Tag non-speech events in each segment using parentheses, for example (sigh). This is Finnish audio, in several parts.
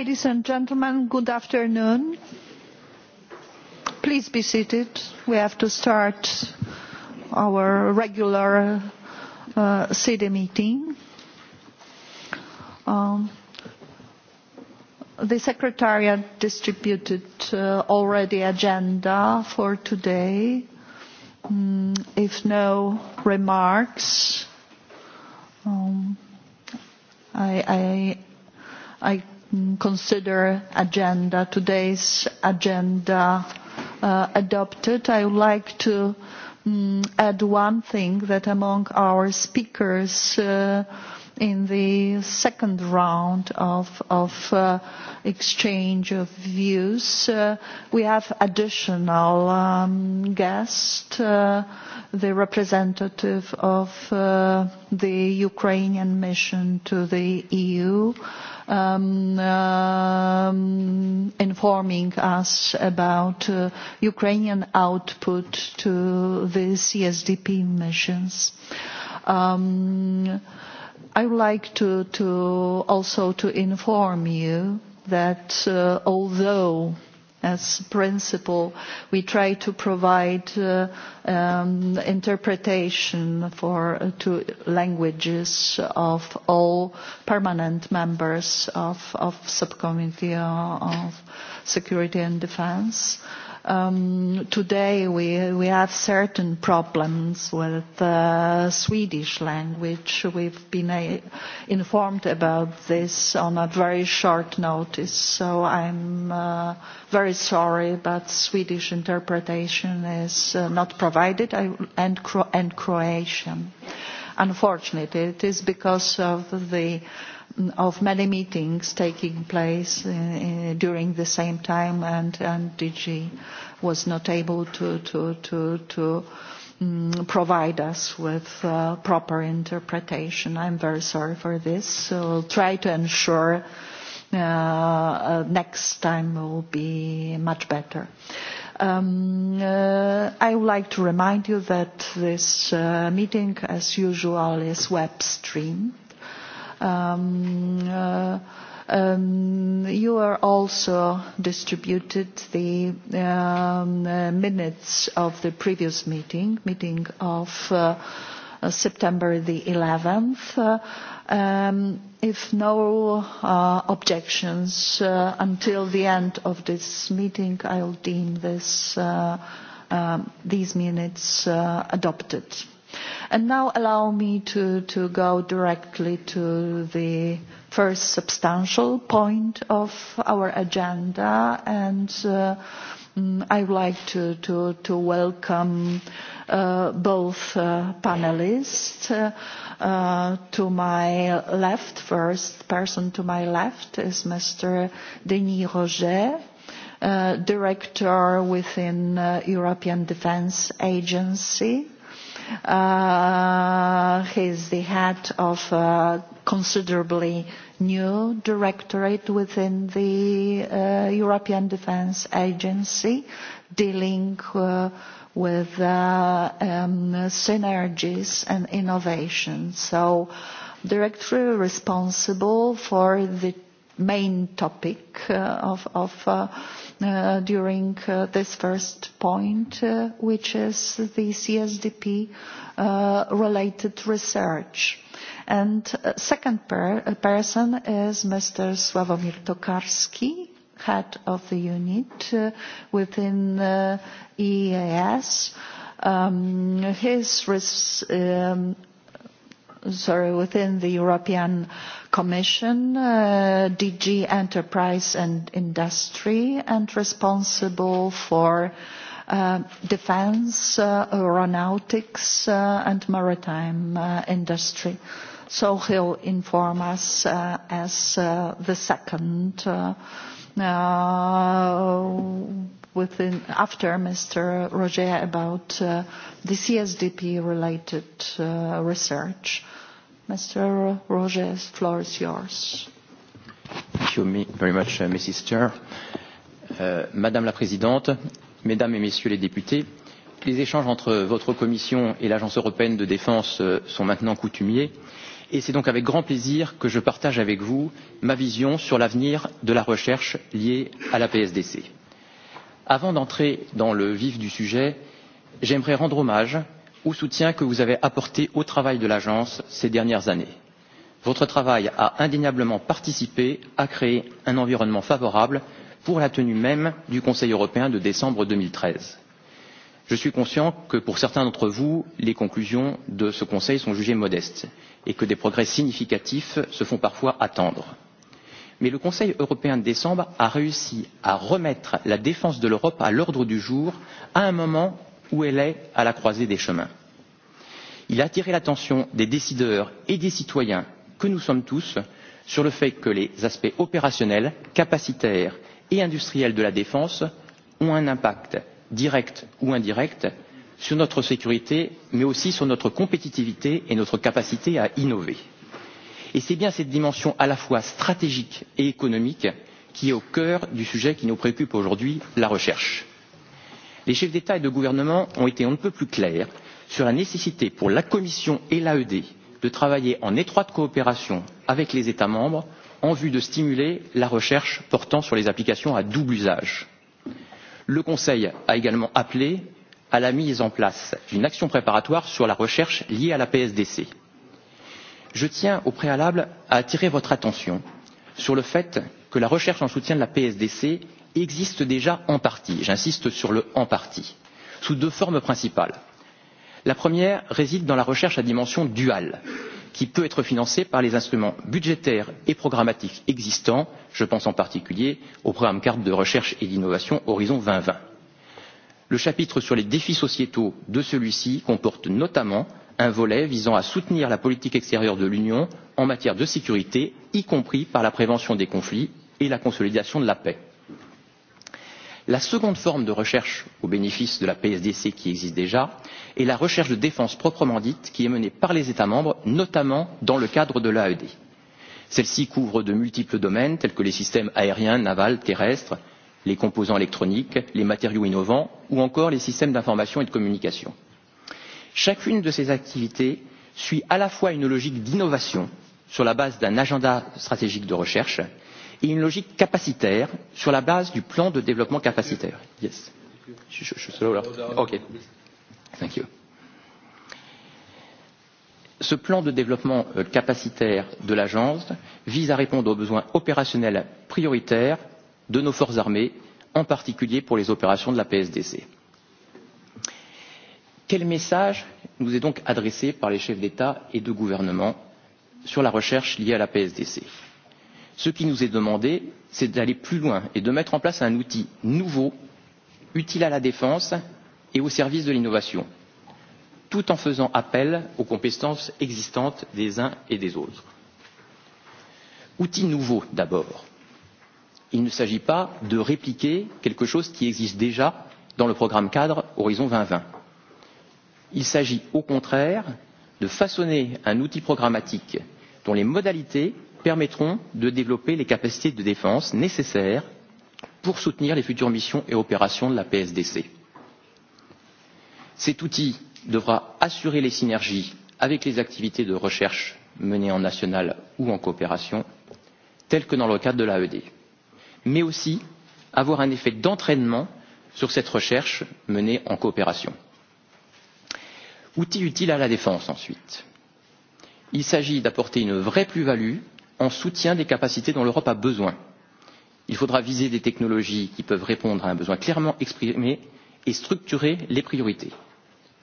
Ladies and gentlemen, good afternoon. Please be seated. We have to start our regular uh, city meeting. Um, the secretariat distributed uh, already agenda for today. Mm, if no remarks, um, I, I, I Mm, consider agenda, today's agenda uh, adopted. I would like to um, add one thing that among our speakers, uh, in the second round of, of uh, exchange of views. Uh, we have additional um, guest, uh, the representative of uh, the Ukrainian mission to the EU, um, um, informing us about uh, Ukrainian output to the CSDP missions. Um, I would like to, to also to inform you that uh, although as principle, we try to provide uh, um, interpretation for uh, to languages of all permanent members of, of subcommittee of security and defense. Uh, um, today we, we have certain problems with the Swedish language. We've been a, informed about this on a very short notice, so I'm uh, very sorry, but Swedish interpretation is uh, not provided, I, and, Cro- and Croatian. Unfortunately, it is because of the uh, of many meetings taking place uh, uh, during the same time, and, and DG was not able to, to, to, to um, provide us with uh, proper interpretation. I'm very sorry for this. So I'll try to ensure uh, uh, next time will be much better. Um, uh, I would like to remind you that this uh, meeting, as usual, is web streamed Um, uh, um, you are also distributed the um, uh, minutes of the previous meeting, meeting of uh, uh, September the 11th. Uh, um, if no uh, objections uh, until the end of this meeting, I'll deem this, uh, um, these minutes uh, adopted. And now allow me to, to go directly to the first substantial point of our agenda, and uh, mm, I would like to, to, to welcome uh, both uh, panelists. Uh, to my left, first person to my left is Mr. Denis Roget, uh, Director within uh, European Defence Agency Uh, he's the head of a considerably new directorate within the uh, European Defence Agency dealing uh, with uh, um, synergies and innovation. So directly responsible for the main topic uh, of, of uh, Uh, during uh, this first point, uh, which is the CSDP related research. And second person is Mr. Sławomir Tokarski, head of the unit within EAS. Um, his um, sorry, within the European Commission, uh, DG Enterprise and Industry, and responsible for uh, defense, uh, aeronautics, uh, and maritime uh, industry. So he'll inform us uh, as uh, the second uh, uh, within after Mr. Roger about uh, the CSDP-related uh, research. Mr. Rogers, floor is yours. Thank you very much, uh, Mrs. Chair. Uh, Madame la Présidente, Mesdames et Messieurs les députés, les échanges entre votre Commission et l'Agence européenne de défense euh, sont maintenant coutumiers et c'est donc avec grand plaisir que je partage avec vous ma vision sur l'avenir de la recherche liée à la PSDC. Avant d'entrer dans le vif du sujet, j'aimerais rendre hommage au soutien que vous avez apporté au travail de l'agence ces dernières années. Votre travail a indéniablement participé à créer un environnement favorable pour la tenue même du Conseil européen de décembre 2013. Je suis conscient que pour certains d'entre vous, les conclusions de ce Conseil sont jugées modestes et que des progrès significatifs se font parfois attendre. Mais le Conseil européen de décembre a réussi à remettre la défense de l'Europe à l'ordre du jour à un moment où elle est à la croisée des chemins. Il a attiré l'attention des décideurs et des citoyens que nous sommes tous sur le fait que les aspects opérationnels, capacitaires et industriels de la défense ont un impact direct ou indirect sur notre sécurité, mais aussi sur notre compétitivité et notre capacité à innover. Et c'est bien cette dimension à la fois stratégique et économique qui est au cœur du sujet qui nous préoccupe aujourd'hui, la recherche les chefs d'état et de gouvernement ont été on ne peut plus clairs sur la nécessité pour la commission et l'aed de travailler en étroite coopération avec les états membres en vue de stimuler la recherche portant sur les applications à double usage. le conseil a également appelé à la mise en place d'une action préparatoire sur la recherche liée à la psdc. je tiens au préalable à attirer votre attention sur le fait que la recherche en soutien de la psdc existe déjà en partie j'insiste sur le en partie sous deux formes principales. La première réside dans la recherche à dimension duale, qui peut être financée par les instruments budgétaires et programmatiques existants, je pense en particulier au programme carte de recherche et d'innovation Horizon 2020. Le chapitre sur les défis sociétaux de celui-ci comporte notamment un volet visant à soutenir la politique extérieure de l'Union en matière de sécurité, y compris par la prévention des conflits et la consolidation de la paix. La seconde forme de recherche au bénéfice de la PSDC qui existe déjà est la recherche de défense proprement dite qui est menée par les États membres, notamment dans le cadre de l'AED. Celle-ci couvre de multiples domaines tels que les systèmes aériens, navals, terrestres, les composants électroniques, les matériaux innovants ou encore les systèmes d'information et de communication. Chacune de ces activités suit à la fois une logique d'innovation sur la base d'un agenda stratégique de recherche et une logique capacitaire sur la base du plan de développement capacitaire. Yes. Ok. Thank you. Ce plan de développement euh, capacitaire de l'agence vise à répondre aux besoins opérationnels prioritaires de nos forces armées, en particulier pour les opérations de la PSDC. Quel message nous est donc adressé par les chefs d'État et de gouvernement sur la recherche liée à la PSDC? ce qui nous est demandé c'est d'aller plus loin et de mettre en place un outil nouveau utile à la défense et au service de l'innovation tout en faisant appel aux compétences existantes des uns et des autres. Outil nouveau d'abord. Il ne s'agit pas de répliquer quelque chose qui existe déjà dans le programme cadre Horizon 2020. Il s'agit au contraire de façonner un outil programmatique dont les modalités permettront de développer les capacités de défense nécessaires pour soutenir les futures missions et opérations de la PSDC. Cet outil devra assurer les synergies avec les activités de recherche menées en national ou en coopération, telles que dans le cadre de l'AED, mais aussi avoir un effet d'entraînement sur cette recherche menée en coopération. Outil utile à la défense ensuite. Il s'agit d'apporter une vraie plus-value en soutien des capacités dont l'Europe a besoin. Il faudra viser des technologies qui peuvent répondre à un besoin clairement exprimé et structurer les priorités,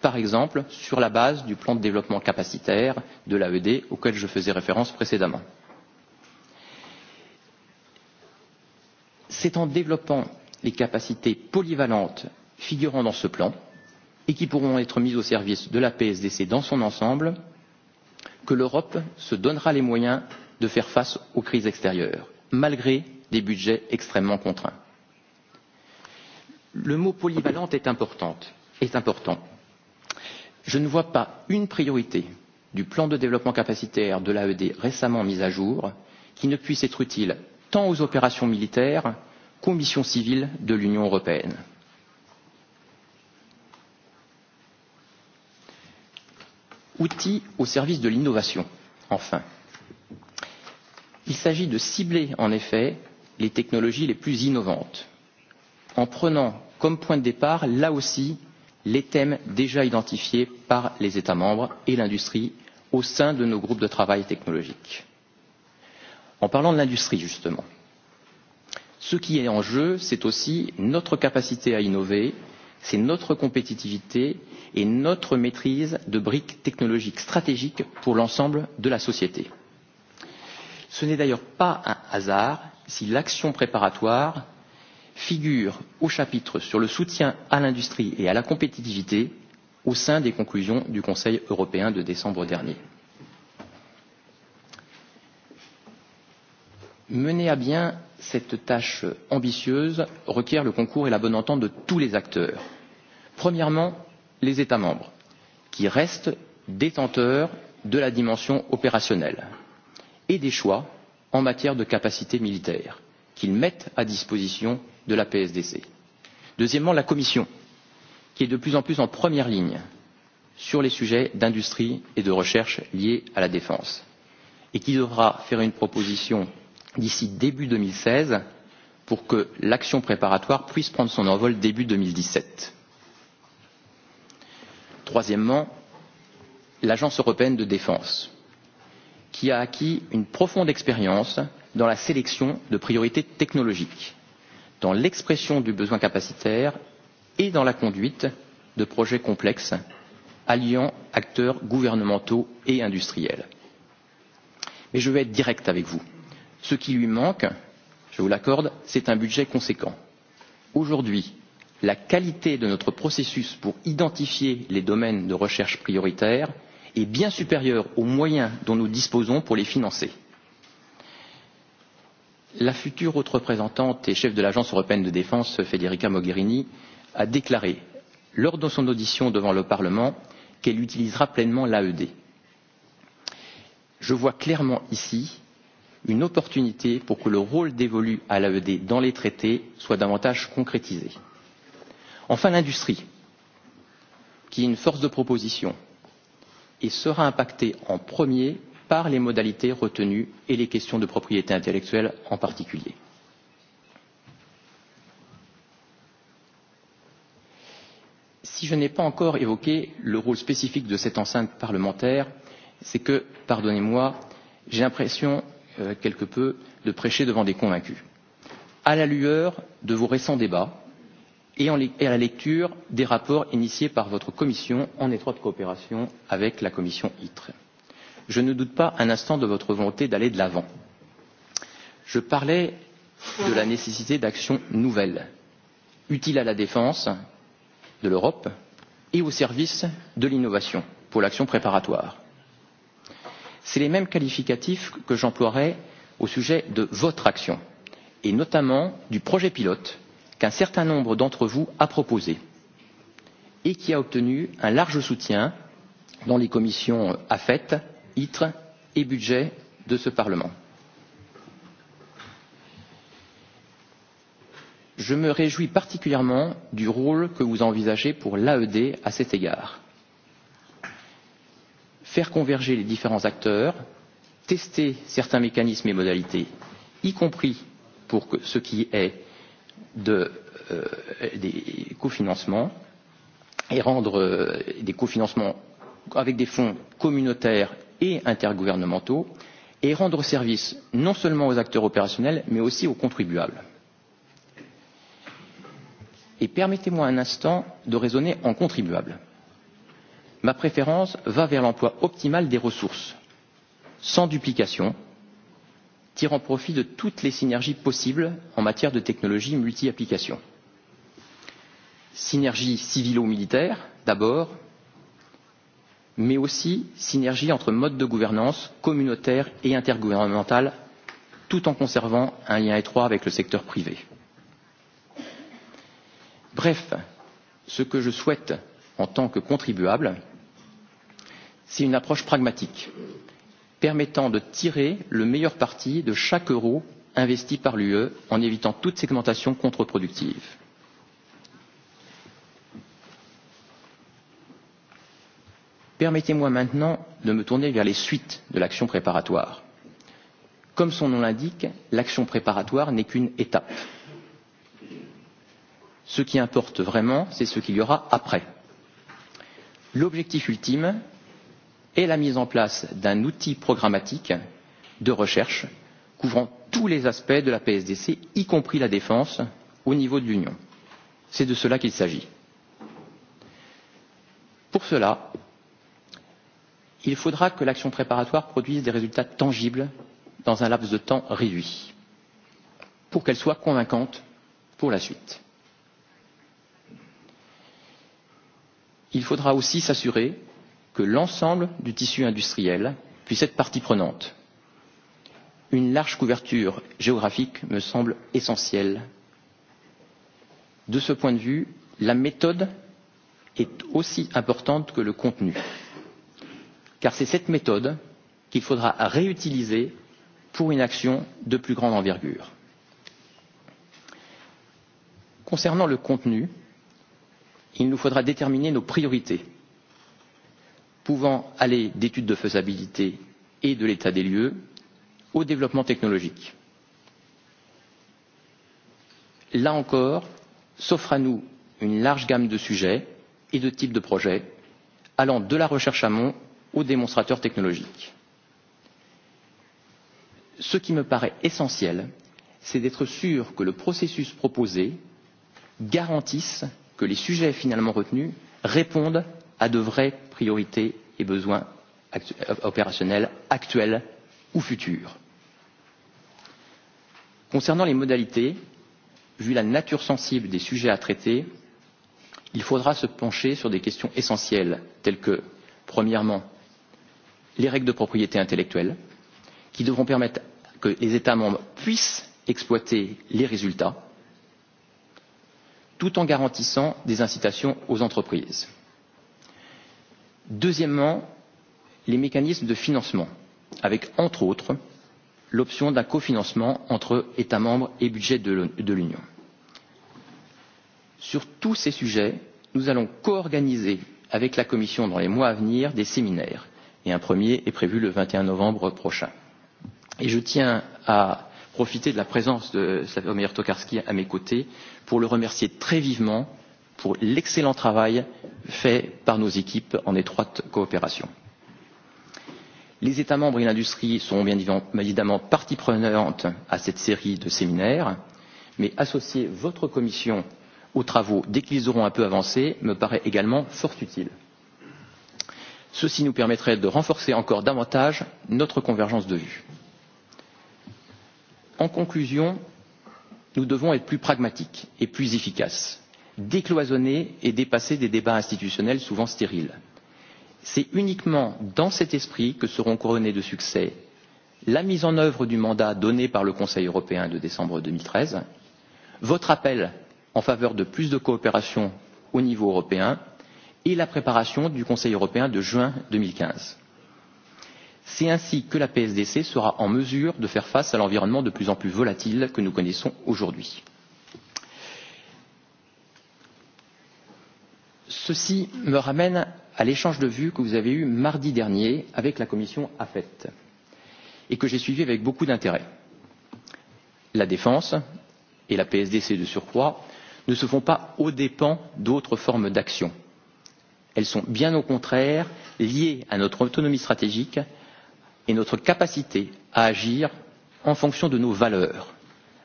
par exemple sur la base du plan de développement capacitaire de l'AED auquel je faisais référence précédemment. C'est en développant les capacités polyvalentes figurant dans ce plan et qui pourront être mises au service de la PSDC dans son ensemble que l'Europe se donnera les moyens de faire face aux crises extérieures, malgré des budgets extrêmement contraints. Le mot polyvalente est, importante, est important. Je ne vois pas une priorité du plan de développement capacitaire de l'AED récemment mis à jour qui ne puisse être utile tant aux opérations militaires qu'aux missions civiles de l'Union européenne. Outils au service de l'innovation, enfin. Il s'agit de cibler en effet les technologies les plus innovantes en prenant comme point de départ, là aussi, les thèmes déjà identifiés par les États membres et l'industrie au sein de nos groupes de travail technologiques. En parlant de l'industrie, justement, ce qui est en jeu, c'est aussi notre capacité à innover, c'est notre compétitivité et notre maîtrise de briques technologiques stratégiques pour l'ensemble de la société. Ce n'est d'ailleurs pas un hasard si l'action préparatoire figure au chapitre sur le soutien à l'industrie et à la compétitivité au sein des conclusions du Conseil européen de décembre dernier. Mener à bien cette tâche ambitieuse requiert le concours et la bonne entente de tous les acteurs. Premièrement, les États membres, qui restent détenteurs de la dimension opérationnelle et des choix en matière de capacités militaires qu'ils mettent à disposition de la PSDC. Deuxièmement, la Commission, qui est de plus en plus en première ligne sur les sujets d'industrie et de recherche liés à la défense et qui devra faire une proposition d'ici début 2016 pour que l'action préparatoire puisse prendre son envol début 2017. Troisièmement, l'Agence européenne de défense, qui a acquis une profonde expérience dans la sélection de priorités technologiques, dans l'expression du besoin capacitaire et dans la conduite de projets complexes alliant acteurs gouvernementaux et industriels. Mais je vais être direct avec vous. Ce qui lui manque, je vous l'accorde, c'est un budget conséquent. Aujourd'hui, la qualité de notre processus pour identifier les domaines de recherche prioritaires est bien supérieure aux moyens dont nous disposons pour les financer. La future haute représentante et chef de l'Agence européenne de défense, Federica Mogherini, a déclaré lors de son audition devant le Parlement qu'elle utilisera pleinement l'AED. Je vois clairement ici une opportunité pour que le rôle dévolu à l'AED dans les traités soit davantage concrétisé. Enfin, l'industrie, qui est une force de proposition, et sera impacté en premier par les modalités retenues et les questions de propriété intellectuelle en particulier. Si je n'ai pas encore évoqué le rôle spécifique de cette enceinte parlementaire, c'est que, pardonnez-moi, j'ai l'impression euh, quelque peu de prêcher devant des convaincus. À la lueur de vos récents débats, et, à la lecture des rapports initiés par votre commission en étroite coopération avec la commission ITRE. Je ne doute pas un instant de votre volonté d'aller de l'avant. Je parlais de la nécessité d'actions nouvelles, utiles à la défense de l'Europe et au service de l'innovation pour l'action préparatoire. C'est les mêmes qualificatifs que j'emploierai au sujet de votre action et notamment du projet pilote qu'un certain nombre d'entre vous a proposé et qui a obtenu un large soutien dans les commissions AFET, ITRE et Budget de ce Parlement. Je me réjouis particulièrement du rôle que vous envisagez pour l'AED à cet égard. Faire converger les différents acteurs, tester certains mécanismes et modalités, y compris pour ce qui est de, euh, des cofinancements et rendre euh, des cofinancements avec des fonds communautaires et intergouvernementaux et rendre service non seulement aux acteurs opérationnels mais aussi aux contribuables. Et permettez-moi un instant de raisonner en contribuable. Ma préférence va vers l'emploi optimal des ressources, sans duplication, tirant profit de toutes les synergies possibles en matière de technologies multi-applications. Synergie civilo-militaire, d'abord, mais aussi synergie entre modes de gouvernance communautaire et intergouvernemental, tout en conservant un lien étroit avec le secteur privé. Bref, ce que je souhaite en tant que contribuable, c'est une approche pragmatique permettant de tirer le meilleur parti de chaque euro investi par l'UE en évitant toute segmentation contre-productive. Permettez-moi maintenant de me tourner vers les suites de l'action préparatoire. Comme son nom l'indique, l'action préparatoire n'est qu'une étape. Ce qui importe vraiment, c'est ce qu'il y aura après. L'objectif ultime, et la mise en place d'un outil programmatique de recherche couvrant tous les aspects de la PSDC, y compris la défense, au niveau de l'Union. C'est de cela qu'il s'agit. Pour cela, il faudra que l'action préparatoire produise des résultats tangibles dans un laps de temps réduit, pour qu'elle soit convaincante pour la suite. Il faudra aussi s'assurer que l'ensemble du tissu industriel puisse être partie prenante. Une large couverture géographique me semble essentielle. De ce point de vue, la méthode est aussi importante que le contenu, car c'est cette méthode qu'il faudra réutiliser pour une action de plus grande envergure. Concernant le contenu, il nous faudra déterminer nos priorités pouvant aller d'études de faisabilité et de l'état des lieux au développement technologique. Là encore, s'offre à nous une large gamme de sujets et de types de projets allant de la recherche amont aux démonstrateurs technologiques. Ce qui me paraît essentiel, c'est d'être sûr que le processus proposé garantisse que les sujets finalement retenus répondent à de vraies priorités et besoins actu euh, opérationnels actuels ou futurs. Concernant les modalités, vu la nature sensible des sujets à traiter, il faudra se pencher sur des questions essentielles telles que, premièrement, les règles de propriété intellectuelle, qui devront permettre que les États membres puissent exploiter les résultats, tout en garantissant des incitations aux entreprises. Deuxièmement, les mécanismes de financement, avec entre autres l'option d'un cofinancement entre États membres et budget de l'Union. Sur tous ces sujets, nous allons co-organiser avec la Commission dans les mois à venir des séminaires et un premier est prévu le 21 novembre prochain. Et je tiens à profiter de la présence de Slavomir Tokarski à mes côtés pour le remercier très vivement pour l'excellent travail fait par nos équipes en étroite coopération. Les États membres et l'industrie sont bien évidemment partie prenante à cette série de séminaires, mais associer votre commission aux travaux dès qu'ils auront un peu avancé me paraît également fort utile. Ceci nous permettrait de renforcer encore davantage notre convergence de vues. En conclusion, nous devons être plus pragmatiques et plus efficaces décloisonner et dépasser des débats institutionnels souvent stériles. C'est uniquement dans cet esprit que seront couronnées de succès la mise en œuvre du mandat donné par le Conseil européen de décembre 2013, votre appel en faveur de plus de coopération au niveau européen et la préparation du Conseil européen de juin 2015. C'est ainsi que la PSDC sera en mesure de faire face à l'environnement de plus en plus volatile que nous connaissons aujourd'hui. Ceci me ramène à l'échange de vues que vous avez eu mardi dernier avec la commission AFET et que j'ai suivi avec beaucoup d'intérêt. La défense et la PSDC de surcroît ne se font pas au dépens d'autres formes d'action. Elles sont bien au contraire liées à notre autonomie stratégique et notre capacité à agir en fonction de nos valeurs,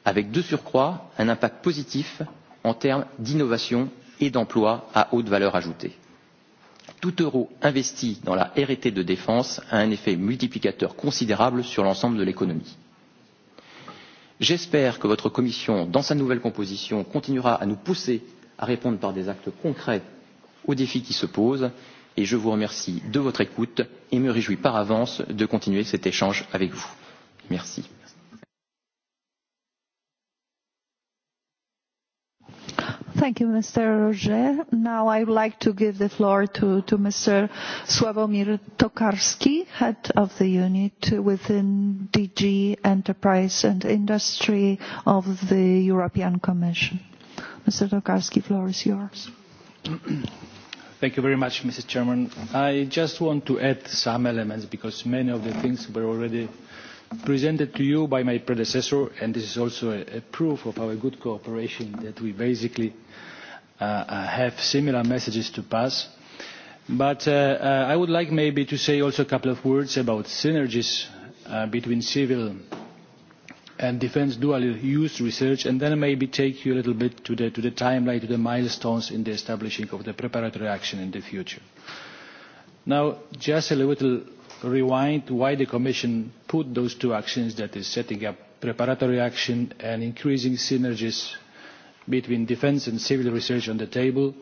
avec de surcroît un impact positif en termes d'innovation et d'emplois à haute valeur ajoutée. Tout euro investi dans la RT de défense a un effet multiplicateur considérable sur l'ensemble de l'économie. J'espère que votre commission, dans sa nouvelle composition, continuera à nous pousser à répondre par des actes concrets aux défis qui se posent et je vous remercie de votre écoute et me réjouis par avance de continuer cet échange avec vous. Merci. Thank you, Mr. Roger. Now I would like to give the floor to, to Mr. Sławomir Tokarski, head of the unit within DG Enterprise and Industry of the European Commission. Mr. Tokarski, floor is yours. Thank you very much, Mr. Chairman. I just want to add some elements because many of the things were already presented to you by my predecessor, and this is also a, a proof of our good cooperation that we basically uh, uh, have similar messages to pass. But uh, uh, I would like maybe to say also a couple of words about synergies uh, between civil and defence dual use research, and then maybe take you a little bit to the, to the timeline, to the milestones in the establishing of the preparatory action in the future. Now, just a little rewind why the Commission put those two actions, that is setting up preparatory action and increasing synergies between defence and civil research on the table.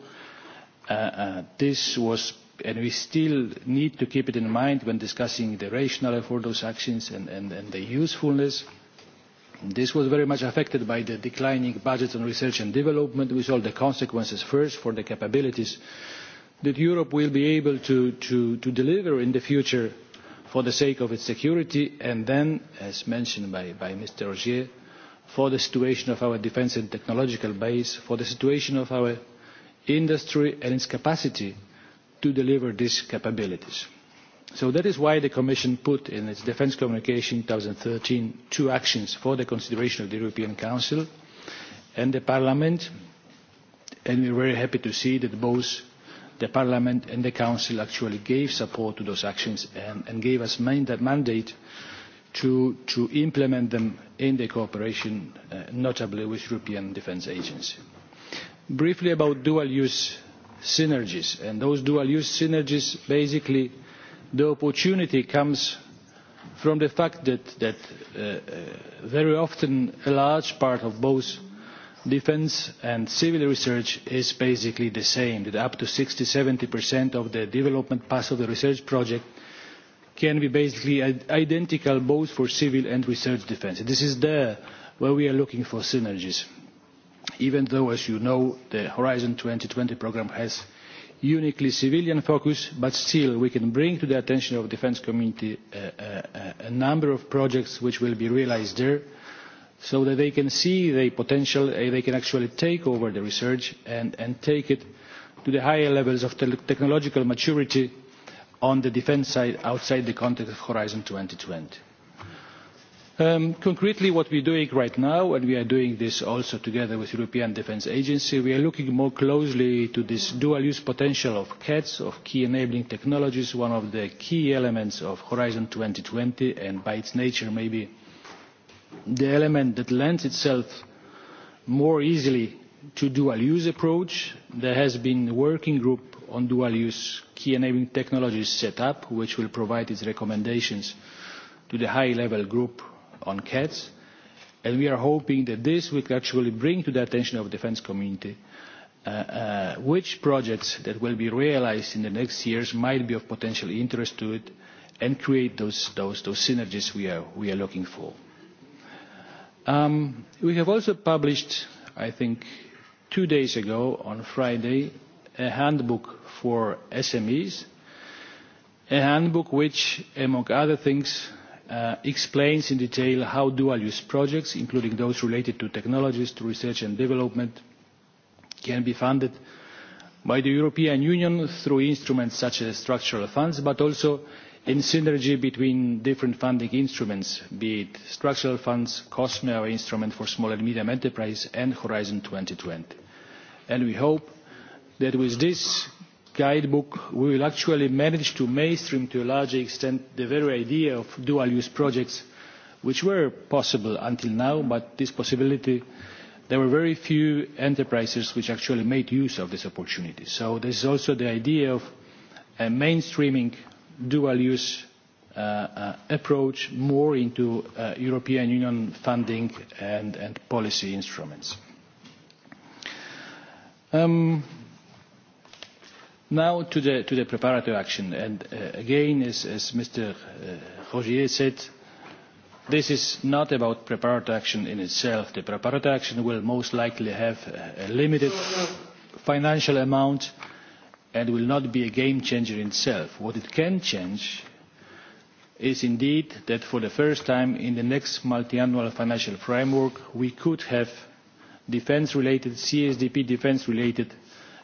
Uh, uh, this was, and we still need to keep it in mind when discussing the rationale for those actions and, and, and the usefulness. This was very much affected by the declining budget on research and development with all the consequences first for the capabilities that Europe will be able to, to, to deliver in the future for the sake of its security, and then, as mentioned by, by Mr. Rogier, for the situation of our defence and technological base, for the situation of our industry and its capacity to deliver these capabilities. So that is why the Commission put in its Defence Communication 2013 two actions for the consideration of the European Council and the Parliament, and we are very happy to see that both the Parliament and the Council actually gave support to those actions and, and gave us main, that mandate to, to implement them in the cooperation, uh, notably with European Defence Agency. Briefly about dual-use synergies, and those dual-use synergies, basically, the opportunity comes from the fact that, that uh, uh, very often a large part of both uh, defence and civil research is basically the same, that up to 60-70% of the development path of the research project can be basically identical both for civil and research defence. This is there where we are looking for synergies, even though, as you know, the Horizon 2020 programme has uniquely civilian focus, but still we can bring to the attention of the defence community a, a, a number of projects which will be realised there so that they can see the potential, and uh, they can actually take over the research and, and take it to the higher levels of technological maturity on the defence side outside the context of Horizon 2020. Um, concretely, what we're doing right now, and we are doing this also together with European Defence Agency, we are looking more closely to this dual-use potential of CATS, of key enabling technologies, one of the key elements of Horizon 2020, and by its nature, maybe the element that lends itself more easily to dual-use approach. There has been a working group on dual-use key enabling technologies set up, which will provide its recommendations to the high-level group on CATS. And we are hoping that this will actually bring to the attention of the defence community uh, uh, which projects that will be realised in the next years might be of potential interest to it and create those, those, those synergies we are, we are looking for. Um, we have also published, I think, two days ago on Friday, a handbook for SMEs, a handbook which, among other things, uh, explains in detail how dual-use projects, including those related to technologies, to research and development, can be funded by the European Union through instruments such as structural funds, but also in synergy between different funding instruments, be it structural funds, COSME, our instrument for small and medium enterprise, and Horizon 2020. And we hope that with this guidebook, we will actually manage to mainstream to a larger extent the very idea of dual-use projects, which were possible until now, but this possibility, there were very few enterprises which actually made use of this opportunity. So this is also the idea of a uh, mainstreaming dual-use uh, uh, approach more into uh, European Union funding and, and policy instruments. Um, now to the, to the preparatory action. And uh, again, as, as Mr. Uh, Rogier said, this is not about preparatory action in itself. The preparatory action will most likely have a limited financial amount and will not be a game changer in itself. What it can change is indeed that for the first time in the next multiannual financial framework we could have defence related CSDP defence related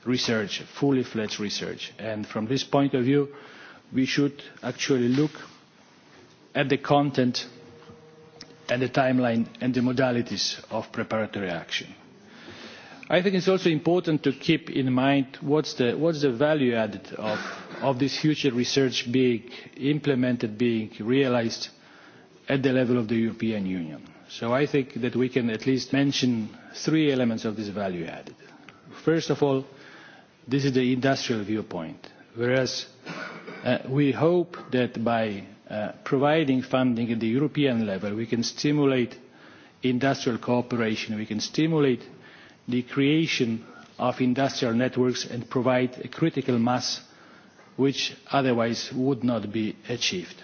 research, fully fledged research. And from this point of view we should actually look at the content and the timeline and the modalities of preparatory action. I think it's also important to keep in mind what's the, what's the value added of, of this future research being implemented, being realized at the level of the European Union. So I think that we can at least mention three elements of this value added. First of all, this is the industrial viewpoint, whereas uh, we hope that by uh, providing funding at the European level, we can stimulate industrial cooperation, we can stimulate the creation of industrial networks and provide a critical mass which otherwise would not be achieved.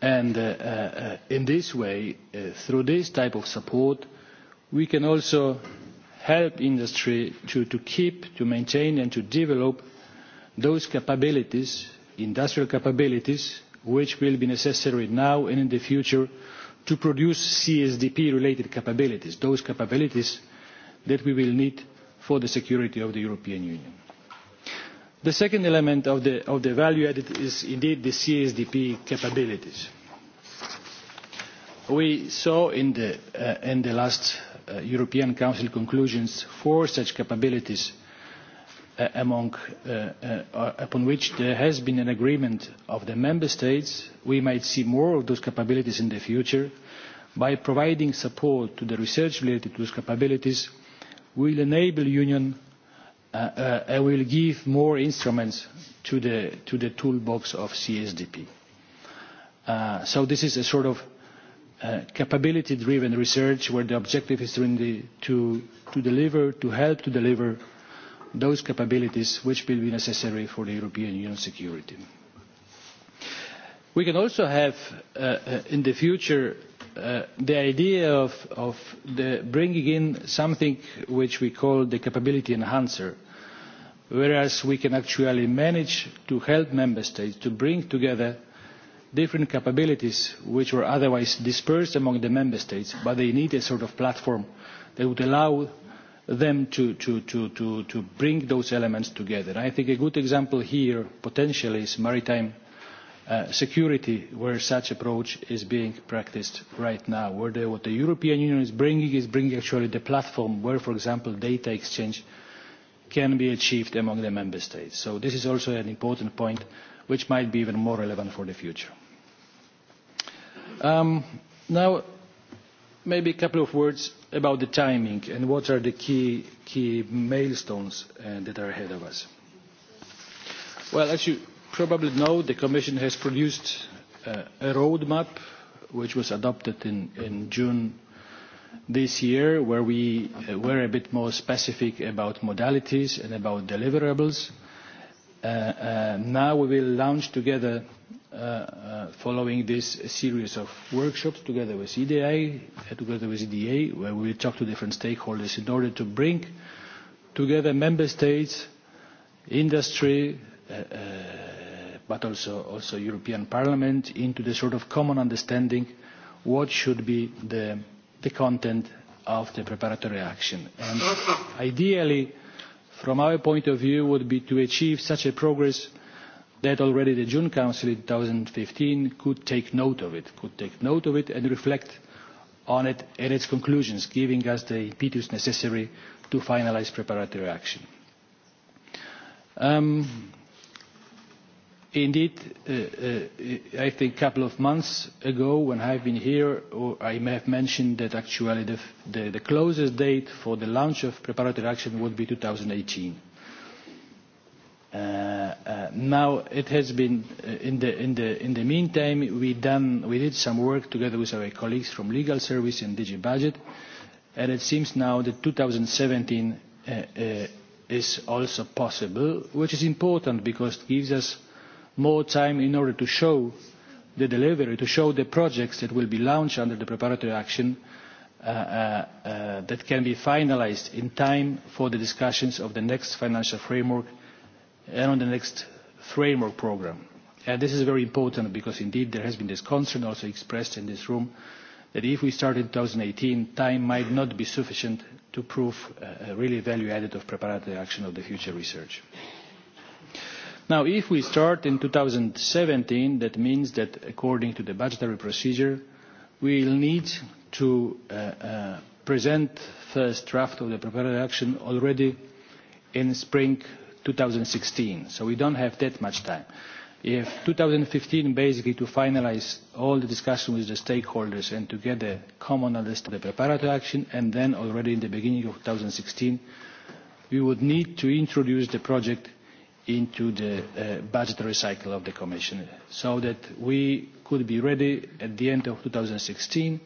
And uh, uh, in this way, uh, through this type of support, we can also help industry to, to keep, to maintain and to develop those capabilities, industrial capabilities, which will be necessary now and in the future to produce CSDP-related capabilities, those capabilities that we will need for the security of the European Union. The second element of the, of the value added is indeed the CSDP capabilities. We saw in the, uh, in the last uh, European Council conclusions four such capabilities uh, among, uh, uh, uh, upon which there has been an agreement of the Member States. We might see more of those capabilities in the future by providing support to the research related to those capabilities uh, will enable union uh, uh, and will give more instruments to the, to the toolbox of CSDP. Uh, so this is a sort of uh, capability-driven research where the objective is really to, to deliver, to help to deliver those capabilities which will be necessary for the European Union security. We can also have uh, uh in the future Uh, the idea of, bringing in something which we call the capability enhancer, whereas we can actually manage to help member states to bring together different capabilities which were otherwise dispersed among the member states, but they need a sort of platform that would allow them to, to, to, to, to bring those elements together. I think a good example here potentially is maritime Uh, security where such approach is being practiced right now, where the, what the European Union is bringing is bringing actually the platform where, for example, data exchange can be achieved among the member states. So this is also an important point which might be even more relevant for the future. Um, now, maybe a couple of words about the timing and what are the key, key milestones uh, that are ahead of us. Well, as you, probably know, the Commission has produced uh, a roadmap which was adopted in, in June this year, where we uh, were a bit more specific about modalities and about deliverables. Uh, uh, now we will launch together, uh, uh, following this series of workshops together with EDA, uh, together with EDA, where we will talk to different stakeholders in order to bring together member states, industry, but also, the European Parliament into the sort of common understanding what should be the, the content of the preparatory action. And (laughs) ideally, from our point of view, would be to achieve such a progress that already the June Council in 2015 could take note of it, could take note of it and reflect on it and its conclusions, giving us the impetus necessary to finalise preparatory action. Um, Indeed, uh, uh, I think a couple of months ago when I've been here, or I may have mentioned that actually the, the, the closest date for the launch of preparatory action would be 2018. Uh, uh, now it has been uh, in the in the in the meantime we done we did some work together with our colleagues from legal service and DG budget and it seems now that 2017 uh, uh, is also possible which is important because it gives us more time in order to show the delivery, to show the projects that will be launched under the preparatory action uh, uh, uh that can be finalised in time for the discussions of the next financial framework and on the next framework programme. And this is very important because indeed there has been this concern also expressed in this room that if we start in 2018, time might not be sufficient to prove uh, a really value added of preparatory action of the future research. Now, if we start in 2017, that means that according to the budgetary procedure, we will need to uh, uh, present first draft of the preparatory action already in spring 2016. So we don't have that much time. If 2015, basically to finalize all the discussion with the stakeholders and to get a common understanding of the preparatory action, and then already in the beginning of 2016, we would need to introduce the project into the uh, budgetary cycle of the Commission so that we could be ready at the end of 2016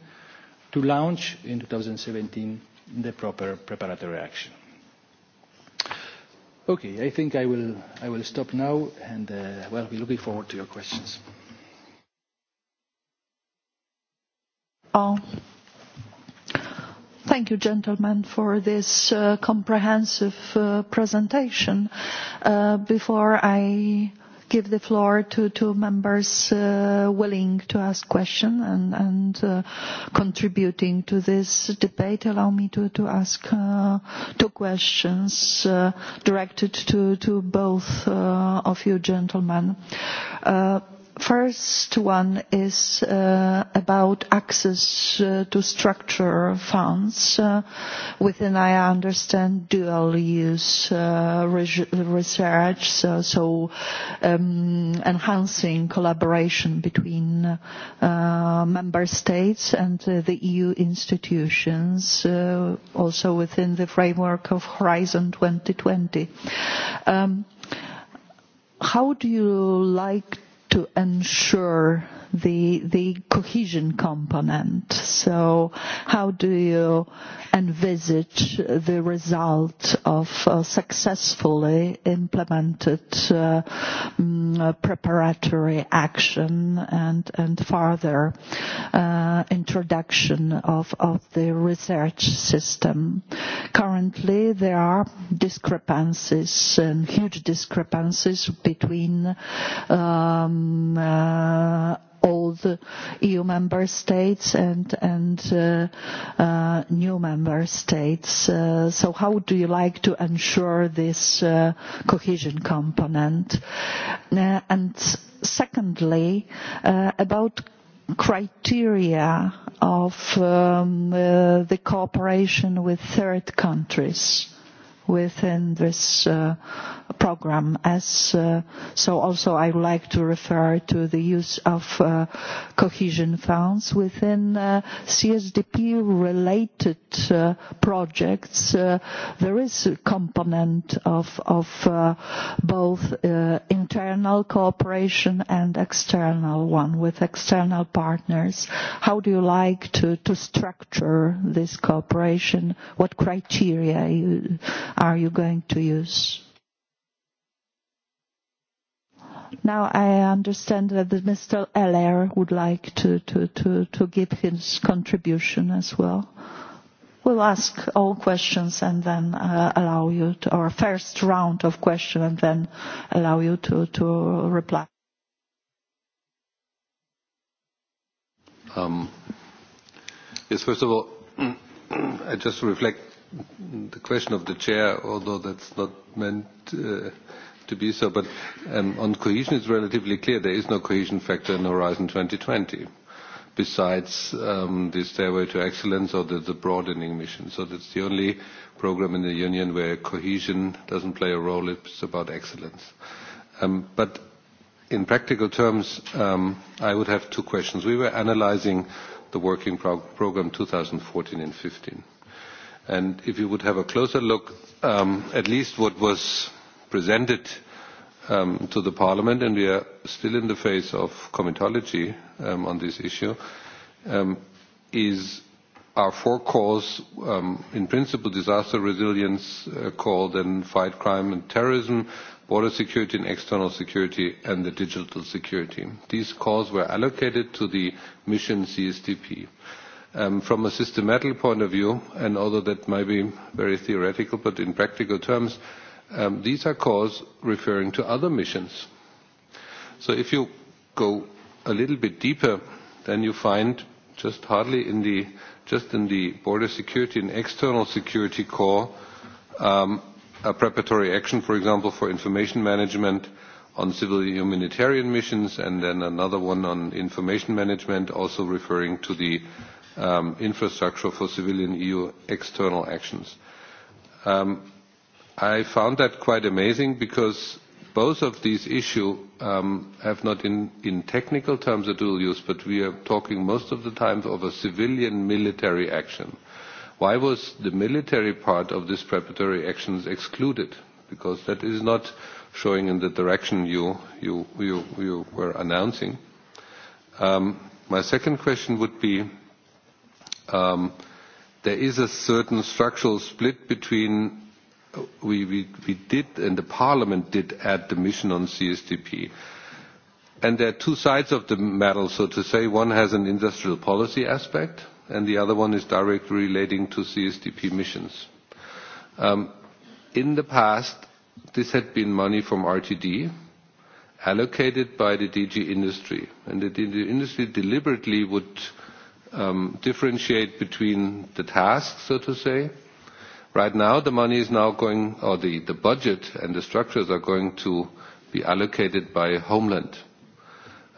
to launch in 2017 the proper preparatory action. Okay, I think I will, I will stop now and, uh, well, we're looking forward to your questions. Oh. Thank you, gentlemen, for this uh, comprehensive uh, presentation. Uh, before I give the floor to, two members uh, willing to ask question and, and uh, contributing to this debate. Allow me to, to ask uh, two questions uh, directed to, to both uh, of you gentlemen. Uh, First one is uh, about access uh, to structure funds uh, within, I understand, dual use uh, research, so, so um, enhancing collaboration between uh, member states and uh, the EU institutions, also within the framework of Horizon 2020. Um, how do you like to ensure the cohesion component. So how do you envisage the result of uh, successfully implemented uh, mm, uh, preparatory action and further introduction of the research system? Currently, there are discrepancies and huge discrepancies between um, all the EU member states and, and uh, uh, new member states. Uh, so how do you like to ensure this uh, cohesion component? Uh, and secondly, uh, about criteria of um, uh, the cooperation with third countries within this uh, program as uh, so also I would like to refer to the use of uh, cohesion funds within uh, CSDP related uh, projects uh, there is a component of, of uh, both uh, internal cooperation and external one with external partners how do you like to, to structure this cooperation what criteria you, are you going to use Now I understand that Mr. Eller would like to give his contribution as well. We'll ask all questions and then uh, allow you to our first round of question and then allow you to reply. Um, yes, first of all, (clears throat) I just reflect the question of the chair, although that's not meant uh, to be so. But um, on cohesion, it's relatively clear there is no cohesion factor in Horizon 2020 besides um, the Stairway to Excellence or the, the broadening mission. So that's the only program in the union where cohesion doesn't play a role. It's about excellence. Um, but in practical terms, um, I would have two questions. We were analyzing the working prog- program 2014 and 15. And if you would have a closer look, um, at least what was presented um, to the Parliament, and we are still in the phase of comitology um, on this issue, um, is our four calls, um, in principle, disaster resilience uh, call, then fight crime and terrorism, border security and external security, and the digital security. These calls were allocated to the mission CSDP. Um, from a systematic point of view, and although that might be very theoretical, but in practical terms, Um, these are calls referring to other missions. So if you go a little bit deeper, then you find just hardly in the just in the border security and external security core um, a preparatory action, for example, for information management on civil humanitarian missions, and then another one on information management, also referring to the um, infrastructure for civilian EU external actions. Um, I found that quite amazing because both of these issues um, have not in, in technical terms a dual use, but we are talking most of the time of a civilian military action. Why was the military part of this preparatory actions excluded? Because that is not showing in the direction you, you, you, you were announcing. Um, my second question would be, um, there is a certain structural split between we, we, we did and the parliament did add the mission on CSDP. And there are two sides of the medal, so to say. One has an industrial policy aspect, and the other one is directly relating to CSDP missions. Um, in the past, this had been money from RTD, allocated by the DG Industry. and The DG Industry deliberately would um, differentiate between the tasks, so to say, Right now, the money is now going, or the, the budget and the structures are going to be allocated by Homeland,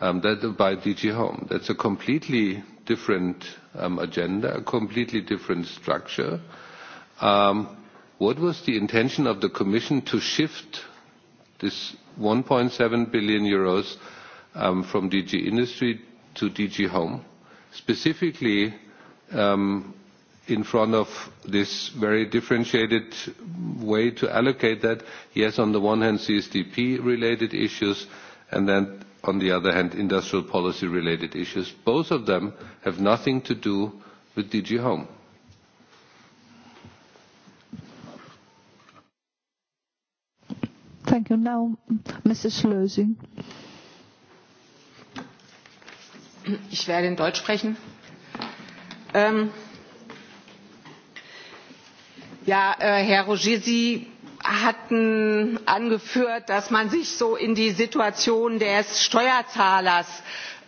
um, that, by DG Home. That's a completely different um, agenda, a completely different structure. Um, what was the intention of the Commission to shift this 1.7 billion euros um, from DG Industry to DG Home, specifically um, in front of this very differentiated way to allocate that. Yes, on the one hand, CSDP-related issues, and then on the other hand, industrial policy-related issues. Both of them have nothing to do with DG Home. Thank you. Now, Mrs. Lösing. Ich werde in Deutsch sprechen. Ähm Äh, herr rouget sie hatten angeführt dass man sich so in die situation des steuerzahlers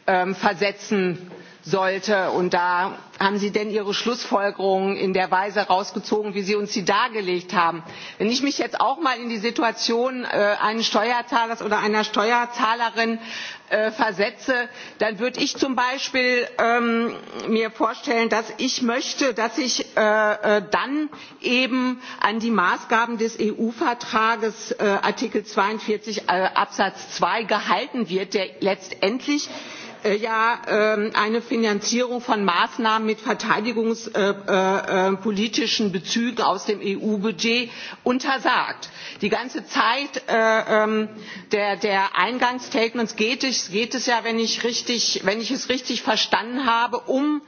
ähm, versetzen sollte. Und da haben Sie denn Ihre Schlussfolgerungen in der Weise herausgezogen wie Sie uns sie dargelegt haben. Wenn ich mich jetzt auch mal in die Situation äh, eines Steuerzahlers oder einer Steuerzahlerin äh, versetze, dann würde ich mir zum Beispiel ähm, vorstellen, dass ich möchte, dass ich äh, dann eben an die Maßgaben des eu vertrags Artikel zweiundvierzig Absatz zwei gehalten wird, der letztendlich Äh, ja ähm, eine finanzierung von maßnahmen mit verteidigungspolitischen bezügen aus dem eu budget untersagt. die ganze zeit äh, ähm, der eingangsstatements geht es ja wenn ich es richtig verstanden habe um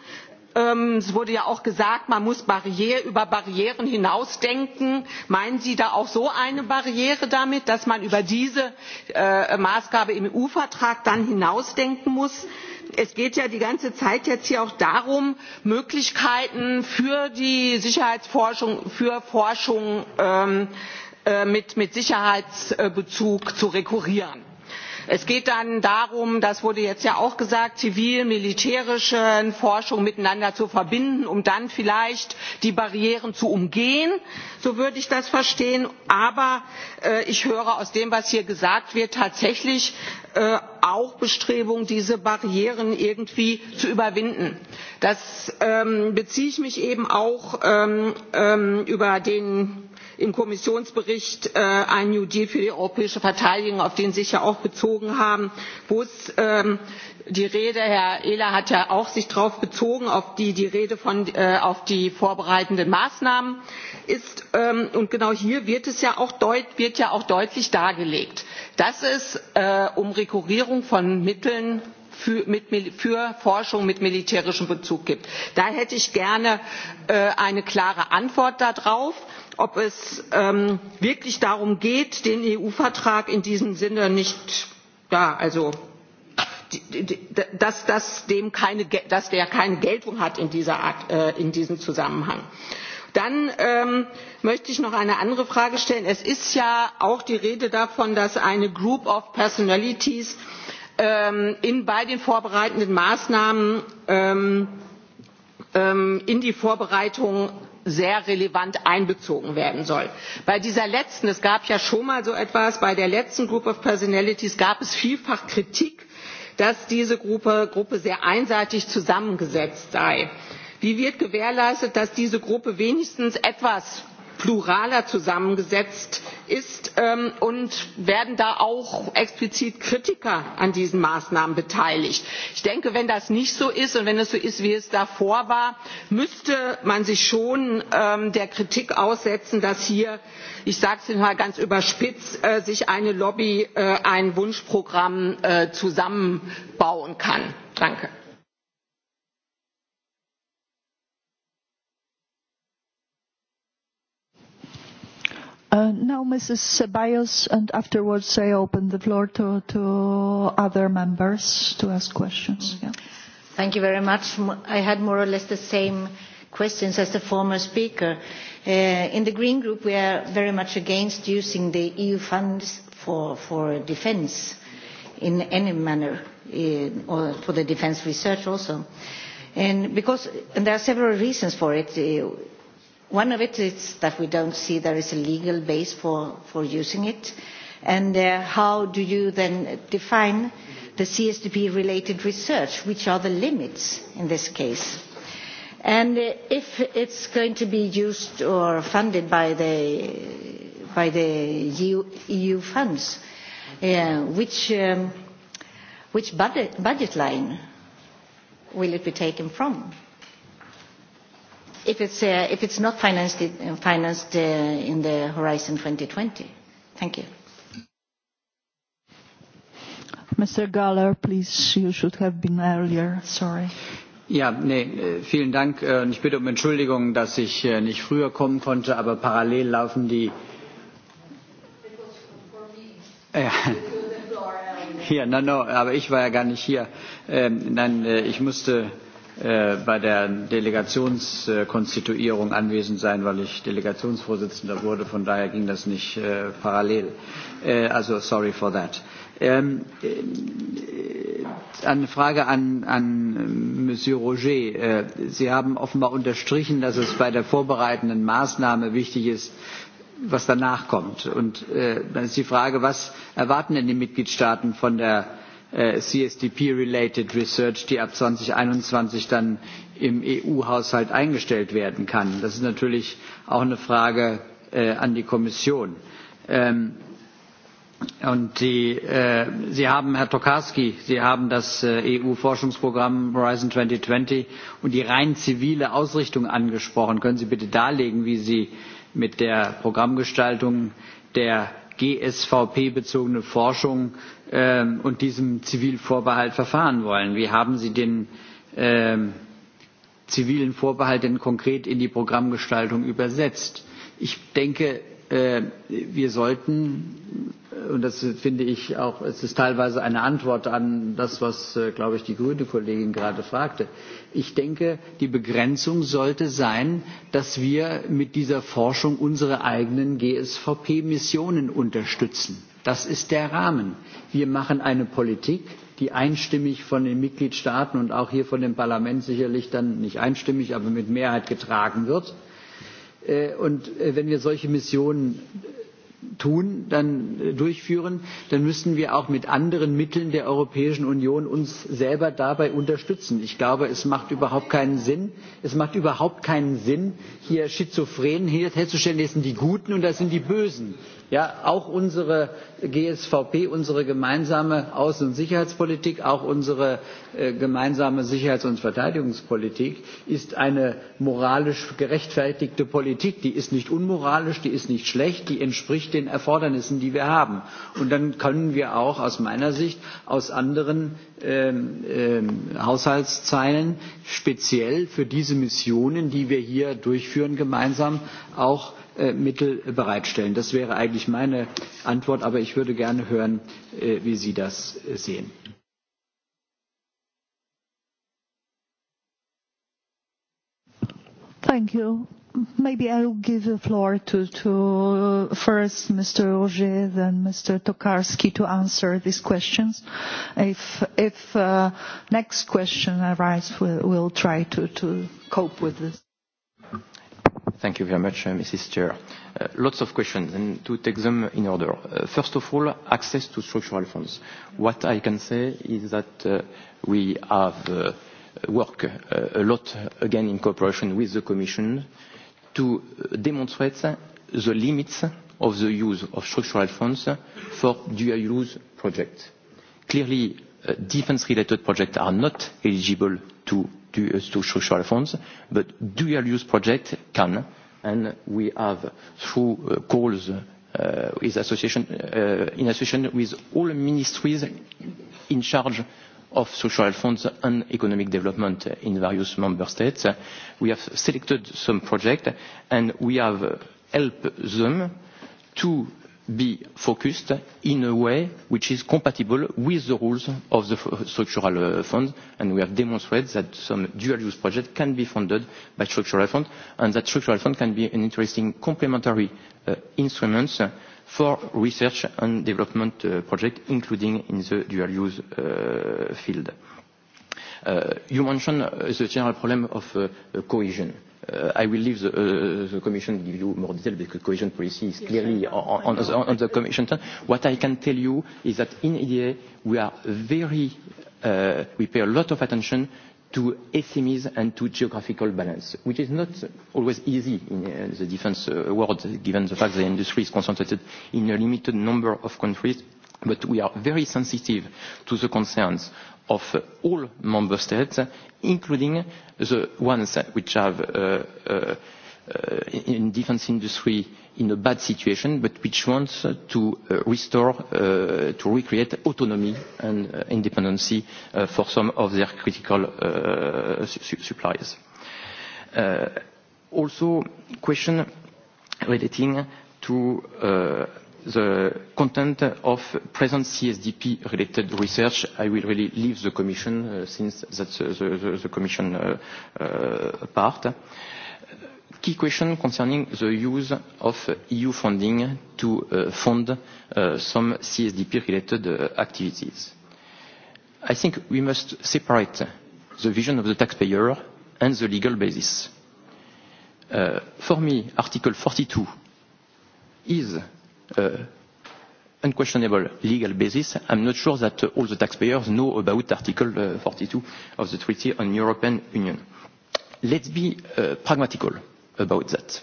Ähm, es wurde ja auch gesagt man muss über barrieren hinausdenken meinen sie da auch so eine barriere damit dass man über diese äh, maßgabe im eu vertrag dann hinausdenken muss? es geht ja die ganze zeit jetzt hier auch darum möglichkeiten für die sicherheitsforschung für forschung ähm, äh, mit sicherheitsbezug zu rekurrieren es geht dann darum das wurde jetzt ja auch gesagt zivil militärische forschung miteinander zu verbinden um dann vielleicht die barrieren zu umgehen so würde ich das verstehen aber äh, ich höre aus dem was hier gesagt wird tatsächlich äh, auch bestrebungen diese barrieren irgendwie zu überwinden. da ähm, beziehe ich mich eben auch auf ähm, ähm, den im kommissionsbericht äh, ein new deal für die europäische verteidigung auf den sie sich ja auch bezogen haben wo ist ähm, die rede herr ehler hat sich ja auch darauf bezogen die rede von, äh, auf die vorbereitenden maßnahmen ist ähm, und genau hier wird ja auch deutlich dargelegt dass es äh, um rekurrierung von mitteln für forschung mit militärischem bezug geht. da hätte ich gerne eine klare antwort darauf ob es ähm, wirklich darum geht den eu vertrag in diesem sinne nicht ja, also, dass, dass, dem keine, dass der keine geltung hat in, dieser Art, äh, in diesem zusammenhang. dann ähm, möchte ich noch eine andere frage stellen es ist ja auch die rede davon dass eine group of personalities ähm, in, bei den vorbereitenden maßnahmen ähm, ähm, in die vorbereitung sehr relevant einbezogen werden soll. bei dieser letzten es gab ja schon mal so etwas bei der letzten group of personalities gab es vielfach kritik dass diese gruppe, gruppe sehr einseitig zusammengesetzt sei. wie wird gewährleistet dass diese gruppe wenigstens etwas pluraler zusammengesetzt ist ähm, und werden da auch explizit kritiker an diesen maßnahmen beteiligt? ich denke wenn das nicht so ist und wenn es so ist wie es davor war müsste man sich schon ähm, der kritik aussetzen dass hier ich sage es mal ganz überspitzt äh, sich eine lobby äh, ein wunschprogramm äh, zusammenbauen kann. danke. Uh, now, Mrs. Ceballos, and afterwards I open the floor to, to other members to ask questions. Mm-hmm. Yeah. Thank you very much. I had more or less the same questions as the former speaker. Uh, in the Green Group, we are very much against using the EU funds for, for defence in any manner, in, uh, or for the defence research also. And because and there are several reasons for it. Uh, One of it is that we don't see there is a legal base for, for using it. And uh, how do you then define the CSDP-related research? Which are the limits in this case? And uh, if it's going to be used or funded by the, by the EU, EU funds, uh, which, um, which budget, budget line will it be taken from? if it's, uh, not financed, uh, uh, in the Horizon 2020? Thank you. Mr. Galler, please, you should have been earlier. Sorry. Ja, nee, äh, vielen Dank. Äh, ich bitte um Entschuldigung, dass ich äh, nicht früher kommen konnte, aber parallel laufen die. Ja. Hier, no, no, aber ich war ja gar nicht hier. Ähm, nein, ich musste Äh, bei der Delegationskonstituierung anwesend sein, weil ich Delegationsvorsitzender wurde. Von daher ging das nicht äh, parallel. Äh, also sorry for that. Ähm, äh, eine Frage an, an Monsieur Roger. Äh, Sie haben offenbar unterstrichen, dass es bei der vorbereitenden Maßnahme wichtig ist, was danach kommt. Und äh, dann ist die Frage, was erwarten denn die Mitgliedstaaten von der Äh, CSDP-related Research, die ab 2021 dann im EU-Haushalt eingestellt werden kann. Das ist natürlich auch eine Frage äh, an die Kommission. Ähm, und die, äh, Sie haben, Herr Tokarski, Sie haben das äh, EU-Forschungsprogramm Horizon 2020 und die rein zivile Ausrichtung angesprochen. Können Sie bitte darlegen, wie Sie mit der Programmgestaltung der GSVP-bezogenen Forschung Ähm, und diesem Zivilvorbehalt verfahren wollen. Wie haben Sie den ähm, zivilen Vorbehalt denn konkret in die Programmgestaltung übersetzt? Ich denke, äh, wir sollten, und das finde ich auch, es ist teilweise eine Antwort an das, was, äh, glaube ich, die grüne Kollegin gerade fragte. Ich denke, die Begrenzung sollte sein, dass wir mit dieser Forschung unsere eigenen GSVP-Missionen unterstützen Das ist der Rahmen. Wir machen eine Politik, die einstimmig von den Mitgliedstaaten und auch hier von dem Parlament sicherlich dann nicht einstimmig, aber mit Mehrheit getragen wird. Äh, und äh, wenn wir solche Missionen tun, dann äh, durchführen, dann müssen wir auch mit anderen Mitteln der Europäischen Union uns selber dabei unterstützen. Ich glaube, es macht überhaupt keinen Sinn, es macht überhaupt keinen Sinn, hier schizophren herzustellen, das sind die Guten und das sind die Bösen. Ja, auch unsere GSVP, unsere gemeinsame Außen- und Sicherheitspolitik, auch unsere äh, gemeinsame Sicherheits- und Verteidigungspolitik ist eine moralisch gerechtfertigte Politik. Die ist nicht unmoralisch, die ist nicht schlecht, die entspricht den Erfordernissen, die wir haben. Und dann können wir auch aus meiner Sicht aus anderen ähm, ähm, Haushaltszeilen speziell für diese Missionen, die wir hier durchführen, gemeinsam auch äh, Mittel bereitstellen. Das wäre eigentlich meine Antwort, aber ich würde gerne hören, äh, wie Sie das sehen. Thank you. Maybe I will give the floor to, to uh, first Mr. Roger, then Mr. Tokarski to answer these questions. If, if uh, next question arises, we'll, we'll try to, to cope with this. Thank you very much, uh, Mrs. Chair. Uh, lots of questions, and to take them in order. Uh, first of all, access to structural funds. What I can say is that uh, we have uh, worked uh, a lot, again, in cooperation with the Commission, uh, to uh, demonstrate the limits of the use of structural funds for dual-use projects. Clearly, uh, defense-related projects are not eligible to, to, uh, to structural funds, but dual-use projects can, and we have, through uh, calls uh, with association, uh, in association with all ministries in charge of social funds and economic development in various member states. We have selected some projects and we have helped them to be focused in a way which is compatible with the rules of the structural uh, fund and we have demonstrated that some dual use projects can be funded by structural fund and that structural fund can be an interesting complementary uh, instruments for research and development uh, project, including in the dual-use uh, field. Uh, you mentioned uh, the general problem of uh, uh cohesion. Uh, I will leave the, uh, the Commission to give you more detail because cohesion policy is clearly yes, on, on, on, on the Commission. What I can tell you is that in EDA we are very, uh, we pay a lot of attention to SMEs and to geographical balance, which is not always easy in uh, the defense uh, world, given the fact the industry is concentrated in a limited number of countries. we are very sensitive to the concerns of all member states, including the ones which have uh, uh, in defense industry in a bad situation, but which wants uh, to uh, restore, uh, to recreate autonomy and uh, independency uh, for some of their critical uh, su suppliers. Uh, also, question relating to uh, the content of present CSDP-related research, I will really leave the Commission uh, since that's uh, the, the, the Commission uh, uh, part key question concerning the use of EU funding to uh, fund uh, some CSDP-related uh, activities. I think we must separate the vision of the taxpayer and the legal basis. Uh, for me, Article 42 is uh, unquestionable legal basis. I'm not sure that all the taxpayers know about Article uh, 42 of the Treaty on European Union. Let's be uh, pragmatical about that.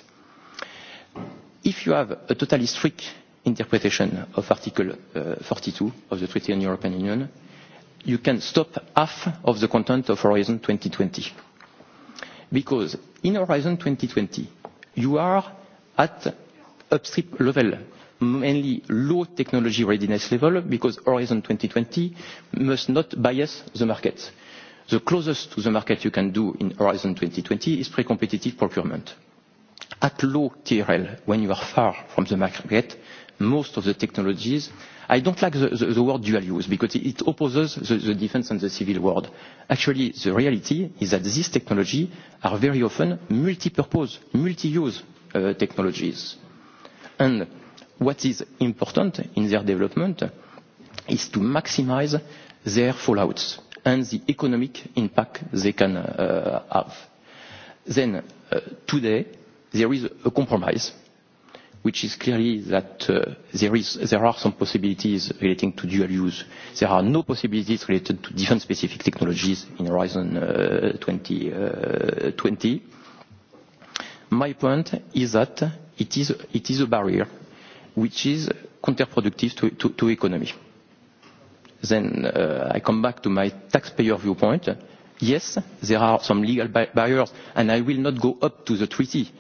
If you have a totally strict interpretation of Article uh, 42 of the Treaty on European Union, you can stop half of the content of Horizon 2020. Because in Horizon 2020, you are at upstream level, mainly low technology readiness level, because Horizon 2020 must not bias the market. The closest to the market you can do in Horizon 2020 is pre-competitive procurement At low TRL, when you are far from the market, most of the technologies, I don't like the, the, the word dual use because it opposes the, the defense and the civil world. Actually, the reality is that these technology are very often multi-purpose, multi-use uh, technologies. And what is important in their development is to maximize their fallouts and the economic impact they can uh, have. Then, uh, today, there is a compromise, which is clearly that uh, there, is, there are some possibilities relating to dual use. There are no possibilities related to different specific technologies in Horizon uh, 2020. Uh, 20. My point is that it is, it is a barrier which is counterproductive to, to, to economy. Then uh, I come back to my taxpayer viewpoint. Yes, there are some legal barriers, and I will not go up to the treaty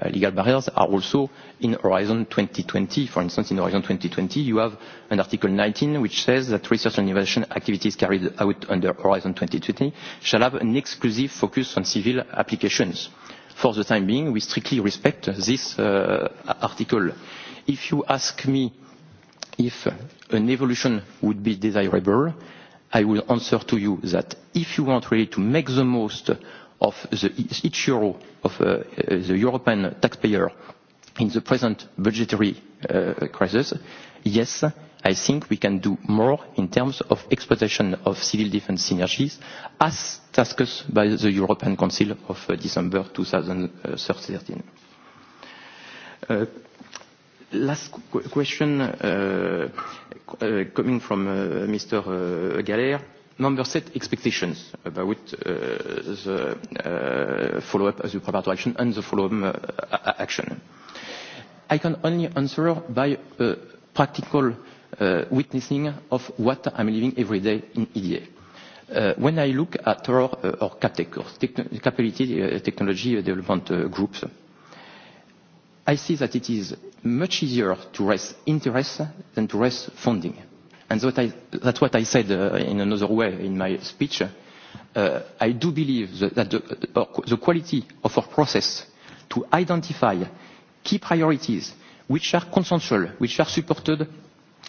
Uh, legal barriers are also in Horizon 2020. For instance, in Horizon 2020, you have an Article 19 which says that research and innovation activities carried out under Horizon 2020 shall have an exclusive focus on civil applications. For the time being, we strictly respect this uh, article. If you ask me if an evolution would be desirable, I will answer to you that if you want really to make the most of the, e, each euro of uh, uh, the European taxpayer in the present budgetary uh, crisis, yes, I think we can do more in terms of exploitation of civil defense synergies as tasked by the European Council of uh, December 2013. Uh, last qu question uh, uh, coming from Mr. Galère number set expectations about uh, the uh, follow-up as the preparatory action and the follow-up uh, action. I can only answer by uh, practical uh, witnessing of what I'm living every day in EDA. Uh, when I look at our, uh, CAPTEC, or Capability uh, Technology Development uh, Groups, I see that it is much easier to raise interest than to raise funding and that I, that's what I said uh, in another way in my speech. Uh, I do believe that, the, uh, the quality of our process to identify key priorities which are consensual, which are supported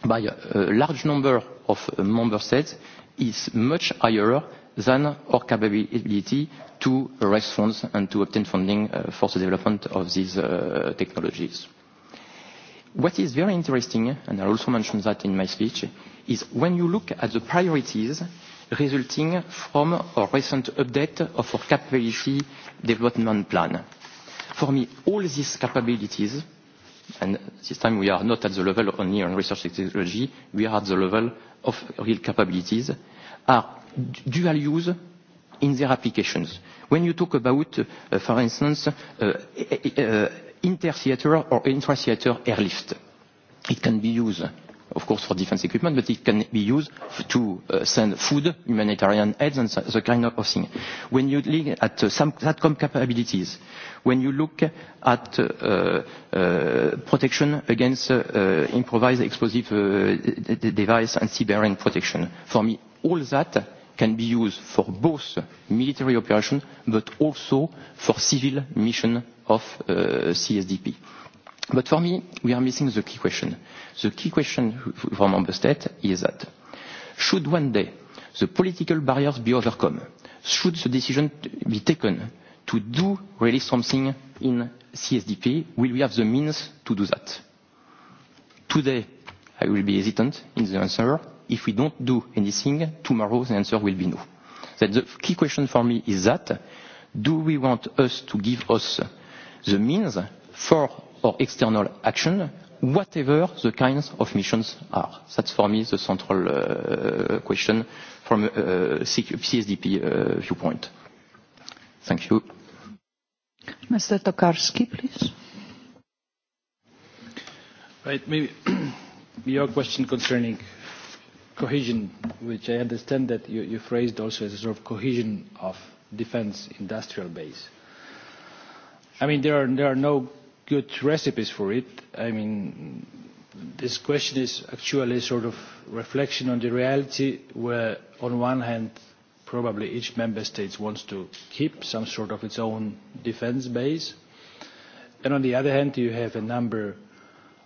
by a large number of uh, member states is much higher than our capability to raise funds and to obtain funding uh, for the development of these uh, technologies. What is very interesting, and I also mentioned that in my speech, is when you look at the priorities resulting from our recent update of our capability development plan. For me, all these capabilities, and this time we are not at the level only on research technology, we are at the level of real capabilities, are dual use in their applications. When you talk about, uh, for instance, uh, uh, inter-theater or intra-theater airlift. It can be used, of course, for defense equipment, but it can be used to uh, send food, humanitarian aids, and the kind of thing. When you look at uh, some SATCOM capabilities, when you look at uh, uh, protection against uh, uh improvised explosive uh, device and cyber protection, for me, all that can be used for both military operations, but also for civil mission of uh, CSDP. But for me, we are missing the key question. The key question for member states is that should one day the political barriers be overcome, should the decision be taken to do really something in CSDP, will we have the means to do that? Today, I will be hesitant in the answer. If we don't do anything, tomorrow the answer will be no. That the key question for me is that, do we want us to give us the means for our external action, whatever the kinds of missions are. That's for me the central uh, question from a uh, CSDP uh, viewpoint. Thank you. Mr. Tokarski, please. Right. Maybe (clears throat) your question concerning cohesion, which I understand that you, you phrased also as a sort of cohesion of defense industrial base. I mean, there are, there are no good recipes for it. I mean, this question is actually sort of reflection on the reality where, on one hand, probably each member state wants to keep some sort of its own defence base. And on the other hand, you have a number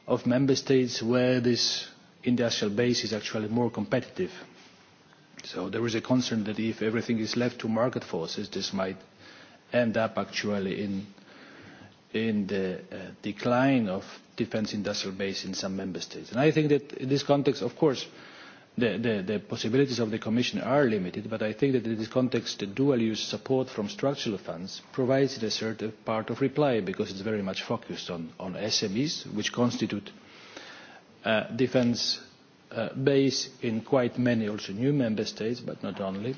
of member states where this industrial base is actually more competitive. So there is a concern that if everything is left to market forces, this might end up actually in in the uh, decline of defence industrial base in some member states. And I think that in this context, of course, the, the, the possibilities of the Commission are limited, but I think that in this context, the dual-use support from structural funds provides a certain part of reply because it's very much focused on, on SMEs, which constitute uh, defence uh, base in quite many also new member states, but not only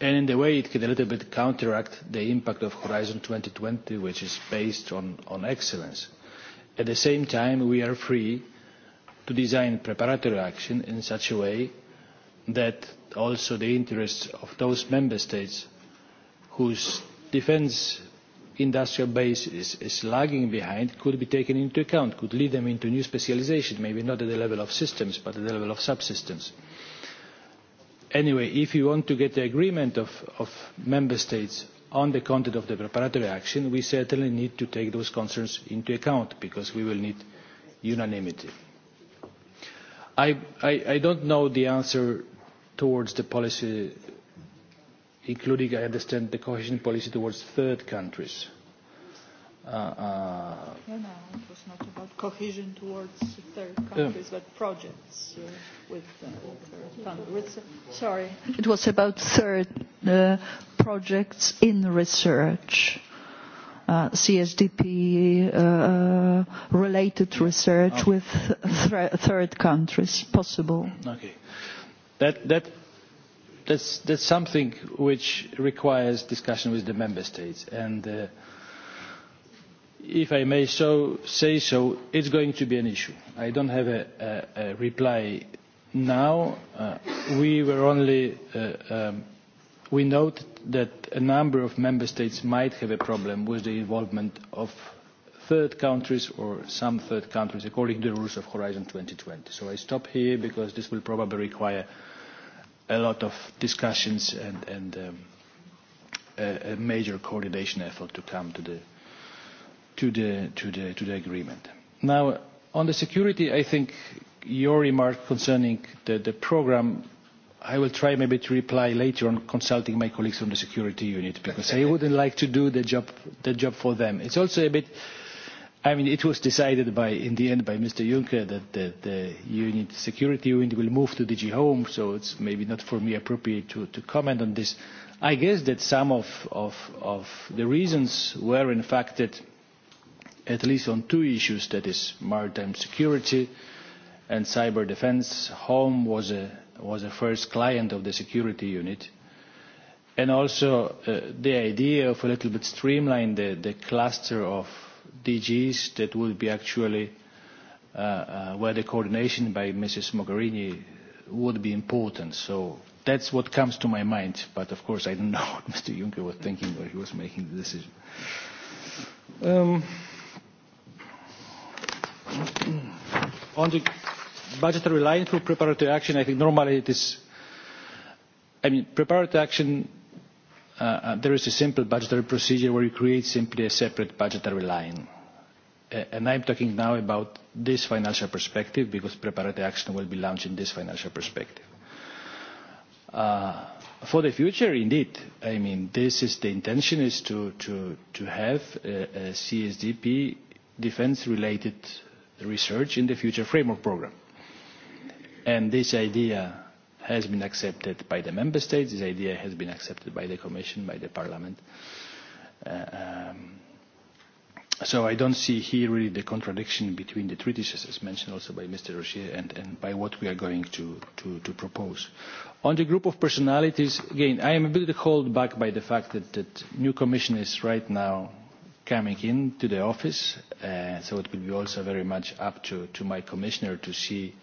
and in a way it could a little bit counteract the impact of Horizon 2020, which is based on, excellence. At the same time, we are free to design preparatory action in such a way that also the interests of those member states whose defence industrial base is, is lagging behind could be taken into account, could lead them into new specialisation, maybe not at the level of systems, but at the level of subsystems anyway, if you want to get the agreement of, member states on the content of the preparatory action, we certainly need to take those concerns into account because we will need unanimity. I, do not know the answer to the policy, including, I understand, the cohesion policy towards third countries no, it was not about cohesion towards third countries, but projects uh, with uh, third countries. Uh, sorry, it was about third uh, projects in research. Uh, CSDP uh, uh, related research okay. with th third countries possible. Okay, that that that's that's something which requires discussion with the member states and. Uh, if I may so say so, it's going to be an issue. I don't have a, a, a reply now. Uh, we were only, uh, um, we note that a number of member states might have a problem with the involvement of third countries or some third countries according to the rules of Horizon 2020. So I stop here because this will probably require a lot of discussions and, and um, a, a major coordination effort to come to the to the, to the, to the agreement. Now, on the security, I think your remark concerning the, the program, I will try maybe to reply later on consulting my colleagues from the security unit because I wouldn't like to do the job, the job for them. It's also a bit, I mean, it was decided by, in the end by Mr. Juncker that the, the unit, security unit will move to DG Home, so it's maybe not for me appropriate to, to comment on this. I guess that some of, of, of the reasons were in fact that at least on two issues, that is maritime security and cyber defence. Home was a, was a first client of the security unit. And also uh, the idea of a little bit streamline the, the cluster of DGs that would be actually uh, uh, where the coordination by Mrs. Mogherini would be important. So that's what comes to my mind. But of course, I don't know (laughs) what Mr. Juncker was thinking when he was making the decision. Um, on the budgetary line for preparatory action, I think normally it is, I mean, preparatory action, uh, uh, there is a simple budgetary procedure where you create simply a separate budgetary line. And I'm talking now about this financial perspective because preparatory action will be launched in this financial perspective. Uh, for the future, indeed, I mean, this is the intention is to, to, to have a, a CSDP defense-related research in the Future Framework Programme. And this idea has been accepted by the member states. This idea has been accepted by the Commission, by the Parliament. Uh, um, so I don't see here really the contradiction between the treaties, as mentioned also by Mr. Rocher, and, and by what we are going to, to, to propose. On the group of personalities, again, I am a bit held back by the fact that the new Commission is right now coming into the office. Uh, so it will be also very much up to, to my commissioner to see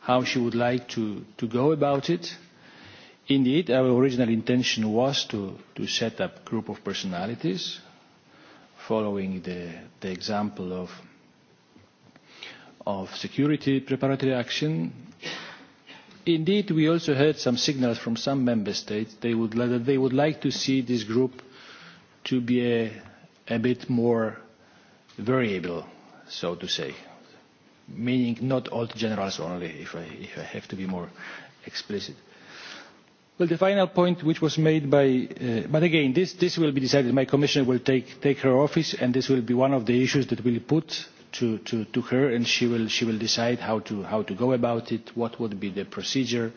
how she would like to, to go about it. Indeed, our original intention was to, to set up group of personalities following the, the example of, of security preparatory action. Indeed, we also heard some signals from some member states they would, that they would like to see this group to be a a bit more variable, so to say, meaning not all generals only, if I, if I have to be more explicit. Well, the final point which was made by, uh, but again, this, this will be decided. My commissioner will take, take her office and this will be one of the issues that we'll put to, to, to her and she will, she will decide how to, how to go about it, what would be the procedure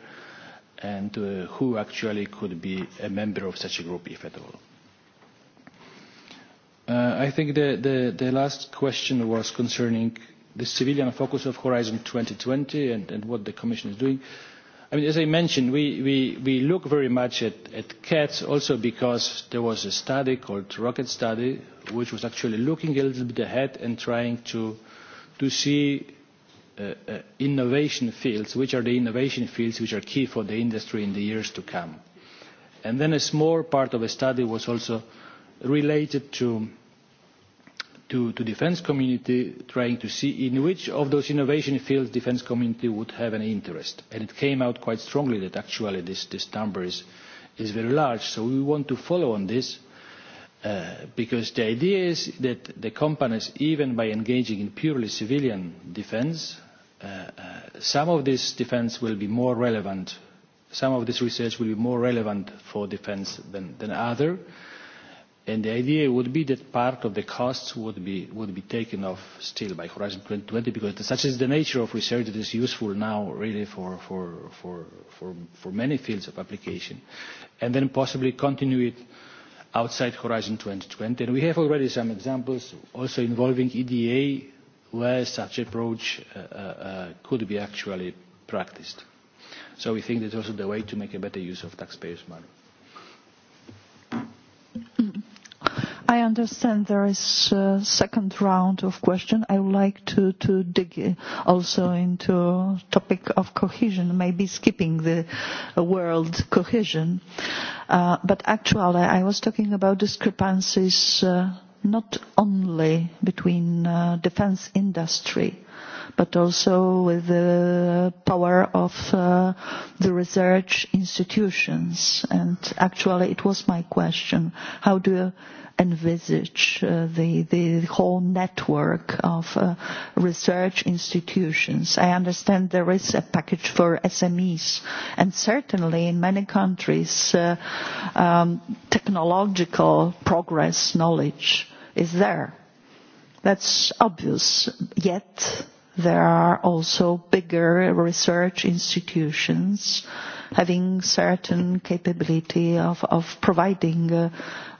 and uh, who actually could be a member of such a group, if at all. Uh, I think the, the, the last question was concerning the civilian focus of Horizon 2020 and, and what the Commission is doing. I mean, as I mentioned, we, we, we look very much at, at cats also because there was a study called Rocket Study, which was actually looking a little bit ahead and trying to, to see uh, uh, innovation fields, which are the innovation fields which are key for the industry in the years to come. And then a small part of a study was also related to to the defence community, trying to see in which of those innovation fields the defence community would have an interest. And it came out quite strongly that actually this, this number is, is very large. So we want to follow on this uh, because the idea is that the companies, even by engaging in purely civilian defence, uh, uh, some of this defence will be more relevant, some of this research will be more relevant for defence than, than other. And the idea would be that part of the costs would be, would be taken off still by Horizon 2020 because such is the nature of research that is useful now really for, for, for, for, for many fields of application. And then possibly continue it outside Horizon 2020. And we have already some examples also involving EDA where such approach uh, uh, uh, could be actually practiced. So we think that's also the way to make a better use of taxpayers' money. I understand there is a second round of question. I would like to, to dig also into topic of cohesion, maybe skipping the world cohesion. Uh, but actually, I was talking about discrepancies uh, not only between uh, defense industry but also with the power of uh, the research institutions. And actually, it was my question. How do you envisage uh, the, the whole network of uh, research institutions? I understand there is a package for SMEs, and certainly in many countries, uh, um, technological progress, knowledge is there. That's obvious. Yet, There are also bigger research institutions having certain capability of, of providing uh,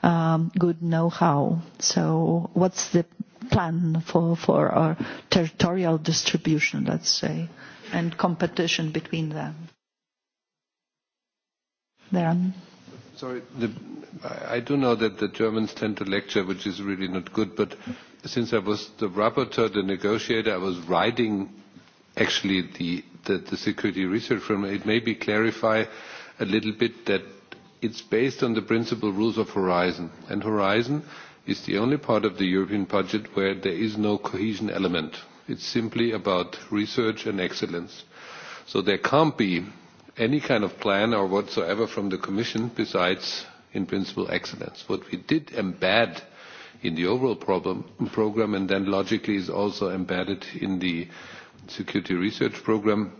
um, good know-how. So what's the plan for, for our territorial distribution, let's say, and competition between them? Darren? Sorry, the, I do know that the Germans tend to lecture, which is really not good, but since I was the rapporteur, the negotiator, I was writing actually the, the, the security research firm, It be clarify a little bit that it's based on the principal rules of Horizon. And Horizon is the only part of the European budget where there is no cohesion element. It's simply about research and excellence. So there can't be any kind of plan or whatsoever from the Commission besides, in principle, excellence. What we did embed in the overall problem, program and then logically is also embedded in the security research program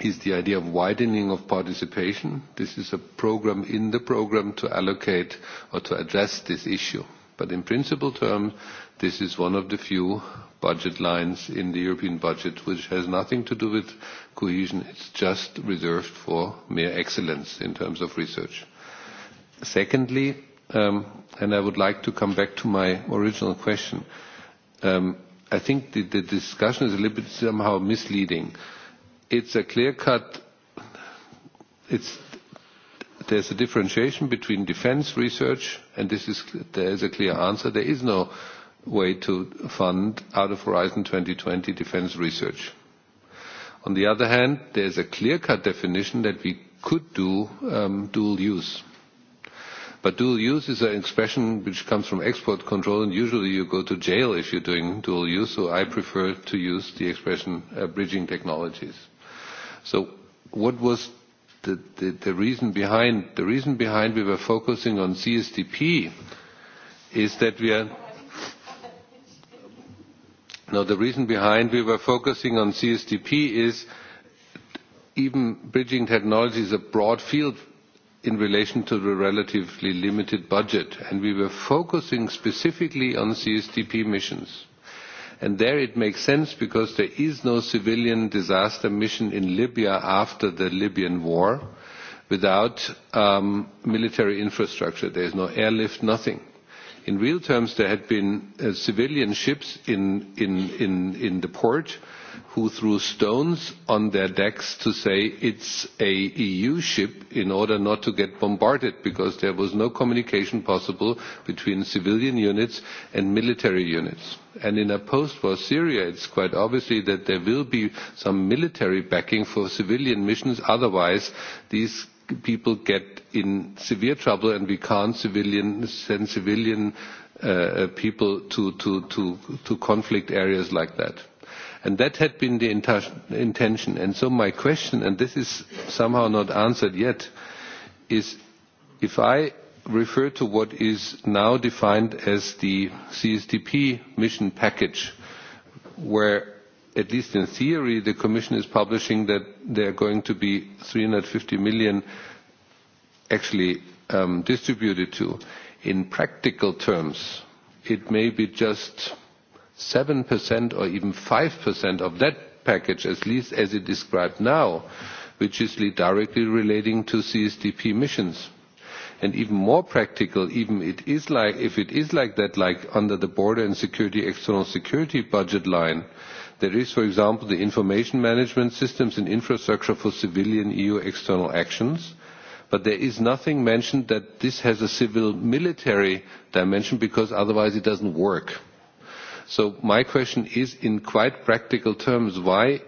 is the idea of widening of participation. This is a program in the program to allocate or to address this issue. But in principle terms, this is one of the few budget lines in the European budget which has nothing to do with cohesion. It's just reserved for mere excellence in terms of research. Secondly, Um, and I would like to come back to my original question. Um, I think the, the discussion is a little bit somehow misleading. It's a clear-cut. It's there's a differentiation between defense research, and this is there is a clear answer. There is no way to fund out of Horizon 2020 defense research. On the other hand, there's a clear-cut definition that we could do um, dual use But dual use is an expression which comes from export control, and usually you go to jail if you're doing dual use, so I prefer to use the expression uh, bridging technologies. So what was the, the, the reason behind? The reason behind we were focusing on CSDP is that we are No, the reason behind we were focusing on CSDP is even bridging technology is a broad field in relation to the relatively limited budget, and we were focusing specifically on CSDP missions. And There it makes sense because there is no civilian disaster mission in Libya after the Libyan war without um, military infrastructure. There is no airlift, nothing. In real terms, there had been uh, civilian ships in in in in the port, who threw stones on their decks to say it's a EU ship in order not to get bombarded because there was no communication possible between civilian units and military units. And in a post-war Syria, it's quite obviously that there will be some military backing for civilian missions. Otherwise, these people get in severe trouble and we can't civilian, send civilian uh, people to, to, to, to conflict areas like that. And that had been the intention. And so my question, and this is somehow not answered yet, is if I refer to what is now defined as the CSDP mission package, where at least in theory, the Commission is publishing that there are going to be 350 million actually um, distributed to. In practical terms, it may be just 7% or even 5% of that package, at least as it described now, which is directly relating to CSDP missions. And even more practical, even if it is like that, like under the border and security, external security budget line, there is, for example, the information management systems and infrastructure for civilian EU external actions, but there is nothing mentioned that this has a civil military dimension because otherwise it doesn't work So my question is, in quite practical terms, why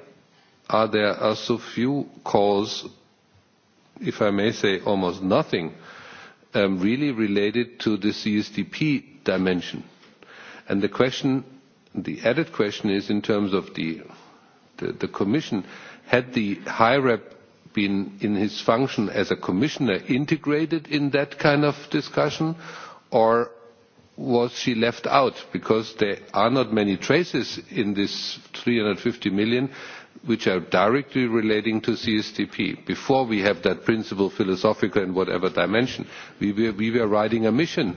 are there are so few calls, if I may say almost nothing, um, really related to the CSDP dimension? And the question, the added question is in terms of the, the, the Commission, had the high rep been in his function as a commissioner integrated in that kind of discussion or was she left out? Because there are not many traces in this 350 million which are directly relating to CSTP. Before we have that principle, philosophical and whatever dimension, we were, we were riding a mission,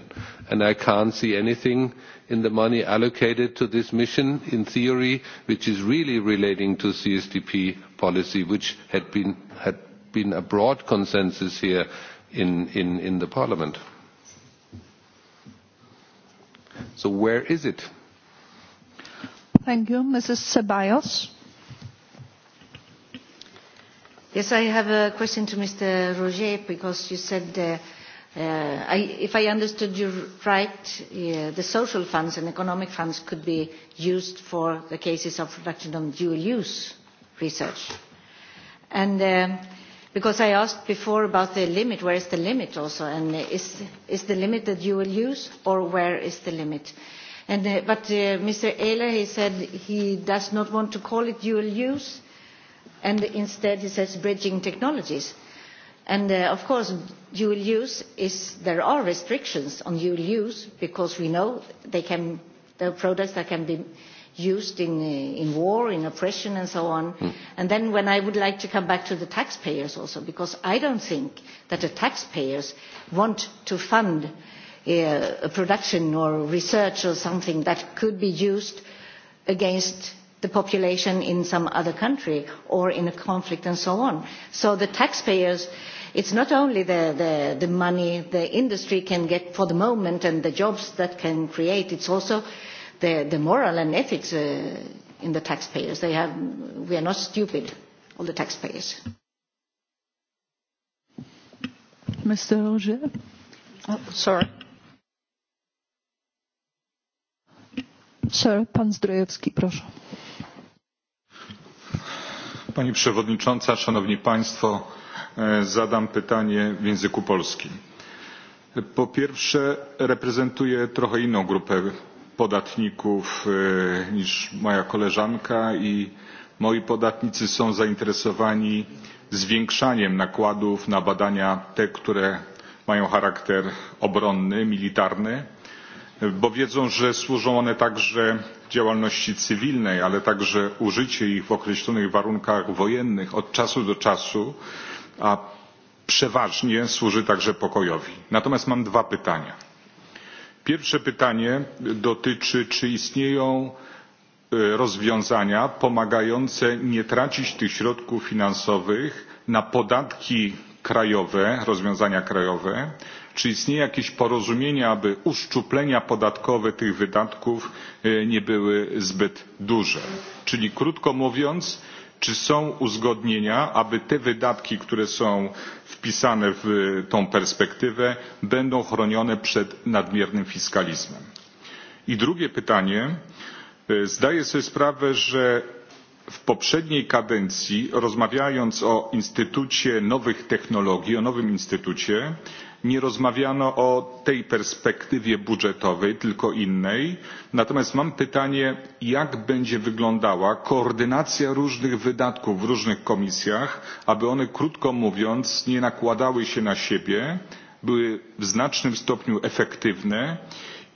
and I can't see anything in the money allocated to this mission, in theory, which is really relating to CSTP policy, which had been, had been a broad consensus here in, in, in the parliament. So where is it? Thank you. Mrs. Ceballos. Yes, I have a question to Mr. Roger, because you said, uh, uh, I, if I understood you right, uh, the social funds and economic funds could be used for the cases of reduction of dual use research. And uh, because I asked before about the limit, where is the limit also, and is, is the limit that you will use, or where is the limit? And, uh, but uh, Mr. Ehler, he said he does not want to call it dual use, and instead he says bridging technologies. And uh, of course, dual use is, there are restrictions on dual use because we know they can, there are products that can be used in, uh, in war, in oppression and so on. Mm. And then when I would like to come back to the taxpayers also, because I don't think that the taxpayers want to fund a, uh, a production or research or something that could be used against the population in some other country or in a conflict and so on. So the taxpayers, it's not only the, the, the money the industry can get for the moment and the jobs that can create, it's also the, the moral and ethics uh, in the taxpayers. They have, we are not stupid, all the taxpayers. Mr. Roger? Oh, sorry. Sir, pan Zdrojewski, proszę. Pani Przewodnicząca, Szanowni Państwo, e, zadam pytanie w języku polskim. Po pierwsze, reprezentuję trochę inną grupę podatników e, niż moja koleżanka i moi podatnicy są zainteresowani zwiększaniem nakładów na badania te które mają charakter obronny militarny bo wiedzą że służą one także działalności cywilnej ale także użycie ich w określonych warunkach wojennych od czasu do czasu a przeważnie służy także pokojowi. natomiast mam dwa pytania. Pierwsze pytanie dotyczy, czy istnieją e, rozwiązania pomagające nie tracić tych środków finansowych na podatki krajowe, rozwiązania krajowe, czy istnieje jakieś porozumienie, aby uszczuplenia podatkowe tych wydatków e, nie były zbyt duże? Czyli krótko mówiąc, czy są uzgodnienia aby te wydatki które są wpisane w tę perspektywę będą chronione przed nadmiernym fiskalizmem? i drugie pytanie zdaję sobie sprawę że w poprzedniej kadencji rozmawiając o instytucie nowych technologii o nowym instytucie nie rozmawiano o tej perspektywie budżetowej tylko innej natomiast mam pytanie jak będzie wyglądała koordynacja różnych wydatków w różnych komisjach aby one krótko mówiąc nie nakładały się na siebie były w znacznym stopniu efektywne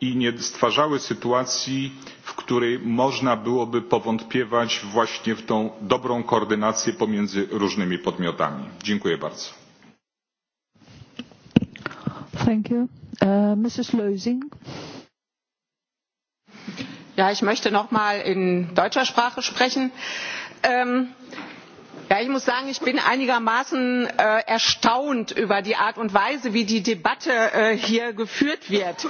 i nie stwarzały sytuacji w której można byłoby powątpiewać właśnie w tę dobrą koordynację pomiędzy różnymi podmiotami. dziękuję bardzo. Thank you. Uh, Mrs. Lösing. Ja, ich möchte noch mal in deutscher Sprache sprechen. Ähm, ja, ich muss sagen, ich bin einigermaßen äh, erstaunt über die Art und Weise, wie die Debatte äh, hier geführt wird.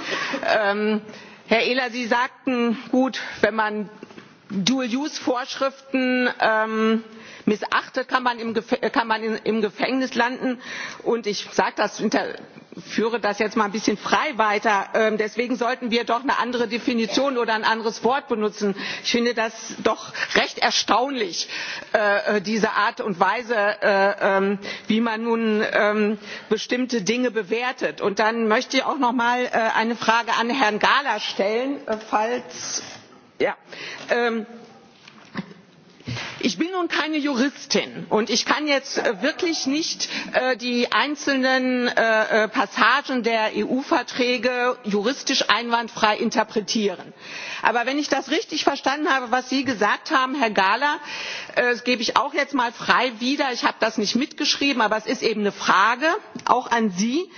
Ähm, Herr Ehler, Sie sagten, gut, wenn man Dual-Use-Vorschriften ähm, missachtet, kann man im, kann man in, im Gefängnis landen. Und ich sage das führe das jetzt mal ein bisschen frei weiter ähm, deswegen sollten wir doch eine andere definition oder ein anderes wort benutzen. ich finde das doch recht erstaunlich äh, äh, diese art und weise äh, ähm, wie man nun ähm, bestimmte dinge bewertet. und dann möchte ich auch noch mal eine frage an herrn gahler stellen falls ja ich bin nun keine juristin und ich kann jetzt äh, wirklich nicht äh, die einzelnen äh, passagen der eu verträge juristisch einwandfrei interpretieren. aber wenn ich das richtig verstanden habe was sie gesagt haben herr gahler das gebe ich auch jetzt mal frei wieder ich habe das nicht mitgeschrieben aber es ist eben eine frage auch an sie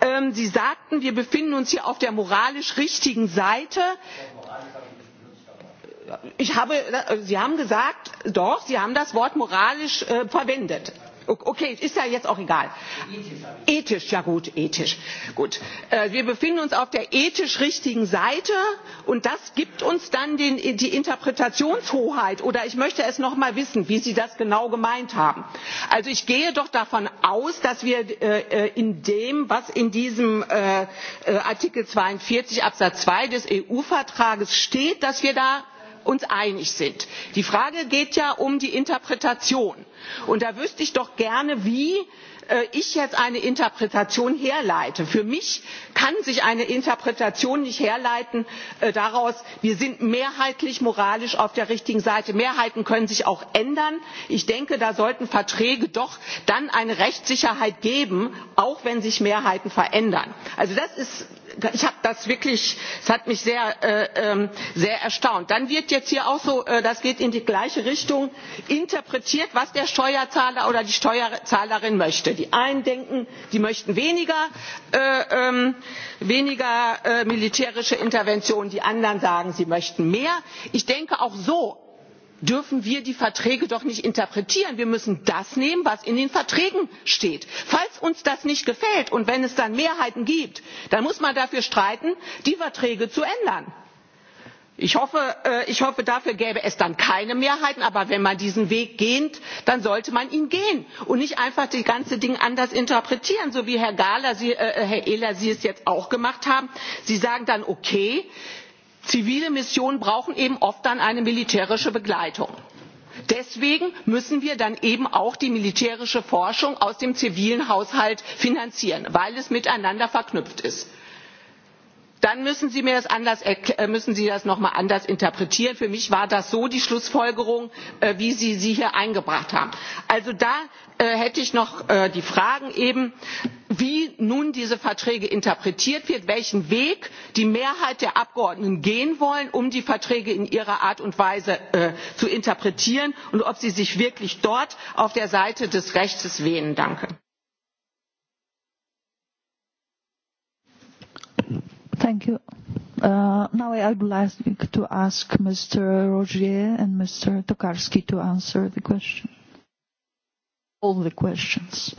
ähm, sie sagten wir befinden uns hier auf der moralisch richtigen seite ich habe, sie haben gesagt doch sie haben das wort moralisch äh, verwendet. Okay, ist ja jetzt auch egal. Ethisch, ja gut, ethisch. Gut. Äh, wir befinden uns auf der ethisch richtigen Seite und das gibt uns dann den, die Interpretationshoheit. Oder ich möchte es noch mal wissen, wie Sie das genau gemeint haben. Also ich gehe doch davon aus, dass wir äh, äh in dem, was in diesem äh, äh Artikel 42 Absatz 2 des EU-Vertrages steht, dass wir da uns einig sind. die frage geht ja um die interpretation und da wüsste ich doch gerne wie Äh, ich jetzt eine interpretation herleite. für mich kann sich eine interpretation nicht daraus herleiten äh, daraus wir sind mehrheitlich moralisch auf der richtigen seite. mehrheiten können sich auch ändern. ich denke da sollten verträge doch dann eine rechtssicherheit geben auch wenn sich mehrheiten verändern. also das ist ich habe das wirklich es hat mich sehr, äh, ähm, sehr erstaunt. dann wird jetzt hier auch so das geht in die gleiche richtung interpretiert was der steuerzahler oder die steuerzahlerin möchte die einen denken sie möchten weniger, äh, ähm, äh, militärische intervention die anderen sagen sie möchten mehr. ich denke auch so dürfen wir die verträge doch nicht interpretieren. wir müssen das nehmen was in den verträgen steht. falls uns das nicht gefällt und wenn es dann mehrheiten gibt dann muss man dafür streiten die verträge zu ändern. Äh, ich hoffe, dafür gäbe es dann keine mehrheiten aber wenn man diesen weg geht dann sollte man ihn gehen und nicht einfach das ganze ding anders interpretieren so wie herr gahler äh, äh, herr ehler sie es jetzt auch gemacht haben. sie sagen dann okay zivile missionen brauchen eben oft dann eine militärische begleitung. deswegen müssen wir dann eben auch die militärische forschung aus dem zivilen haushalt finanzieren weil es miteinander verknüpft ist dann äh, müssen sie das noch mal anders interpretieren. für mich war das so die schlussfolgerung äh, wie sie sie hier eingebracht haben. also da äh, hätte ich noch die fragen eben wie nun diese verträge interpretiert werden welchen weg die mehrheit der abgeordneten gehen will um die verträge in ihrer art und weise zu interpretieren und ob sie sich wirklich dort auf der seite des rechts wähnen. Thank you. Uh, now I would like to ask Mr. Rogier and Mr. Tokarski to answer the question. All the questions.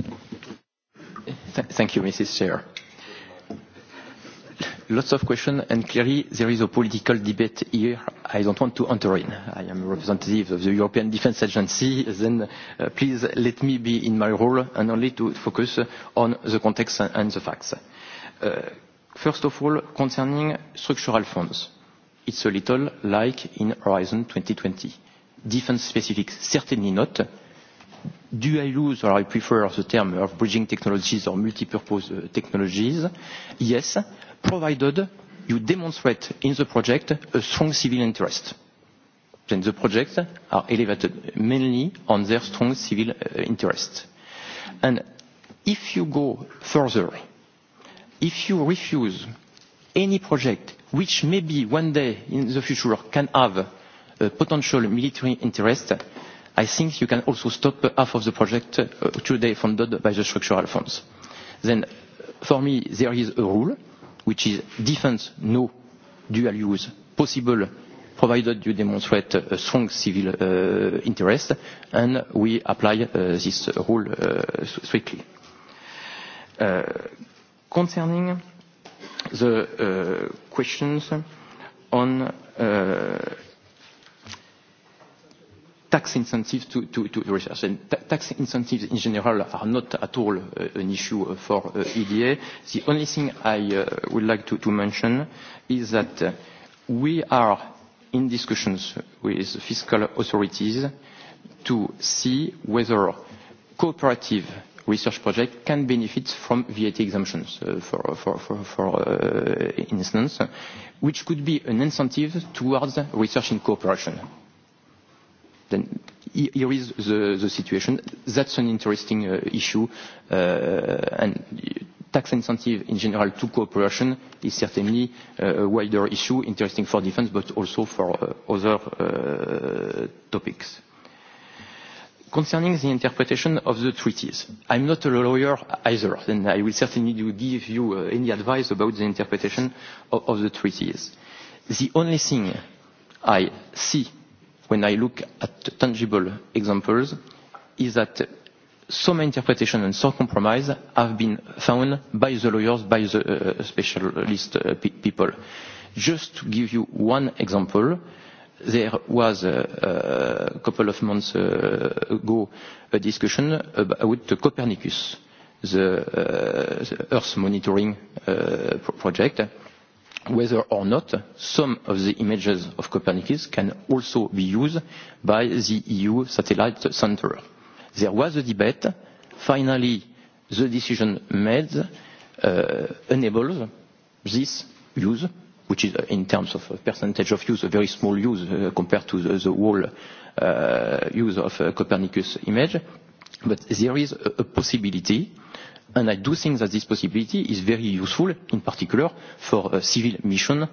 Th thank you, Mrs. Chair. Lots of questions, and clearly there is a political debate here I don't want to enter in. I am a representative of the European Defence Agency, then uh, please let me be in my role and only to focus on the context and the facts. Uh, First of all, concerning structural funds, it's a little like in Horizon 2020. Defense specific, certainly not. Do I use, or I prefer the term of bridging technologies or multipurpose uh, technologies? Yes, provided you demonstrate in the project a strong civil interest. Then the projects are elevated mainly on their strong civil uh, interest. And if you go further if you refuse any project which maybe one day in the future can have a potential military interest, I think you can also stop half of the project uh, today funded by the structural funds. Then, for me, there is a rule, which is defense, no dual use possible, provided you demonstrate a strong civil uh, interest, and we apply uh, this rule uh, strictly. Uh, Concerning the uh, questions on uh, tax incentives to, to, to research. And ta tax incentives in general are not at all uh, an issue uh, for uh, EDA. The only thing I uh, would like to, to mention is that uh, we are in discussions with fiscal authorities to see whether cooperative research project can benefit from VAT exemptions, uh, for, for, for, for uh, instance, which could be an incentive towards research in cooperation. Then here is the, the situation. That's an interesting uh, issue, uh, and tax incentive in general to cooperation is certainly uh, a wider issue, interesting for defense, but also for uh, other uh, topics. Concerning the interpretation of the treaties, I'm not a lawyer either, and I will certainly give you uh, any advice about the interpretation of, of the treaties. The only thing I see when I look at tangible examples is that some interpretation and some compromise have been found by the lawyers, by the uh, specialist uh, pe people. Just to give you one example, uh, there was a uh, uh, couple of months uh, ago a discussion about Copernicus, the Earth monitoring project, whether or not some of the images of Copernicus can also be used by the EU Satellite Center. There was a debate. Finally, the decision made enables this use which is in terms of percentage of use, a very small use uh, compared to the, the whole uh, use of uh, Copernicus image. But there is a, a possibility, and I do think that this possibility is very useful, in particular for a civil mission uh,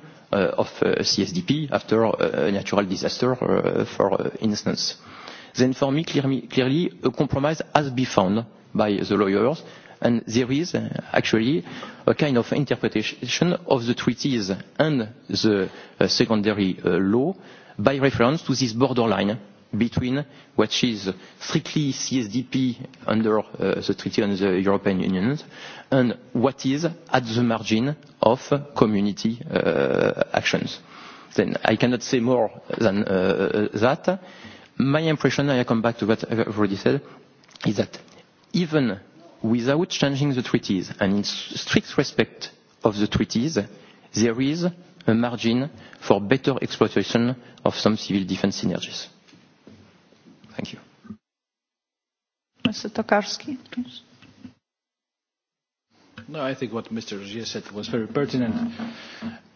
of uh, CSDP after uh, a natural disaster, uh, for uh, instance. Then for me, clearly, a compromise has been found by the lawyers And there is uh, actually a kind of interpretation of the treaties and the uh, secondary uh, law by reference to this borderline between what is strictly CSDP under uh, the Treaty on the European Union and what is at the margin of community uh, actions. Then I cannot say more than uh, that. My impression, and I come back to what I've already said, is that even without changing the treaties and in strict respect of the treaties, there is a margin for better exploitation of some civil defense synergies. Thank you. Mr. Tokarski, please. No, I think what Mr. Rogier said was very pertinent.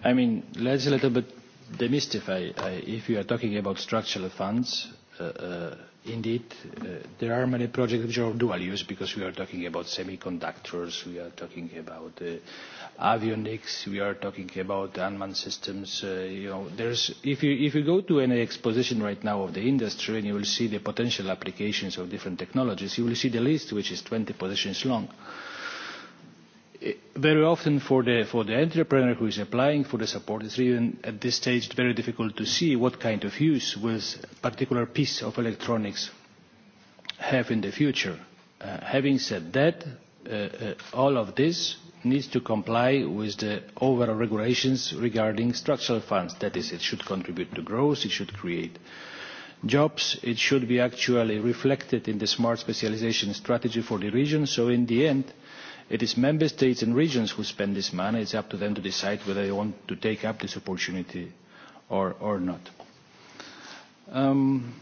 I mean, let's a little bit demystify. I, if you are talking about structural funds, uh, uh, indeed, uh, there are many projects which are dual use because we are talking about semiconductors, we are talking about uh, avionics, we are talking about unmanned systems. Uh, you know, there's, if, you, if you go to any exposition right now of the industry and you will see the potential applications of different technologies, you will see the list which is 20 positions long. Uh, very often for the, for the entrepreneur who is applying for the support, it's even at this stage very difficult to see what kind of use will particular piece of electronics have in the future. Uh, having said that, uh, uh, all of this needs to comply with the overall regulations regarding structural funds. That is, it should contribute to growth, it should create jobs, it should be actually reflected in the smart specialization strategy for the region. So in the end, It is member states and regions who spend this money. It's up to them to decide whether they want to take up this opportunity or, or not. Um,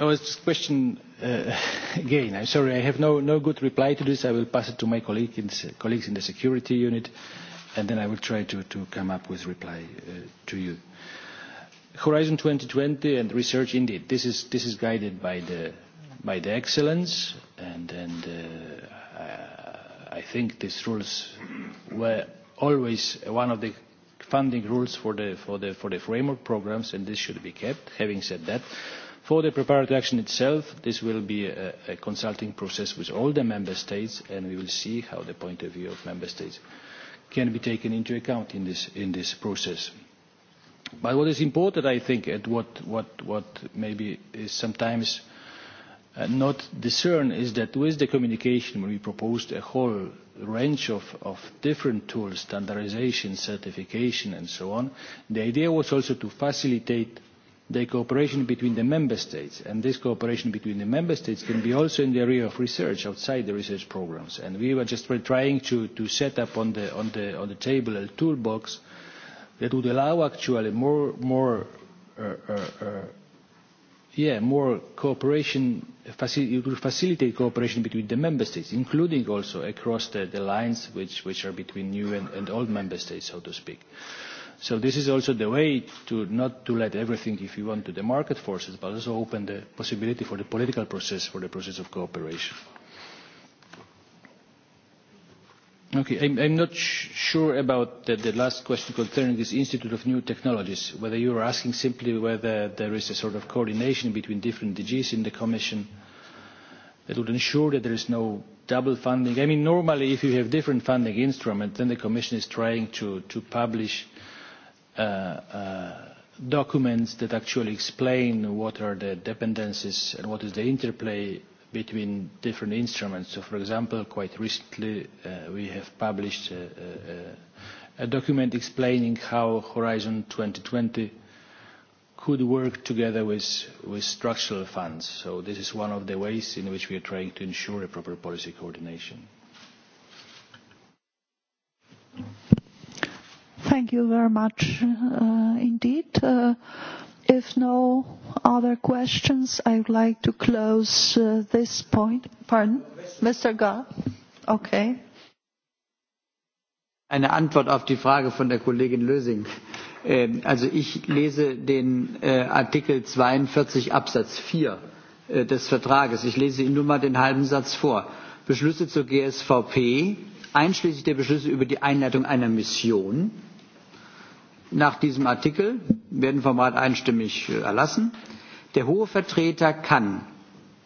oh, it's just question uh, (laughs) again. I'm sorry, I have no, no good reply to this. I will pass it to my colleague in, colleagues in the security unit, and then I will try to, to come up with reply uh, to you. Horizon 2020 and research, indeed, this is, this is guided by the, by the excellence and, and uh, I think these rules were always one of the funding rules for the, for the, for the framework programs, and this should be kept. Having said that, for the preparatory action itself, this will be a, a consulting process with all the member states, and we will see how the point of view of member states can be taken into account in this, in this process. But what is important, I think, and what, what, what maybe is sometimes Uh, not discern is that with the communication we proposed a whole range of, of different tools, standardization, certification and so on. The idea was also to facilitate the cooperation between the member states and this cooperation between the member states can be also in the area of research outside the research programs and we were just trying to, to set up on the, on, the, on the table a toolbox that would allow actually more, more uh, uh, uh yeah, more cooperation, facil it will facilitate cooperation between the member states, including also across the, the lines which, which are between new and, and old member states, so to speak. So this is also the way to not to let everything, if you want, to the market forces, but also open the possibility for the political process, for the process of cooperation. i am not sure about the, last question concerning this Institute of New Technologies, whether you are asking simply whether there is a sort of coordination between different DGs in the Commission that would ensure that there is no double funding. I mean, normally if you have different funding instruments, then the Commission is trying to, publish uh, uh, documents that actually explain what are the dependencies and what is the interplay between different instruments. So, for example, quite recently uh, we have published a, a, a document explaining how Horizon 2020 could work together with, with structural funds. So this is one of the ways in which we are trying to ensure a proper policy coordination. Thank you very much uh, indeed. Uh, If no other questions, I would like to close uh, this point. Pardon? Mr. Ga. Okay. Eine Antwort auf die Frage von der Kollegin Lösing. Ähm, also ich lese den äh, Artikel 42 Absatz 4 äh, des Vertrages. Ich lese Ihnen nur mal den halben Satz vor. Beschlüsse zur GSVP, einschließlich der Beschlüsse über die Einleitung einer Mission, nach diesem Artikel, werden vom Rat einstimmig äh, erlassen. Der hohe Vertreter kann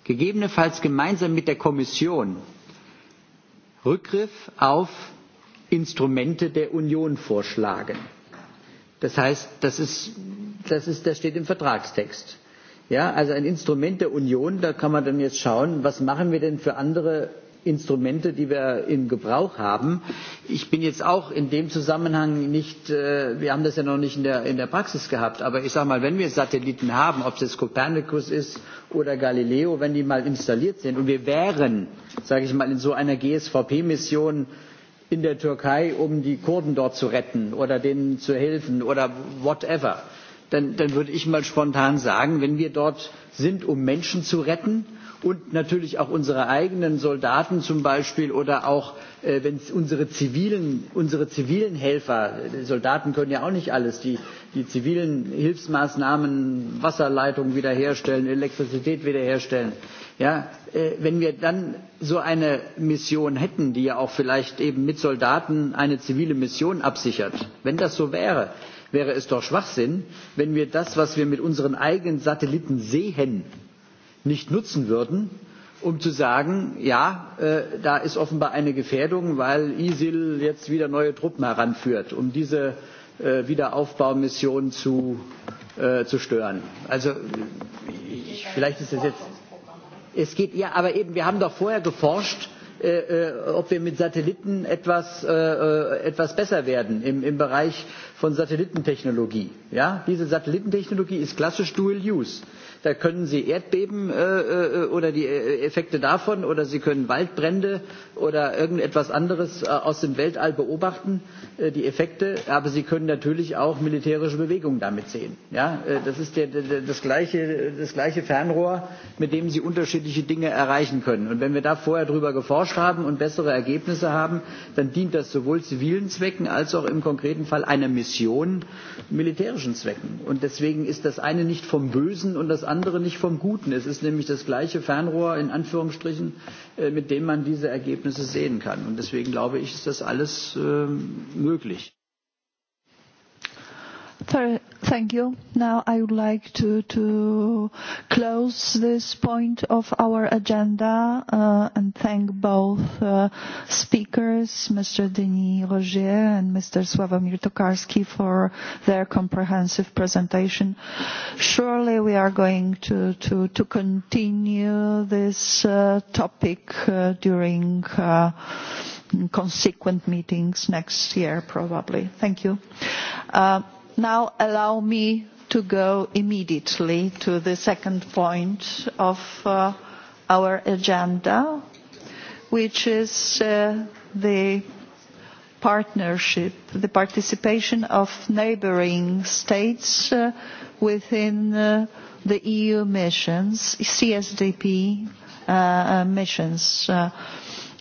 gegebenenfalls gemeinsam mit der Kommission Rückgriff auf Instrumente der Union vorschlagen. Das heißt, das, ist, das, ist, das steht im Vertragstext. Ja, also ein Instrument der Union, da kann man dann jetzt schauen, was machen wir denn für andere Instrumente, die wir im Gebrauch haben. Ich bin jetzt auch in dem Zusammenhang nicht, äh, wir haben das ja noch nicht in der, in der Praxis gehabt, aber ich sage mal, wenn wir Satelliten haben, ob es jetzt Copernicus ist oder Galileo, wenn die mal installiert sind und wir wären, sage ich mal, in so einer GSVP-Mission, in der Türkei, um die Kurden dort zu retten oder denen zu helfen oder whatever, dann, dann würde ich mal spontan sagen, wenn wir dort sind, um Menschen zu retten, und natürlich auch unsere eigenen Soldaten zum Beispiel oder auch äh, wenn unsere zivilen, unsere zivilen Helfer, die Soldaten können ja auch nicht alles, die, die zivilen Hilfsmaßnahmen, Wasserleitungen wiederherstellen, Elektrizität wiederherstellen. Ja, äh, wenn wir dann so eine Mission hätten, die ja auch vielleicht eben mit Soldaten eine zivile Mission absichert, wenn das so wäre, wäre es doch Schwachsinn, wenn wir das, was wir mit unseren eigenen Satelliten sehen, nicht nutzen würden, um zu sagen, ja, äh, da ist offenbar eine Gefährdung, weil ISIL jetzt wieder neue Truppen heranführt, um diese äh, Wiederaufbaumission zu, äh, zu stören. Also ich, vielleicht ist es jetzt. Es geht ja, aber eben, wir haben doch vorher geforscht, äh, äh ob wir mit Satelliten etwas, äh, äh, etwas besser werden im, im Bereich von Satellitentechnologie. Ja? Diese Satellitentechnologie ist klassisch Dual Use. Äh, Da können Sie Erdbeben äh, äh oder die äh, Effekte davon oder Sie können Waldbrände oder irgendetwas anderes äh, aus dem Weltall beobachten, äh, die Effekte. Aber Sie können natürlich auch militärische Bewegungen damit sehen. Ja, das ist der, der, das, gleiche, das gleiche Fernrohr, mit dem Sie unterschiedliche Dinge erreichen können. Und wenn wir da vorher drüber geforscht haben und bessere Ergebnisse haben, dann dient das sowohl zivilen Zwecken als auch im konkreten Fall einer Mission militärischen Zwecken. Und deswegen ist das eine nicht vom Bösen und das andere andere nicht vom Guten. Es ist nämlich das gleiche Fernrohr in Anführungsstrichen, äh, mit dem man diese Ergebnisse sehen kann. Und deswegen glaube ich, ist das alles ähm, möglich. Thank you. Now I would like to, to close this point of our agenda uh, and thank both uh, speakers, Mr. Denis Rogier and Mr. Sławomir Tokarski, for their comprehensive presentation. Surely we are going to, to, to continue this uh, topic uh, during uh, consequent meetings next year, probably. Thank you. Uh, Now allow me to go immediately to the second point of uh, our agenda, which is uh, the partnership, the participation of neighboring states uh, within uh, the EU missions, CSDP uh, uh, missions. Uh,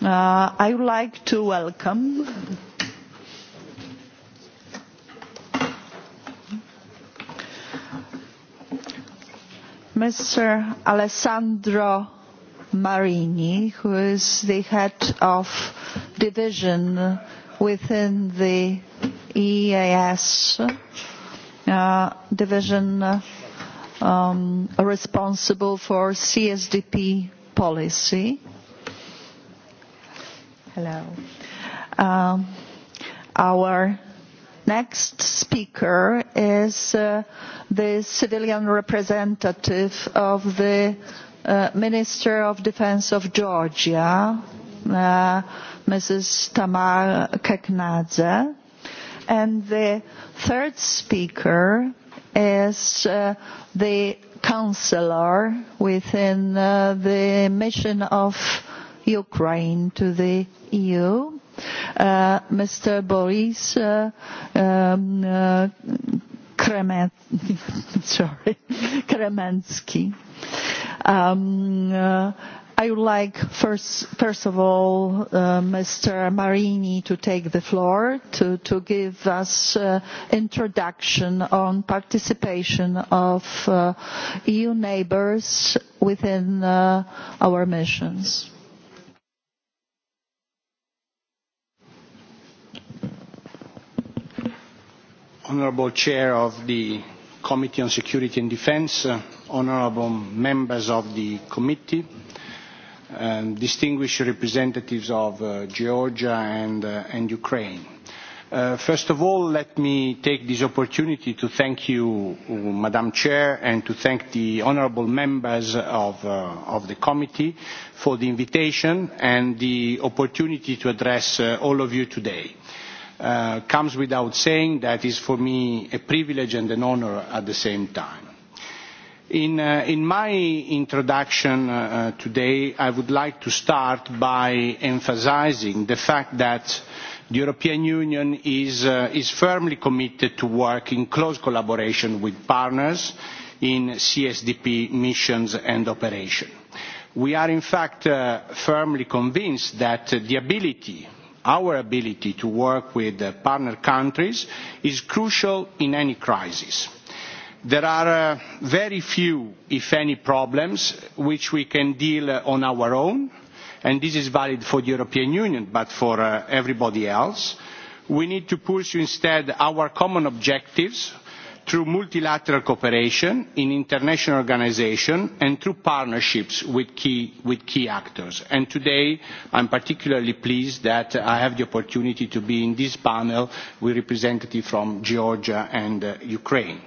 uh, I would like to welcome Mr. Alessandro Marini, who is the head of division within the EAS uh, division um, responsible for CSDP policy. Hello. Um, our Next speaker is uh, the civilian representative of the uh, Minister of Defense of Georgia, uh, Mrs. Tamar Keknadze. And the third speaker is uh, the counselor within uh, the mission of Ukraine to the EU Uh, Mr. Boris uh, um, uh, Kremen, (laughs) sorry, (laughs) Kremensky. Um, uh, I would like first, first of all, uh, Mr. Marini to take the floor to, to give us uh, introduction on participation of uh, EU neighbors within uh, our missions. honourable chair of the Committee on Security and Defence, uh, honourable members of the committee, um, distinguished representatives of uh, Georgia and, uh, and Ukraine. Uh, first of all, let me take this opportunity to thank you, Madam Chair, and to thank the honourable members of, uh, of the committee for the invitation and the opportunity to address uh, all of you today. Uh, Uh, comes without saying that is for me a privilege and an honor at the same time. In, uh, my introduction uh, today, I would like to start by emphasizing the fact that the European Union is, firmly committed to work in close collaboration with partners in CSDP missions and operations. We are in fact firmly convinced that the ability our ability to work with uh, partner countries is crucial in any crisis. There are uh, very few, if any, problems which we can deal uh, on our own, and this is valid for the European Union, but for everybody else. We need to pursue instead our common objectives through multilateral cooperation in international organisations and through partnerships with key, with key actors. And today I'm particularly pleased that I have the opportunity to be in this panel with representatives from Georgia and uh, Ukraine.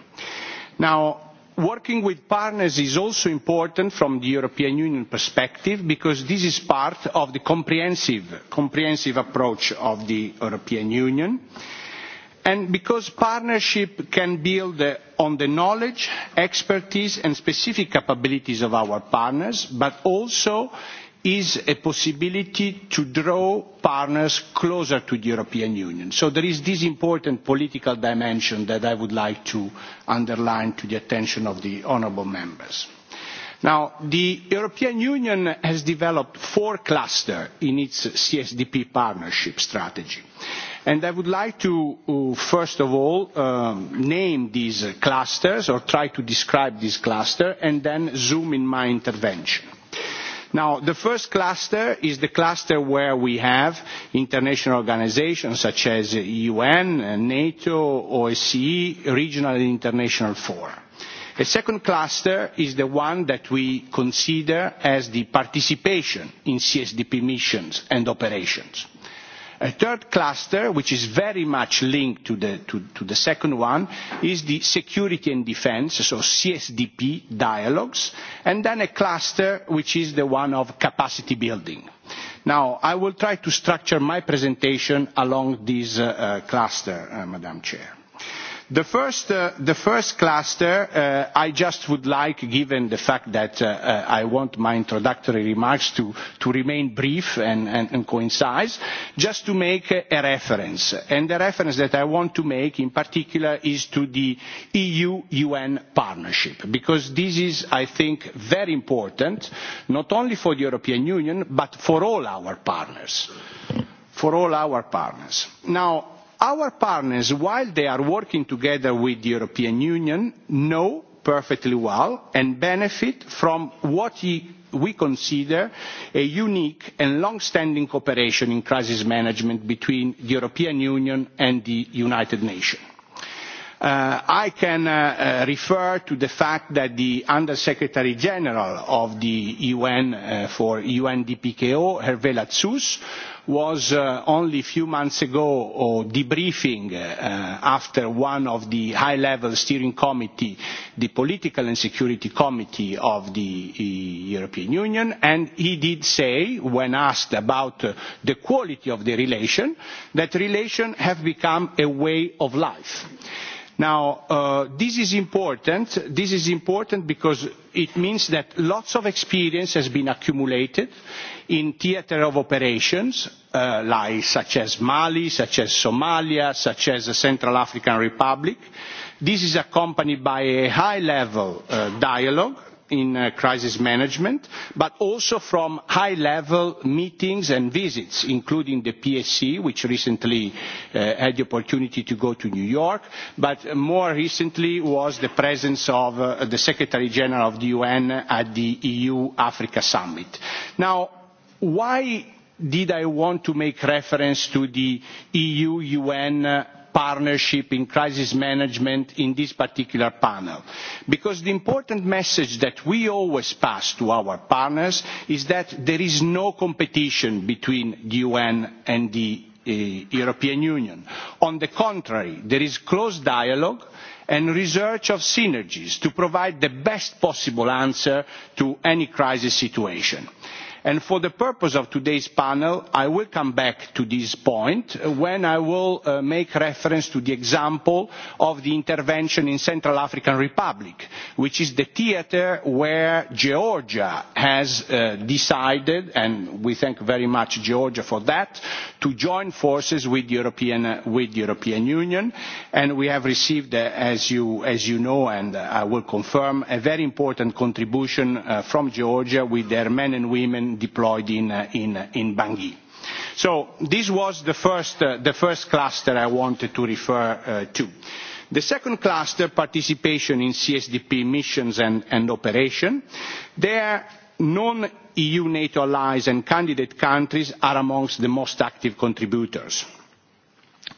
Now, working with partners is also important from the European Union perspective because this is part of the comprehensive, comprehensive approach of the European Union and because partnership can build uh, on the knowledge, expertise and specific capabilities of our partners, but also is a possibility to draw partners closer to the European Union. So there is this important political dimension that I would like to underline to the attention of the honourable members. Now, the European Union has developed four clusters in its CSDP partnership strategy. And I would like to, uh, first of all, uh, name these clusters or try to describe this cluster and then zoom in my intervention. Now, the first cluster is the cluster where we have international organizations such as UN, NATO, OSCE, regional and international fora. The second cluster is the one that we consider as the participation in CSDP missions and operations. A third cluster, which is very much linked to the, to, to the second one, is the security and defense, so CSDP dialogues, and then a cluster which is the one of capacity building. Now, I will try to structure my presentation along this uh, uh, cluster, uh, Madam Chair. The first, uh, the first cluster, uh, I just would like, given the fact that uh, uh, I want my introductory remarks to, to remain brief and, and, and concise, just to make a reference. And the reference that I want to make in particular is to the EU-UN partnership, because this is, I think, very important, not only for the European Union, but for all our partners. For all our partners. Now, Our partners, while they are working together with the European Union, know perfectly well and benefit from what we consider a unique and long-standing cooperation in crisis management between the European Union and the United Nations Uh, I can uh, uh, refer to the fact that the Undersecretary General of the UN uh, for UNDPKO, Hervé Latsous, was uh, only a few months ago oh, debriefing uh, uh, after one of the high-level steering committee, the political and security committee of the European Union, and he did say, when asked about uh, the quality of the relation, that relations have become a way of life Now, uh, this is important. This is important because it means that lots of experience has been accumulated in theatre of operations, uh, like, such as Mali, such as Somalia, such as the Central African Republic. This is accompanied by a high-level uh, dialogue in uh, crisis management, but also from high-level meetings and visits, including the PSC, which recently uh, had the opportunity to go to New York, but more recently was the presence of uh, the Secretary General of the UN at the EU-Africa Summit. Now, why did I want to make reference to the EU-UN partnership in crisis management in this particular panel. Because the important message that we always pass to our partners is that there is no competition between the UN and the uh, European Union. On the contrary, there is close dialogue and research of synergies to provide the best possible answer to any crisis situation And for the purpose of today's panel, I will come back to this point uh, when I will uh, make reference to the example of the intervention in Central African Republic, which is the theater where Georgia has uh, decided, and we thank very much Georgia for that, to join forces with the European, Union. And we have received, as, you, know, and I will confirm, a very important contribution from Georgia with their men and women and deployed uh, uh, in, Bangui. So this was the first, uh, the first cluster I wanted to refer to. The second cluster, participation in CSDP missions and, operation. There, non-EU NATO allies and candidate countries are amongst the most active contributors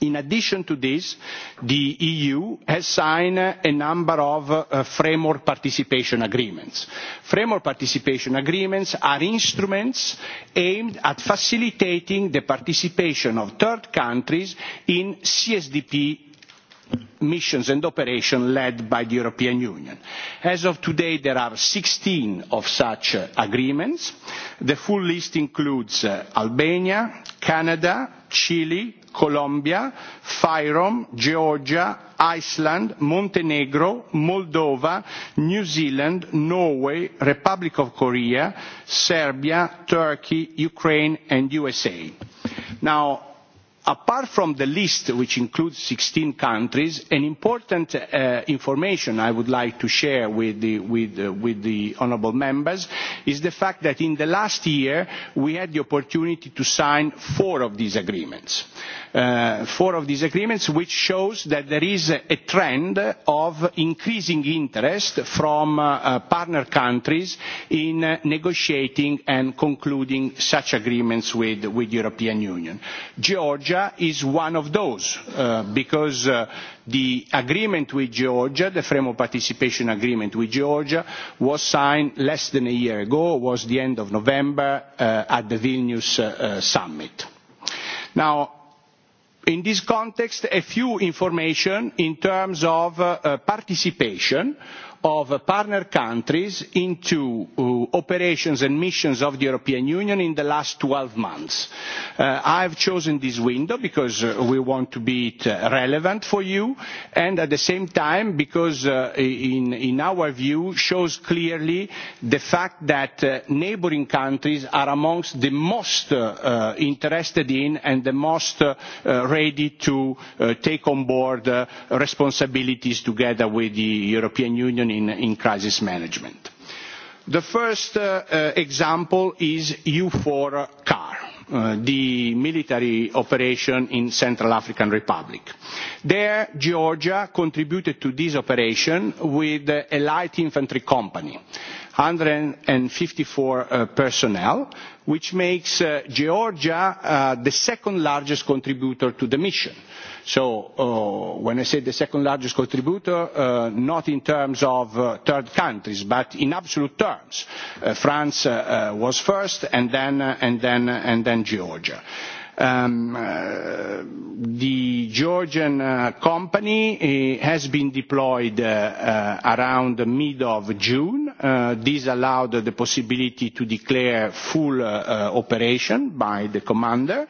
In addition to this, the EU has signed a number of uh, framework participation agreements. Framework participation agreements are instruments aimed at facilitating the participation of third countries in CSDP missions and operations led by the European Union. As of today, there are 16 of such uh, agreements. The full list includes uh, Albania, Canada, Chile, Colombia, Fyrom, Georgia, Iceland, Montenegro, Moldova, New Zealand, Norway, Republic of Korea, Serbia, Turkey, Ukraine, and USA. Now, apart from the list which includes 16 countries an important uh, information i would like to share with the, with, uh, with the honourable members is the fact that in the last year we had the opportunity to sign four of these agreements uh, four of these agreements which shows that there is a trend of increasing interest from uh, uh partner countries in uh, negotiating and concluding such agreements with the european union. georgia Georgia is one of those, uh, because uh, the agreement with Georgia, the framework participation agreement with Georgia, was signed less than a year ago, was the end of November uh, at the Vilnius summit. Now, in this context, a few information in terms of uh, participation of partner countries into uh, operations and missions of the European Union in the last 12 months. Uh, I've chosen this window because uh, we want to be it, uh, relevant for you and at the same time because uh, in, in our view shows clearly the fact that uh, neighboring countries are amongst the most uh, uh interested in and the most uh, uh, ready to uh, take on board uh, responsibilities together with the European Union even in, crisis management. The first uh, uh, example is EUFOR CAR, uh, the military operation in Central African Republic. There, Georgia contributed to this operation with a light infantry company, 154 personnel, which makes uh, Georgia uh, the second largest contributor to the mission. So uh, when I say the second largest contributor, uh, not in terms of uh, third countries, but in absolute terms. Uh, France uh, uh, was first and then, uh, and then, uh, and then Georgia. Um, uh, the Georgian uh, company uh, has been deployed uh, uh, around the mid of June. Uh, this allowed the possibility to declare full operation by the commander.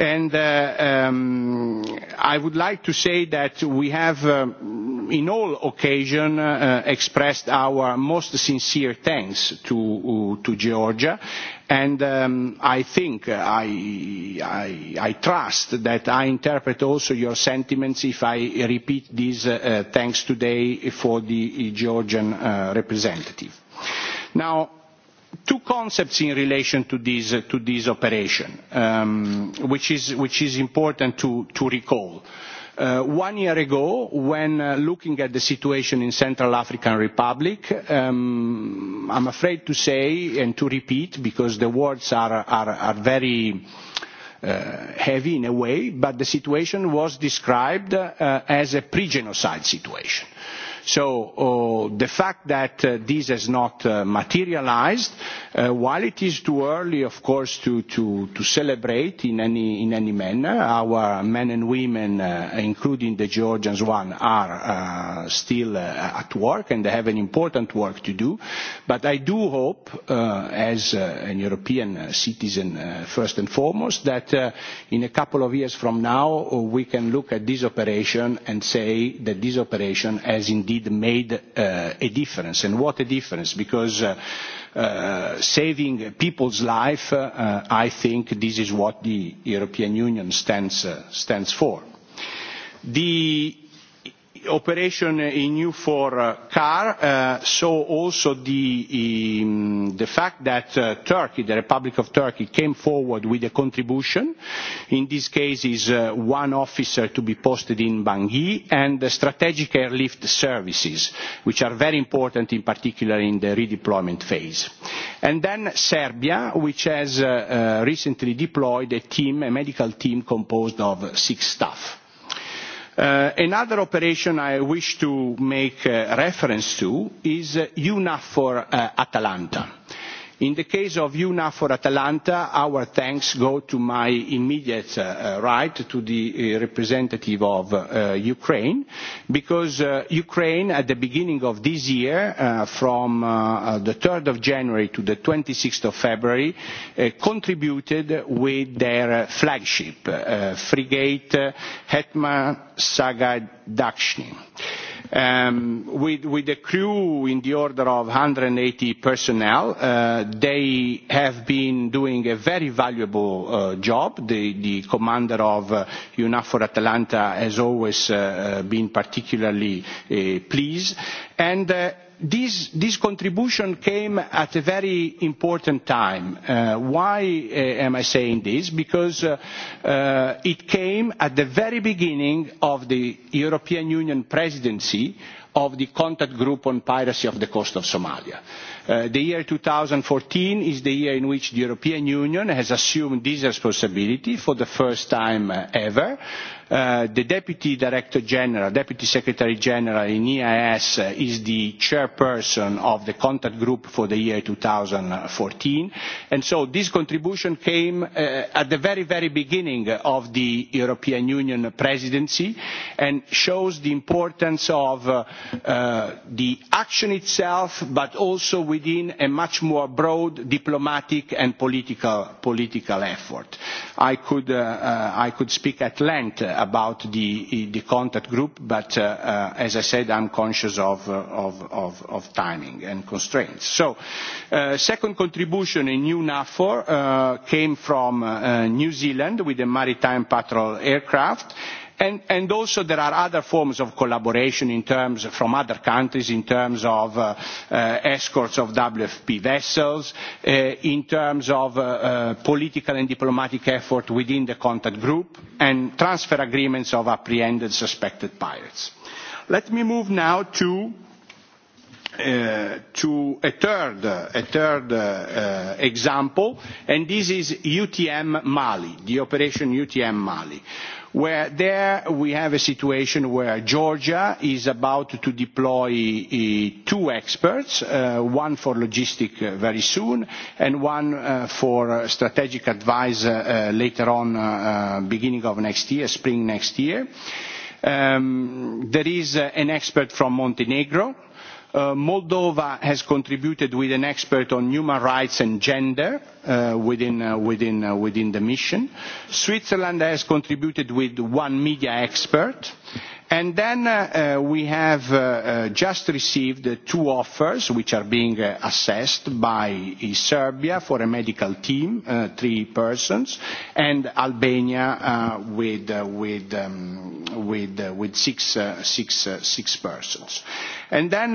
And uh, um, I would like to say that we have, um, in all occasion, uh, uh, expressed our most sincere thanks to, Georgia. And um, I think, I, trust that I interpret also your sentiments if I repeat these thanks today for the Georgian representative. Now, two concepts in relation to this, uh, to this operation, um, which, is, which is important to, to recall. Uh, one year ago, when uh, looking at the situation in Central African Republic, um, I'm afraid to say and to repeat, because the words are, are, are very uh, heavy in a way, but the situation was described uh, as a pre-genocide situation So uh, the fact that uh, this has not materialised, uh, materialized, while it is too early, of course, to, celebrate in any, manner, our men and women, including the Georgians one, are still at work and they have an important work to do. But I do hope, as a European citizen first and foremost, that in a couple of years from now, we can look at this operation and say that this operation has indeed indeed made uh, a difference. And what a difference, because uh, uh, saving people's life, uh, I think this is what the European Union stands, uh, stands for. The operation in EU for uh, car, uh, so also the, um, the fact that uh, Turkey, the Republic of Turkey, came forward with a contribution. In this case is uh, one officer to be posted in Bangui and the strategic airlift services, which are very important in particular in the redeployment phase. And then Serbia, which has uh, uh, recently deployed a team, a medical team composed of six staff Uh, another operation I wish to make uh, reference to is EUNAVFOR uh, Atalanta. In the case of EUNAVFOR Atalanta, our thanks go to my immediate uh, uh, right, to the uh, representative of Ukraine, because Ukraine at the beginning of this year, from the 3rd of January to the 26th of February, contributed with their flagship, frigate Hetman Saga Dakhshin. Um, with, a crew in the order of 180 personnel. Uh, they have been doing a very valuable uh, job. The, the commander of uh, UNAFOR Atalanta has always uh, uh, been particularly uh, pleased. And uh, This, contribution came at a very important time. Uh, why uh, am I saying this? Because uh, uh, it came at the very beginning of the European Union presidency of the contact group on piracy of the coast of Somalia. Uh, the year 2014 is the year in which the European Union has assumed this responsibility for the first time uh, ever Uh, the Deputy Director General, Deputy Secretary General in EIS is the chairperson of the contact group for the year 2014. And so this contribution came uh, at the very, very beginning of the European Union presidency and shows the importance of uh, uh, the action itself, but also within a much more broad diplomatic and political, political effort. I could, uh, uh, I could speak at length about the, the contact group, but uh, uh, as I said, I'm conscious of, uh, of, of, of timing and constraints. So, uh, second contribution in new NAFOR uh, came from uh, New Zealand with the maritime patrol aircraft, And, also there are other forms of collaboration in terms from other countries in terms of uh, uh, escorts of WFP vessels, uh, in terms of uh, uh, political and diplomatic effort within the contact group, and transfer agreements of apprehended suspected pirates. Let me move now to Uh, to a third, a third uh, uh, example, and this is UTM Mali, the operation UTM Mali where there we have a situation where Georgia is about to deploy eh, two experts, uh, one for logistic eh, very soon and one uh, for strategic advice uh, later on, beginning of next year, spring next year. Um, there is an expert from Montenegro, Uh, Moldova has contributed with an expert on human rights and gender uh, within, uh, within, uh, within the mission. Switzerland has contributed with one media expert And then uh, uh, we have uh, uh, just received two offers which are being uh, assessed by Serbia for a medical team, uh, three persons, and Albania with, with, um, with, with six, six, six persons. And then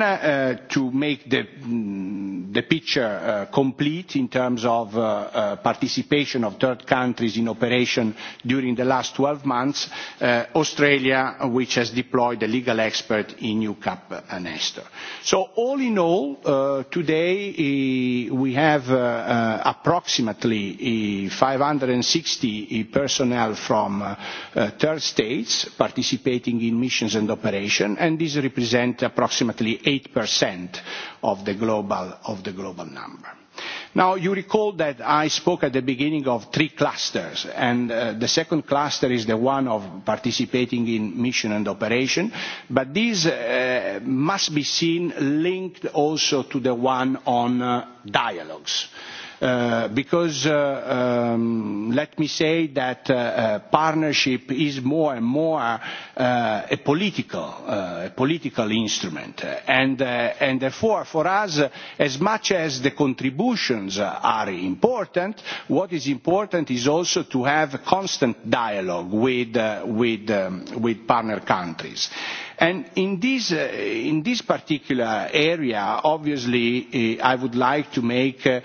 to make the mm, the picture uh, complete in terms of uh, uh, participation of third countries in operation during the last 12 months, uh, Australia, which has deployed a legal expert in UCAP and Nestor. So all in all, uh, today eh, we have uh, uh, approximately 560 eh, eh, personnel from uh, uh, third states participating in missions and operation, and this represent approximately 8% of the global, of the global number. Now, you recall that I spoke at the beginning of three clusters, and uh, the second cluster is the one of participating in mission and operation, but these uh, must be seen linked also to the one on uh, dialogues. Uh, because uh, um, let me say that uh, uh partnership is more and more a political, a political instrument. And, and therefore, for us, as much as the contributions are important, what is important is also to have constant dialogue with, with, um, with partner countries. And uh, in this, particular area, obviously, uh, I would like to make uh,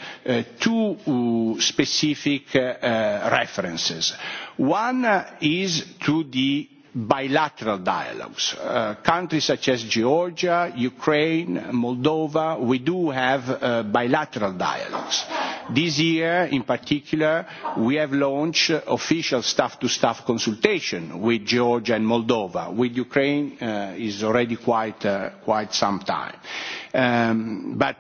two specific references. One is to the bilateral dialogues. Uh, countries such as Georgia, Ukraine, Moldova, we do have uh, bilateral dialogues. This year, in particular, we have launched official staff-to-staff consultation with Georgia and Moldova. With Ukraine, uh, is already quite, uh, quite some time. Um, but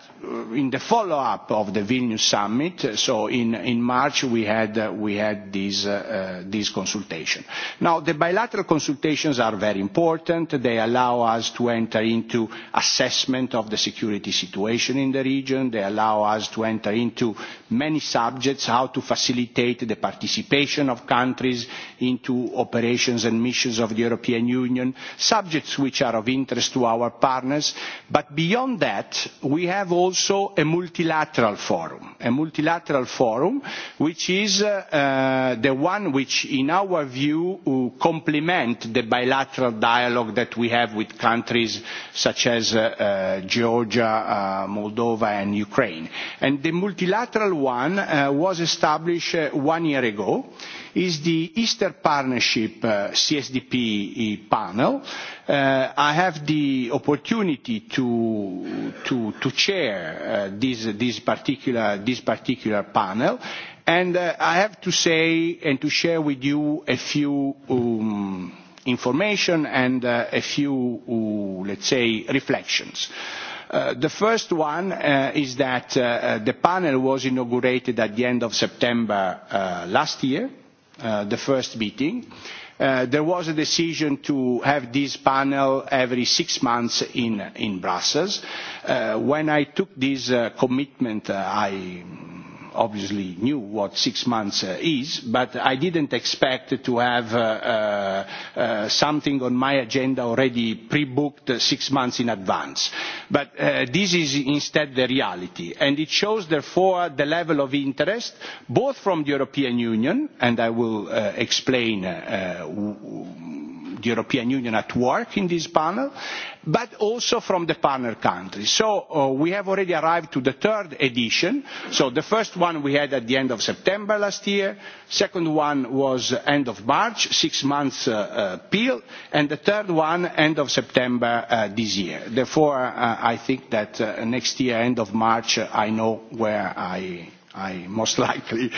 in the follow-up of the Vilnius summit, so in, in March, we had, uh, we had these, uh, uh, this consultation. Now, the bilateral consultations are very important. They allow us to enter into assessment of the security situation in the region. They allow us to enter into many subjects, how to facilitate the participation of countries into operations and missions of the European Union, subjects which are of interest to our partners. But beyond that, we have also a multilateral forum, a multilateral forum which is uh, uh the one which, in our view, uh, complement the bilateral dialogue that we have with countries such as uh, uh Georgia, Moldova, and Ukraine. And the multilateral one was established one year ago is the Easter Partnership uh, CSDP panel. Uh, I have the opportunity to, to, to chair uh, this, this, particular, this particular panel. And uh, I have to say and to share with you a few um, information and uh, a few, uh, let's say, reflections. Uh, the first one uh, is that uh, the panel was inaugurated at the end of September uh, last year Uh, the first meeting. Uh, there was a decision to have this panel every six months in, in Brussels. Uh, when I took this uh, commitment, uh, I obviously knew what six months uh, is, but I didn't expect to have uh, uh, uh something on my agenda already pre-booked uh, six months in advance. But uh, this is instead the reality, and it shows, therefore, the level of interest, both from the European Union, and I will uh, explain uh, uh the European Union at work in this panel, but also from the partner countries. So uh, we have already arrived to the third edition. So the first one we had at the end of September last year, second one was end of March, six months uh, uh, peel, and the third one end of September uh, this year. Therefore, uh, I think that uh, next year, end of March, uh, I know where I I most (laughs) likely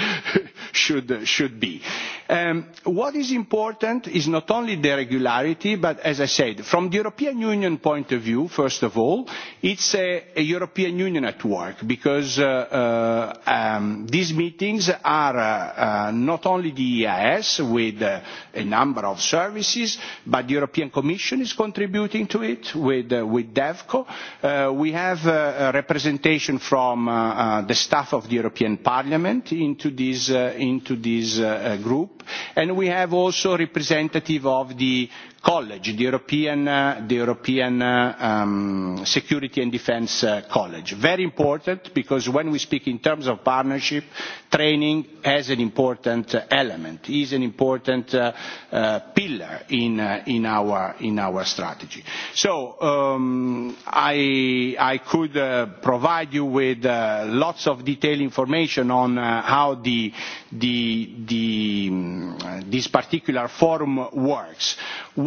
should, should be. Um, what is important is not only the regularity, but as I said, from the European Union point of view, first of all, it's a, a European Union at work because uh, uh, um, these meetings are uh, uh, not only the EIS with uh, a number of services, but the European Commission is contributing to it with, uh, with DEVCO. Uh, we have uh, a representation from uh, uh, the staff of the European European Parliament into this, uh, into this uh, uh, group. And we have also representative of the college, the European, uh, the European uh, um, Security and Defence uh, College. Very important because when we speak in terms of partnership, training has an important uh, element, is an important uh, uh, pillar in, uh, in, our, in our strategy. So um, I, I could uh, provide you with uh, lots of detailed information on uh, how the, the, the, um, this particular forum works.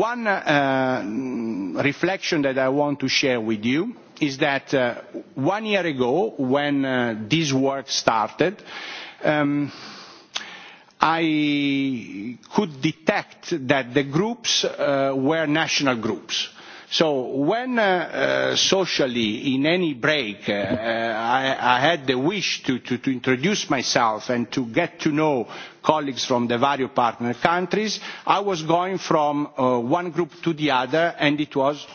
One uh, mm, reflection that I want to share with you is that uh, one year ago, when uh, this work started, um, I could detect that the groups uh, were national groups So when uh, uh, socially in any break uh, uh, I, I had the wish to, to, to introduce myself and to get to know colleagues from the various partner countries, I was going from uh, one group to the other and it was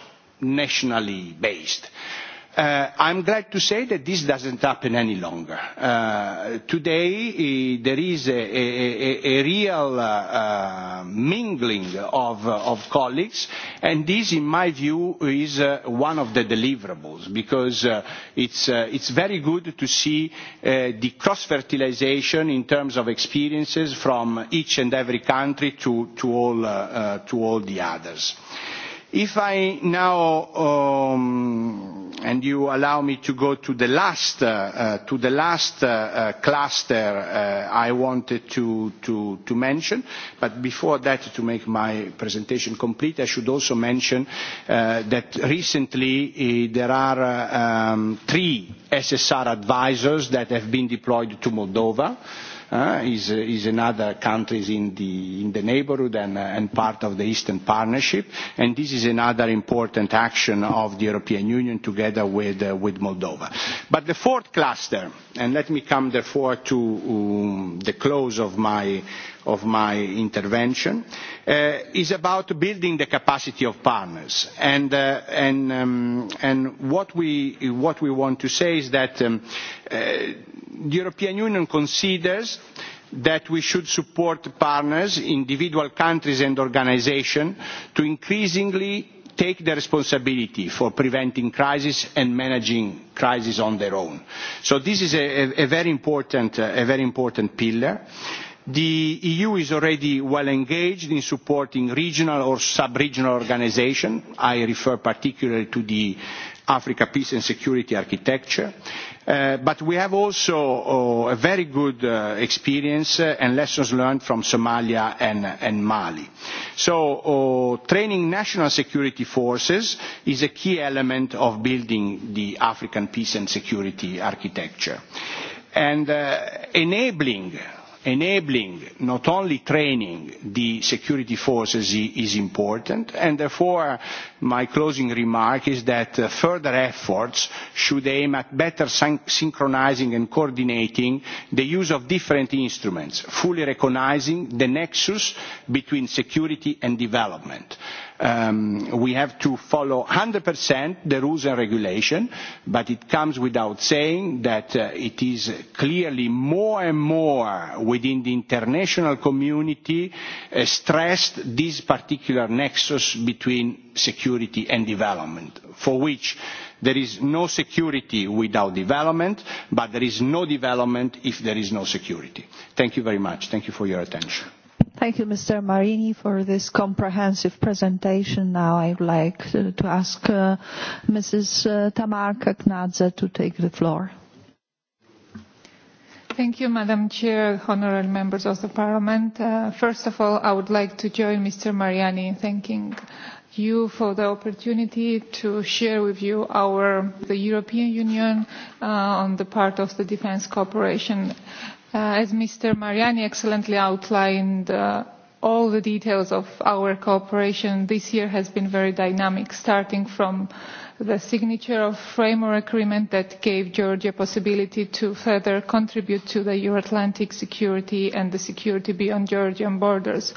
nationally based. Uh, Uh, I'm glad to say that this doesn't happen any longer. Uh, today, uh, there is a, a, a, real uh, uh, mingling of, uh, of colleagues, and this, in my view, is one of the deliverables because it's, it's very good to see the cross-fertilization in terms of experiences from each and every country to, to, all, to all the others. If I now, um, and you allow me to go to the last, uh, uh to the last uh, uh, cluster uh, I wanted to, to, to mention, but before that, to make my presentation complete, I should also mention uh, that recently there are um, three SSR advisors that have been deployed to Moldova uh, is, is another countries in the, in the neighborhood and, uh, and part of the Eastern Partnership. And this is another important action of the European Union together with, uh, with Moldova. But the fourth cluster, and let me come therefore to um, the close of my, of my intervention, uh, is about building the capacity of partners. And, uh, and, um, and what, we, what we want to say is that um, uh, the European Union considers that we should support partners, individual countries and organisations to increasingly take the responsibility for preventing crises and managing crises on their own. So this is a, a, very, important, a very important pillar. The EU is already well engaged in supporting regional or sub-regional organisations. I refer particularly to the Africa Peace and Security Architecture. Uh, but we have also uh, a very good uh, experience uh, and lessons learned from Somalia and, and Mali. So uh, training national security forces is a key element of building the African peace and security architecture. And uh, enabling enabling not only training the security forces is important, and therefore my closing remark is that uh, further efforts should aim at better synchronising synchronizing and coordinating the use of different instruments, fully recognizing the nexus between security and development. Um, we have to follow 100% the rules and regulation, but it comes without saying that uh, it is clearly more and more within the international community uh, stressed this particular nexus between security and development, for which there is no security without development, but there is no development if there is no security. Thank you very much. Thank you for your attention. Thank you, Mr. Marini, for this comprehensive presentation. Now I would like uh, to ask uh, Mrs. Uh, Tamar Kaknadze to take the floor. Thank you, Madam Chair, honorable members of the Parliament. Uh, first of all, I would like to join Mr. Mariani in thanking you for the opportunity to share with you our the European Union uh, on the part of the defense cooperation Uh, as Mr. Mariani excellently outlined, uh, all the details of our cooperation this year has been very dynamic, starting from the signature of framework agreement that gave Georgia possibility to further contribute to the Euro-Atlantic security and the security beyond Georgian borders.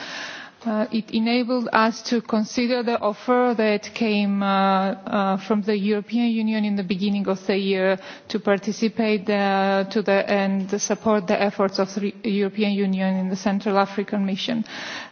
Uh, it enabled us to consider the offer that came uh, uh, from the European Union in the beginning of the year to participate uh, to the, and to support the efforts of the European Union in the Central African Mission.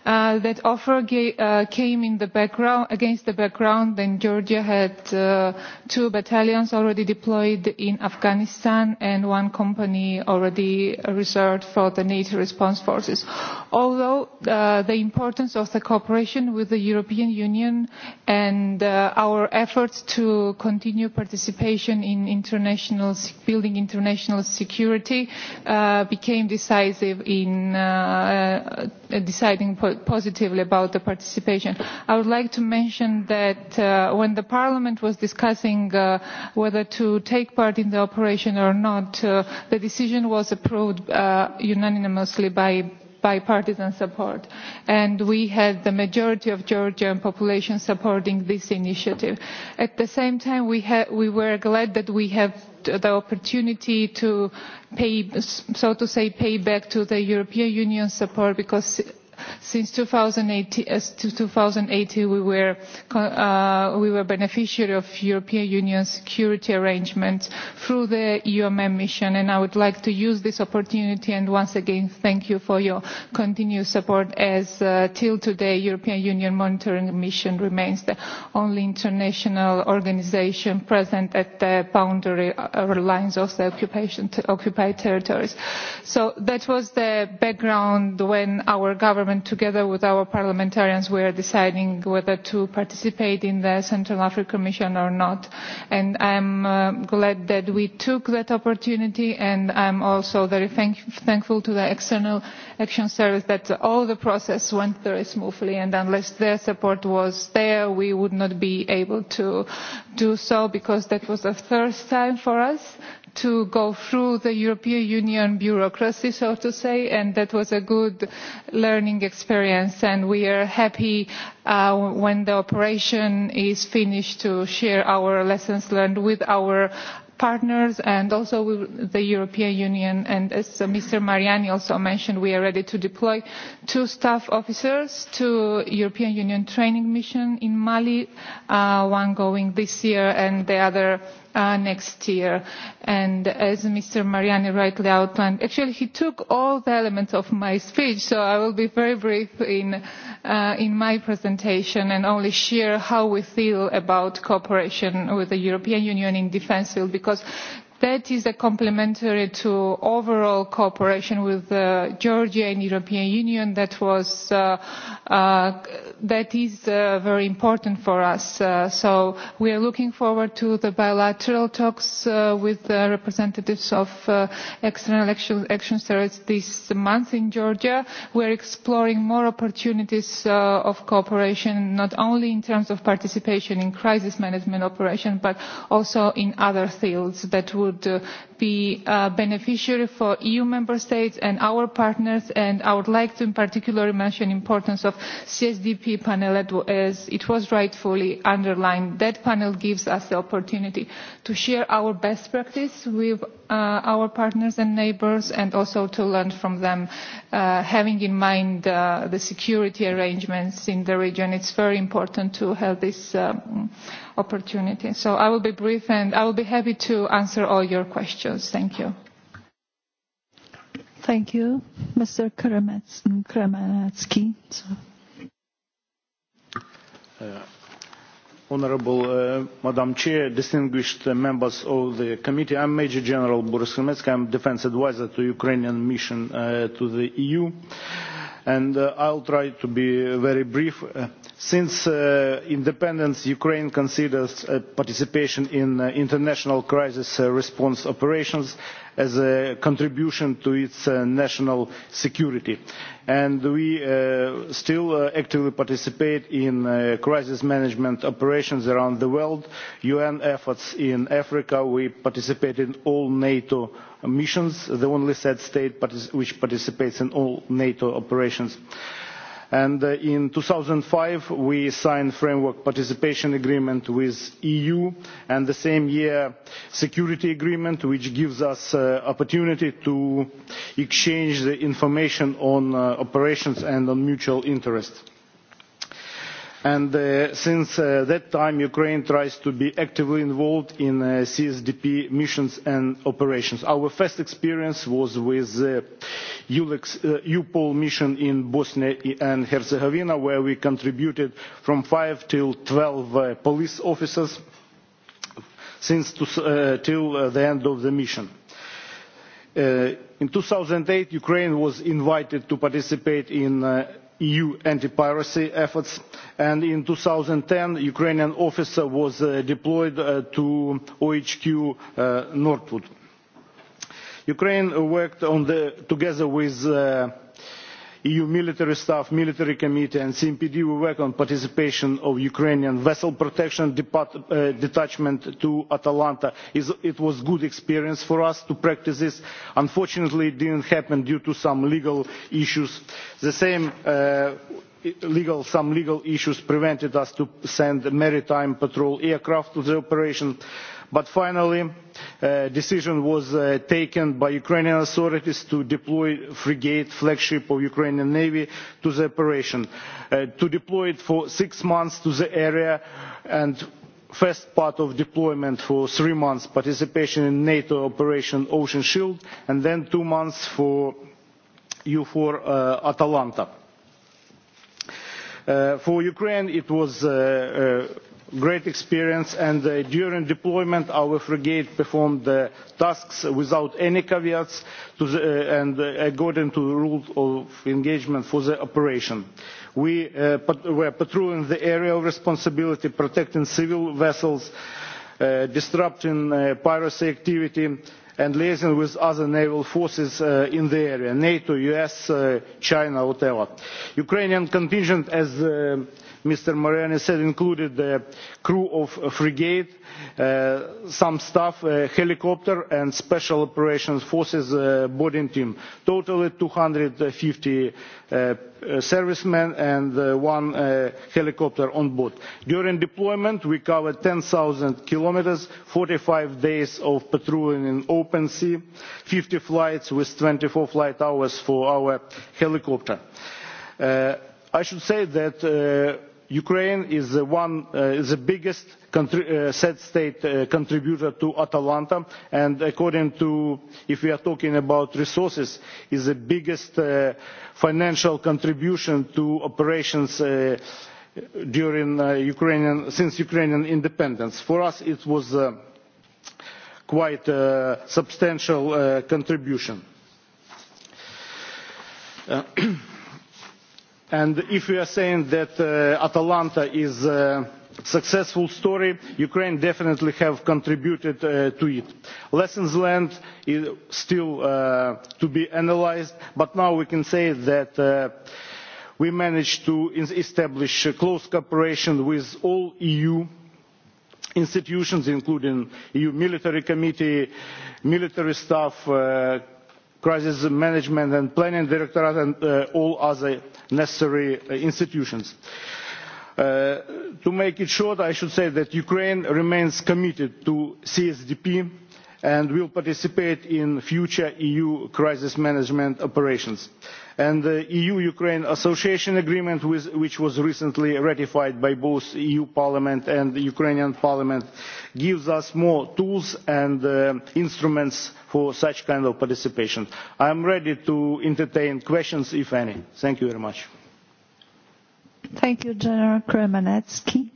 Uh, that offer ga- uh, came in the background, against the background that Georgia had uh, two battalions already deployed in Afghanistan and one company already reserved for the NATO response forces although uh, the importance of the cooperation with the European Union and uh, our efforts to continue participation in international building international security uh, became decisive in uh, uh, deciding po positively about the participation. I would like to mention that uh, when the Parliament was discussing uh, whether to take part in the operation or not, uh, the decision was approved uh, unanimously by bipartisan support. And we had the majority of Georgian population supporting this initiative. At the same time, we, ha we were glad that we have the opportunity to pay, so to say, pay back to the European Union support because Since 2018, uh, we were, uh, we were beneficiary of European Union security arrangements through the UMM mission, and I would like to use this opportunity and once again thank you for your continued support as uh, till today European Union monitoring mission remains the only international organization present at the boundary uh, lines of the occupation occupied territories. So that was the background when our government Parliament, together with our parliamentarians, we are deciding whether to participate in the Central Africa Mission or not. And I'm uh, glad that we took that opportunity, and I'm also very thank thankful to the External Action Service that all the process went very smoothly, and unless their support was there, we would not be able to do so, because that was the first time for us to go through the European Union bureaucracy, so to say, and that was a good learning experience. And we are happy uh, when the operation is finished to share our lessons learned with our partners and also with the European Union. And as Mr. Mariani also mentioned, we are ready to deploy two staff officers to European Union training mission in Mali, uh, one going this year and the other uh, next year. And as Mr. Mariani rightly outlined, actually he took all the elements of my speech, so I will be very brief in, uh, in my presentation and only share how we feel about cooperation with the European Union in defence field, because That is a complementary to overall cooperation with uh, Georgia and European Union that was uh, uh, that is uh, very important for us. Uh, so we are looking forward to the bilateral talks uh, with the representatives of uh, external action, action service this month in Georgia. We are exploring more opportunities uh, of cooperation, not only in terms of participation in crisis management operation, but also in other fields that would include be a beneficiary for eu member states and our partners and i would like to in particular mention the importance of the csdp panel as it was rightfully underlined. that panel gives us the opportunity to share our best practice with uh, our partners and neighbours and also to learn from them uh, having in mind uh, the security arrangements in the region. It's very important to have this um, opportunity. So I will be brief and I will be happy to answer all your questions questions. Thank you. Thank you. Mr. Kremeneczki. Uh, honorable uh, Madam Chair, distinguished members of the committee, I'm Major General Boris Kremeneczki. I'm defense advisor to Ukrainian mission uh, to the EU and uh, I'll try to be very brief. Uh, since uh, independence, Ukraine considers uh, participation in uh, international crisis uh, response operations as a contribution to its uh, national security and we uh, still uh, actively participate in uh, crisis management operations around the world, UN efforts in Africa. We participate in all NATO missions, the only said state partic which participates in all NATO operations. Uh, And uh, in 2005, we signed framework participation agreement with EU, and the same year security agreement, which gives us the uh, opportunity to exchange information on uh, operations and on mutual interest and uh, since uh, that time ukraine tries to be actively involved in uh, csdp missions and operations. our first experience was with the uh, eupol uh, mission in bosnia and herzegovina where we contributed from five to twelve uh, police officers since to, till the end of the mission. in two thousand and eight ukraine was invited to participate in eu anti piracy efforts and in two thousand and ten a ukrainian officer was uh, deployed uh, to ohq uh, nordput. ukraine worked together with eu military staff military committee and cmpd will work on participation of ukrainian vessel protection uh, detachment to atalanta. it was a good experience for us to practice this. unfortunately it did not happen due to some legal issues. the same uh, Legal, some legal issues prevented us from sending maritime patrol aircraft to the operation but finally a uh, decision was uh, taken by ukrainian authorities to deploy frigate flagship of ukrainian navy to the operation uh, to deploy it for six months to the area and first part of deployment for three months participation in nato operation ocean shield and then two months for eufor atalanta for ukraine it was great experience and uh, during deployment our frigate performed the tasks without any caveats to the, uh, and uh, according to the rules of engagement for the operation. We uh, pat were patrolling the area of responsibility, protecting civil vessels, uh, disrupting uh, piracy activity, and liaising with other naval forces uh, in the area, NATO, US, uh, China, whatever. Ukrainian contingent as uh, Mr. moreira said, included the crew of a frigate, uh, some staff, a helicopter and special operations forces uh, boarding team. Totally two hundred and fifty uh, servicemen and one helicopter on board. During deployment, we covered ten zero 10,000 forty five days of patrolling in open sea, fifty flights with twenty four flight hours for our helicopter. I should say that Ukraine is the, one, uh, the biggest uh, said state uh, contributor to Atalanta, and according to, if we are talking about resources, is the biggest uh, financial contribution to operations uh, during uh, Ukrainian, since Ukrainian independence. For us, it was quite a substantial contribution. (clears throat) And if we are saying that uh, Atalanta is a successful story, Ukraine definitely have contributed uh, to it. Lessons learned is still uh, to be analyzed, but now we can say that uh, we managed to establish a close cooperation with all EU institutions, including EU military committee, military staff, uh, crisis management and planning directorate and uh, all other necessary uh, institutions. Uh, to make it short, I should say that Ukraine remains committed to CSDP and will participate in future EU crisis management operations. And the EU-Ukraine Association Agreement, with, which was recently ratified by both EU Parliament and the Ukrainian Parliament, gives us more tools and uh, instruments for such kind of participation. I am ready to entertain questions, if any. Thank you very much. Thank you, General Kremenetsky.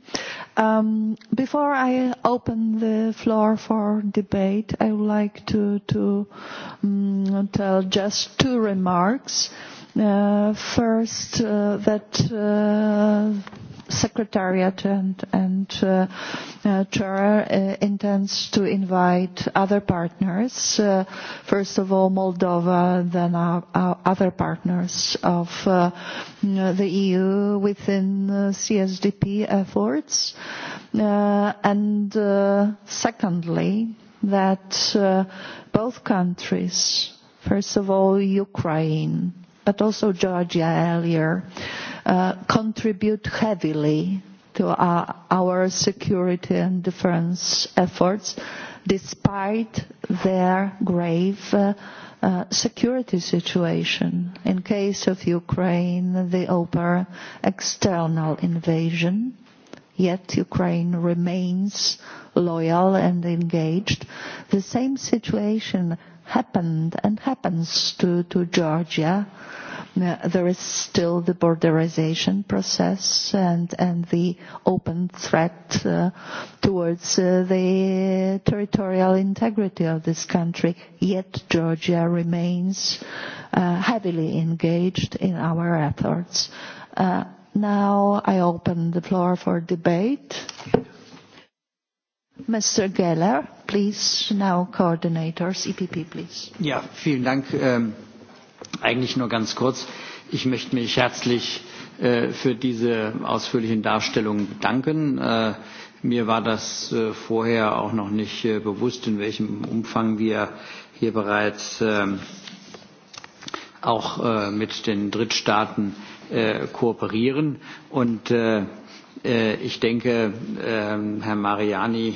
Um, before I open the floor for debate, I would like to, to um, tell just two remarks. Uh, first, uh, that uh, secretariat and, and uh, uh, chair uh, intends to invite other partners. Uh, first of all, Moldova, then our, our other partners of uh, the EU within uh, CSDP efforts. Uh, and uh, secondly, that uh, both countries, first of all Ukraine, but also Georgia earlier, uh, Uh, contribute heavily to our, our security and defense efforts despite their grave uh, uh, security situation. In case of Ukraine, the open external invasion, yet Ukraine remains loyal and engaged. The same situation happened and happens to, to Georgia there is still the borderization process and, and the open threat uh, towards uh, the territorial integrity of this country. Yet Georgia remains uh, heavily engaged in our efforts. Uh, now I open the floor for debate. Mr. Geller, please, now coordinators, EPP, please. Ja, vielen Dank. Ähm Eigentlich nur ganz kurz. Ich möchte mich herzlich äh, für diese ausführlichen Darstellungen bedanken. Äh, mir war das äh, vorher auch noch nicht bewusst, in welchem Umfang wir hier bereits ähm, auch mit den Drittstaaten kooperieren. Und ich denke, ähm, Herr Mariani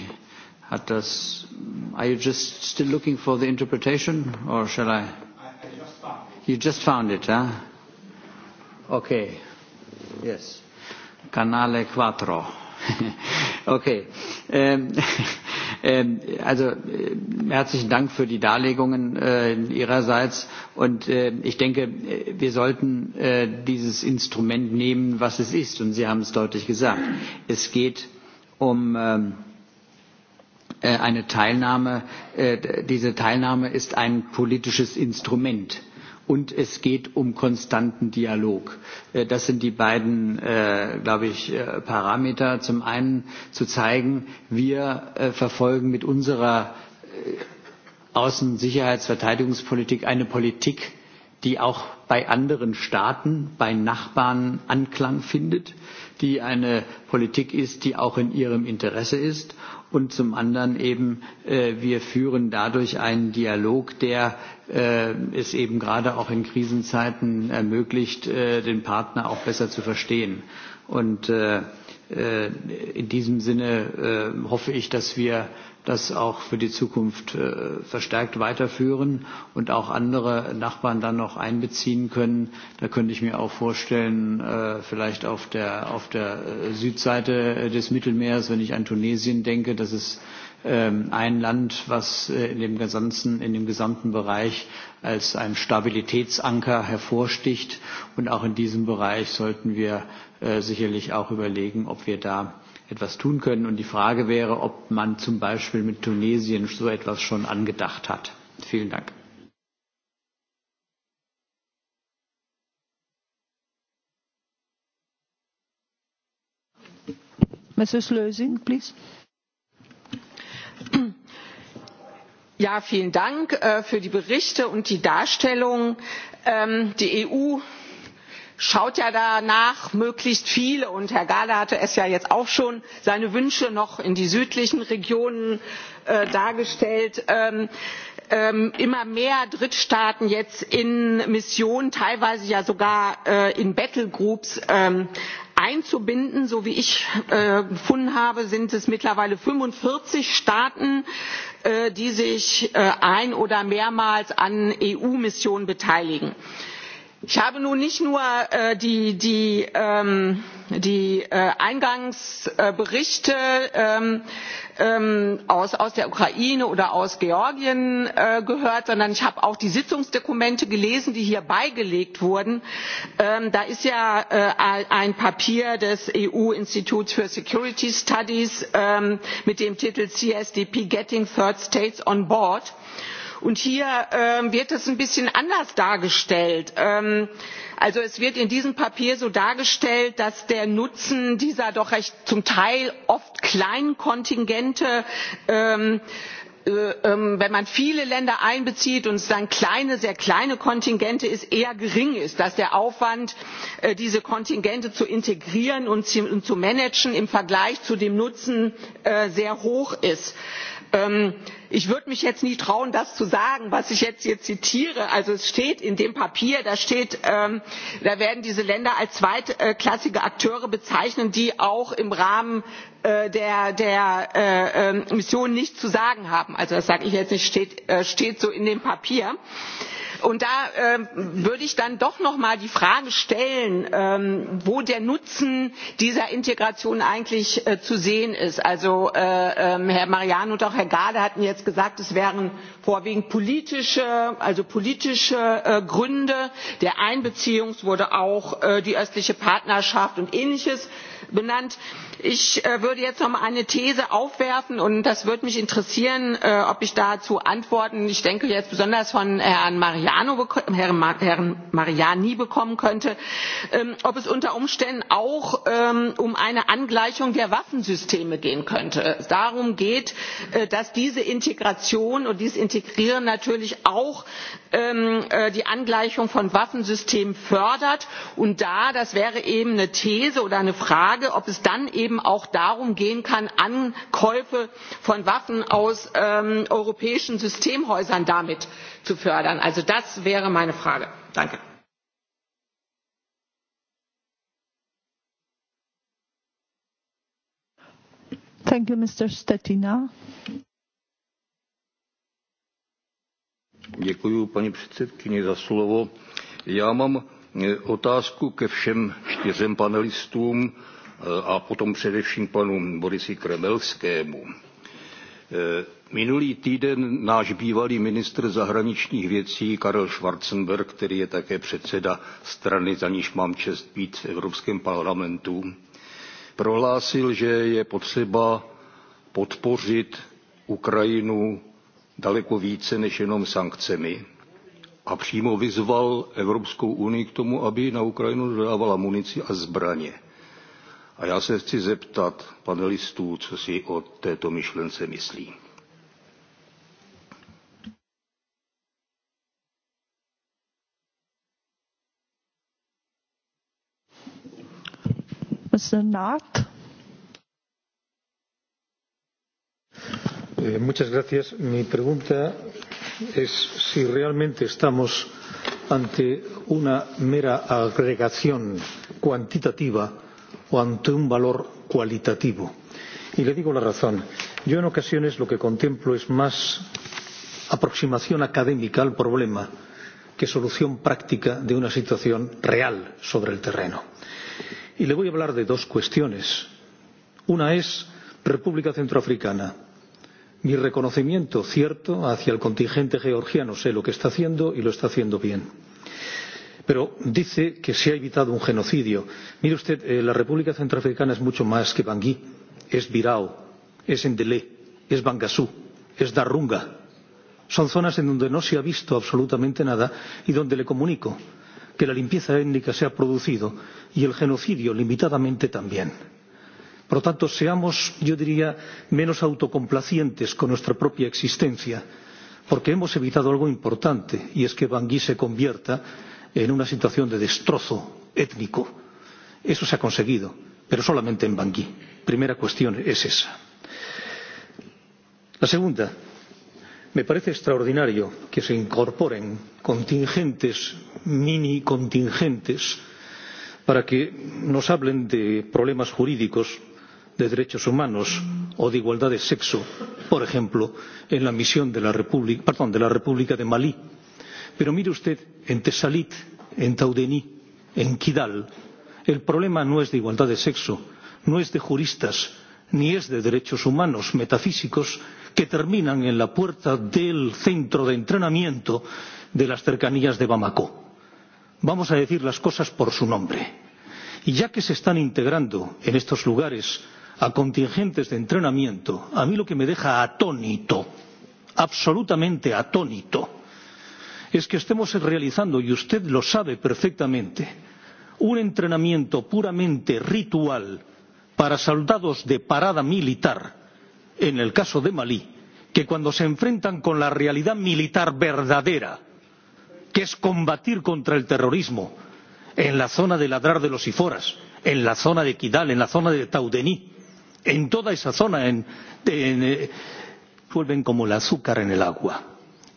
hat das. Are you just still looking for the interpretation or shall I? You just found it, huh? Okay. Yes. Canale 4. (laughs) okay. Ähm, (laughs) ähm, also äh, herzlichen Dank für die Darlegungen äh, Ihrerseits. Und äh, ich denke, äh, wir sollten äh, dieses Instrument nehmen, was es ist. Und Sie haben es deutlich gesagt. Es geht um. Ähm, äh, eine Teilnahme, äh, diese Teilnahme ist ein politisches Instrument und es geht um konstanten Dialog. Äh, das sind die beiden, äh, glaube ich, äh, Parameter. Zum einen zu zeigen, wir verfolgen mit unserer Außen-, Sicherheits-, Verteidigungspolitik eine Politik, die auch bei anderen Staaten, bei Nachbarn Anklang findet, die eine Politik ist, die auch in ihrem Interesse ist und zum anderen eben, äh, wir führen dadurch einen Dialog, der äh, es eben gerade auch in Krisenzeiten ermöglicht, äh, den Partner auch besser zu verstehen. Und äh, äh, in diesem Sinne äh, hoffe ich, dass wir äh, das auch für die Zukunft äh, verstärkt weiterführen und auch andere Nachbarn dann noch einbeziehen können. Da könnte ich mir auch vorstellen, äh, vielleicht auf der, auf der äh, Südseite des Mittelmeers, wenn ich an Tunesien denke, dass es ähm, ein Land, was in dem, gesamten, in dem gesamten Bereich als ein Stabilitätsanker hervorsticht. Und auch in diesem Bereich sollten wir sicherlich auch überlegen, ob wir da etwas tun können. Und die Frage wäre, ob man zum Beispiel mit Tunesien so etwas schon angedacht hat. Vielen Dank. Mrs. Lösing, please. Ja, vielen Dank äh, für die Berichte und die Darstellung. Ähm, die EU schaut ja danach möglichst viele und herr gahler hatte es ja jetzt auch schon seine wünsche noch in die südlichen regionen äh, dargestellt ähm, ähm, immer mehr drittstaaten jetzt in missionen teilweise ja sogar äh, in battlegroups ähm, einzubinden. so wie ich äh, gefunden habe sind es mittlerweile fünfundvierzig staaten die sich ein oder mehrmals an eu missionen beteiligen ich habe nun nicht nur äh, die, ähm, äh, eingangsberichte ähm, ähm, aus, der ukraine oder aus georgien äh, gehört sondern ich habe auch die sitzungsdokumente gelesen die hier beigelegt wurden. da ist ja ein papier des eu instituts for security studies mit dem titel csdp getting third states on board' und hier ähm, wird es ein bisschen anders dargestellt. Ähm, also es wird in diesem papier so dargestellt dass der nutzen dieser doch recht zum teil oft kleinen kontingente ähm, äh, wenn man viele länder einbezieht und es dann kleine sehr kleine kontingente sind eher gering ist dass der aufwand äh, diese kontingente zu integrieren und zu managen im vergleich zu dem nutzen äh, sehr hoch ist Ähm, ich würde mich jetzt nie trauen das zu sagen was ich jetzt hier zitiere also es steht in dem papier da steht ähm, da werden diese länder als zweitklassige akteure bezeichnet die auch im rahmen äh, der, äh, ähm, mission nichts zu sagen haben also das sage ich jetzt nicht steht, äh, steht so in dem papier und da ähm, würde ich dann doch noch mal die frage stellen ähm, wo der nutzen dieser integration eigentlich äh, zu sehen ist. also äh, ähm, herr mariano und auch herr gahler hatten jetzt gesagt es wären vorwiegend politische also politische äh, gründe der einbeziehung es wurde auch die östliche partnerschaft und ähnliches benannt. ich äh, würde jetzt noch mal eine these aufwerfen und das würde mich interessieren äh, ob ich dazu antworten ich denke jetzt besonders von herrn mariano herrn mariani bekommen könnte ähm, ob es unter umständen auch ähm, um eine angleichung der waffensysteme gehen könnte. es darum geht äh, dass diese integration und dieses integrieren natürlich auch ähm, die angleichung von waffensystemen fördert und da das wäre eben eine these oder eine frage frage ob es dann eben auch darum gehen kann ankäufe von waffen aus ähm, europäischen systemhäusern damit zu fördern. also das wäre meine frage. danke. Thank you, mám eh, otázku ke všem čtyřem panelistům a potom především panu Borisi Kremelskému. E, minulý týden náš bývalý ministr zahraničních věcí Karel Schwarzenberg, který je také předseda strany, za níž mám čest být v Evropském parlamentu, prohlásil, že je potřeba podpořit Ukrajinu daleko více než jenom sankcemi a přímo vyzval Evropskou unii k tomu, aby na Ukrajinu dodávala munici a zbraně. A já se chci zeptat panelistů, co si o této myšlence myslí. Mr. Eh, muchas gracias. Mi pregunta es si realmente estamos ante una mera agregación cuantitativa o ante un valor cualitativo. Y le digo la razón. Yo en ocasiones lo que contemplo es más aproximación académica al problema que solución práctica de una situación real sobre el terreno. Y le voy a hablar de dos cuestiones. Una es República Centroafricana. Mi reconocimiento cierto hacia el contingente georgiano. Sé lo que está haciendo y lo está haciendo bien Pero dice que se ha evitado un genocidio. Mire usted, eh, la República Centroafricana es mucho más que Bangui, es Birao, es Endelé, es Bangasú, es Darunga. Son zonas en donde no se ha visto absolutamente nada y donde le comunico que la limpieza étnica se ha producido y el genocidio limitadamente también. Por lo tanto, seamos, yo diría, menos autocomplacientes con nuestra propia existencia, porque hemos evitado algo importante, y es que Bangui se convierta en una situación de destrozo étnico. Eso se ha conseguido, pero solamente en Bangui. Primera cuestión es esa. La segunda, me parece extraordinario que se incorporen contingentes, mini contingentes, para que nos hablen de problemas jurídicos, de derechos humanos o de igualdad de sexo, por ejemplo, en la misión de la República, perdón, de, la República de Malí Pero mire usted, en Tesalit, en Taudení, en Kidal, el problema no es de igualdad de sexo, no es de juristas, ni es de derechos humanos metafísicos que terminan en la puerta del centro de entrenamiento de las cercanías de Bamako. Vamos a decir las cosas por su nombre. Y ya que se están integrando en estos lugares a contingentes de entrenamiento, a mí lo que me deja atónito, absolutamente atónito, es que estemos realizando, y usted lo sabe perfectamente, un entrenamiento puramente ritual para soldados de parada militar, en el caso de Malí, que cuando se enfrentan con la realidad militar verdadera, que es combatir contra el terrorismo en la zona de Ladrar de los Iforas, en la zona de Kidal, en la zona de Taudení, en toda esa zona, en, en, eh, vuelven como el azúcar en el agua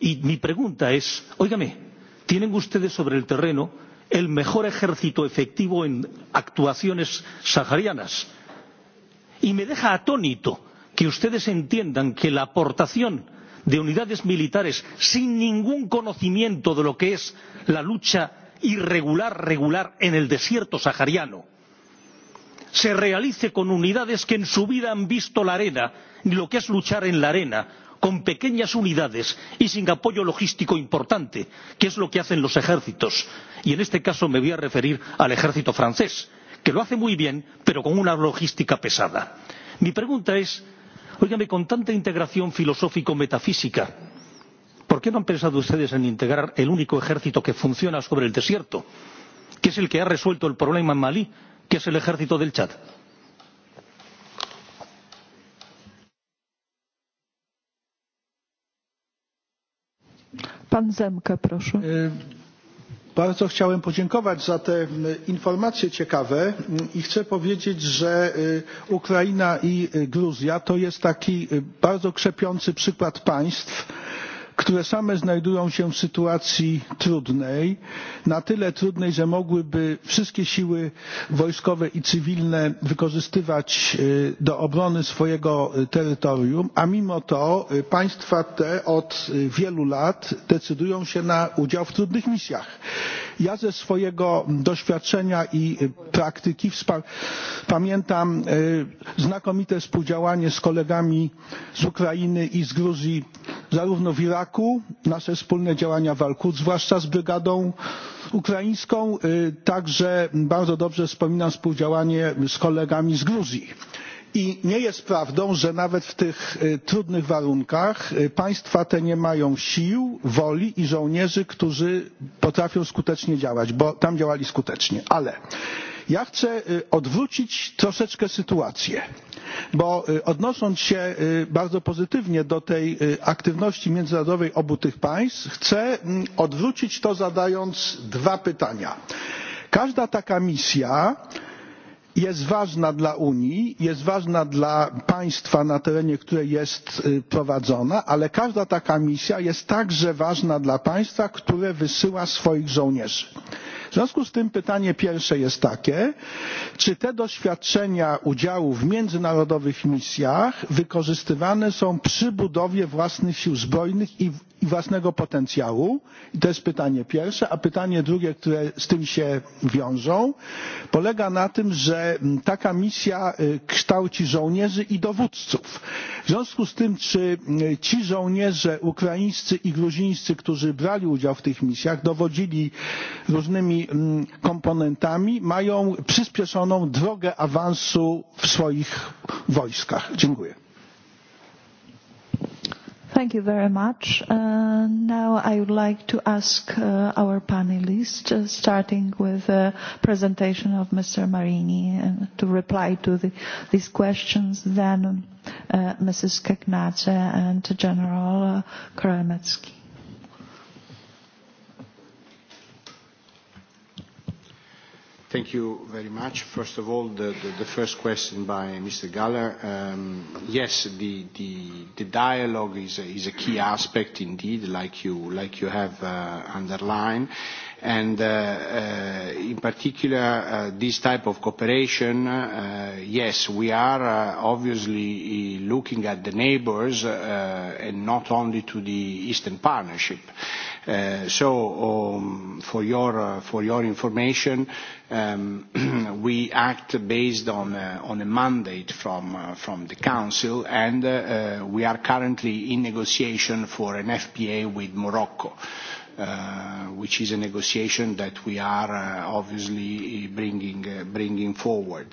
Y mi pregunta es, óigame, ¿tienen ustedes sobre el terreno el mejor ejército efectivo en actuaciones saharianas? Y me deja atónito que ustedes entiendan que la aportación de unidades militares sin ningún conocimiento de lo que es la lucha irregular regular en el desierto sahariano se realice con unidades que en su vida han visto la arena ni lo que es luchar en la arena con pequeñas unidades y sin apoyo logístico importante que es lo que hacen los ejércitos y en este caso me voy a referir al ejército francés que lo hace muy bien pero con una logística pesada. mi pregunta es óigame con tanta integración filosófico metafísica por qué no han pensado ustedes en integrar el único ejército que funciona sobre el desierto que es el que ha resuelto el problema en malí que es el ejército del chad? Pan Zemka, proszę. Bardzo chciałem podziękować za te informacje ciekawe i chcę powiedzieć, że Ukraina i Gruzja to jest taki bardzo krzepiący przykład państw, które same znajdują się w sytuacji trudnej na tyle trudnej że mogłyby wszystkie siły wojskowe i cywilne wykorzystywać e, do obrony swojego e, terytorium a mimo to e, państwa te od wielu lat decydują się na udział w trudnych misjach. Ja ze swojego doświadczenia i praktyki pamiętam e, znakomite współdziałanie z kolegami z Ukrainy i z Gruzji, zarówno w Iraku, nasze wspólne działania w Al-Quds, zwłaszcza z brygadą ukraińską, e, także bardzo dobrze wspominam współdziałanie z kolegami z Gruzji i nie jest prawdą że nawet w tych trudnych warunkach państwa te nie mają sił woli i żołnierzy którzy potrafią skutecznie działać bo tam działali skutecznie ale ja chcę odwrócić troszeczkę sytuację bo odnosząc się bardzo pozytywnie do tej aktywności międzynarodowej obu tych państw chcę mm, odwrócić to zadając dwa pytania każda taka misja jest ważna dla Unii, jest ważna dla państwa, na terenie której jest prowadzona, ale każda taka misja jest także ważna dla państwa, które wysyła swoich żołnierzy. W związku z tym pytanie pierwsze jest takie, czy te doświadczenia udziału w międzynarodowych misjach wykorzystywane są przy budowie własnych sił zbrojnych i i własnego potencjału? I to jest pytanie pierwsze. A pytanie drugie, które z tym się wiążą, polega na tym, że taka misja kształci żołnierzy i dowódców. W związku z tym, czy ci żołnierze ukraińscy i gruzińscy, którzy brali udział w tych misjach, dowodzili różnymi komponentami, mają przyspieszoną drogę awansu w swoich wojskach? Dziękuję. Thank you very much. Uh, now I would like to ask uh, our panelists, uh, starting with the presentation of Mr. Marini, uh, to reply to the, these questions, then uh, Mrs. Keknacz and General uh, Kromecki. Thank you very much. First of all, the, the, the first question by Mr. Galler. Um, yes, the, the, the dialogue is a, is a key aspect indeed, like you, like you have uh, underlined. And uh, uh, in particular, uh, this type of cooperation, uh, yes, we are uh, obviously uh, looking at the neighbors uh, and not only to the Eastern Partnership. Uh, so, um, for your uh, for your information, um, (clears throat) we act based on uh, on a mandate from uh, from the council, and uh, we are currently in negotiation for an FPA with Morocco. Uh, which is a negotiation that we are uh, obviously uh, bringing, uh, bringing forward.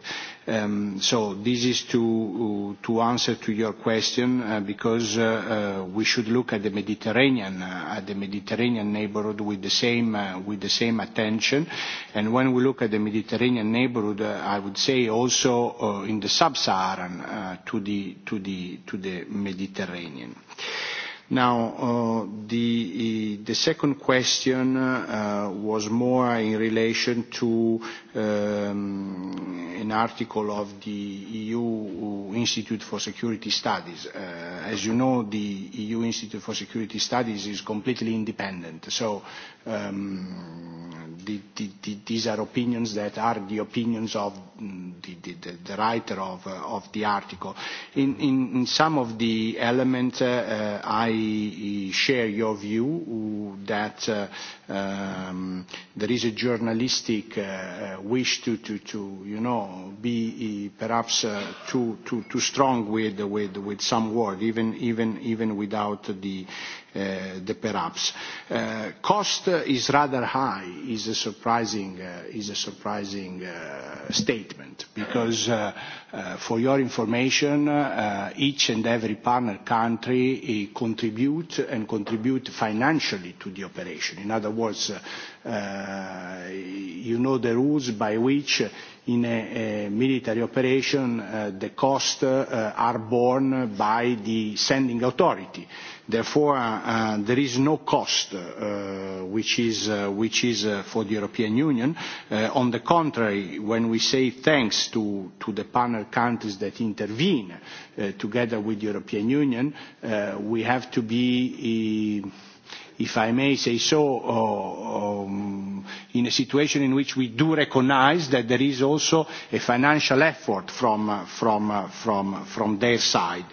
Um, so this is to, uh, to answer to your question, uh, because uh, uh, we should look at the Mediterranean, uh, at the Mediterranean neighborhood with the same, uh, with the same attention. And when we look at the Mediterranean neighborhood, uh, I would say also uh, in the sub-Saharan uh, to, the, to, the, to the Mediterranean. Now, uh, the, uh, the second question uh, was more in relation to um, an article of the EU uh, Institute for Security Studies. Uh, as you know, the EU Institute for Security Studies is completely independent, so um, the, the, these are opinions that are the opinions of the writer of, uh, of the article. In, in, in some of the elements, I I uh, share your view uh, that uh, um, there is a journalistic uh, uh, wish to, to, to, you know, be eh, perhaps uh, too, too, too strong with, with, with some word, even, even, even without the, Uh, the perhaps. Uh, cost is rather high is a surprising, uh, is a surprising uh, statement because for your information, each and every partner country eh, contribute and contribute financially to the operation. In other words, was, uh, uh, you know the rules by which in a, a military operation uh, the costs uh, are borne by the sending authority. Therefore, uh, uh, there is no cost uh, which is, uh, which is uh, for the European Union. On the contrary, when we say thanks to, to the partner countries that intervene together with the European Union, we have to be if I may say so, uh, um, in a situation in which we do recognize that there is also a financial effort from, uh, from, uh, from, from their side.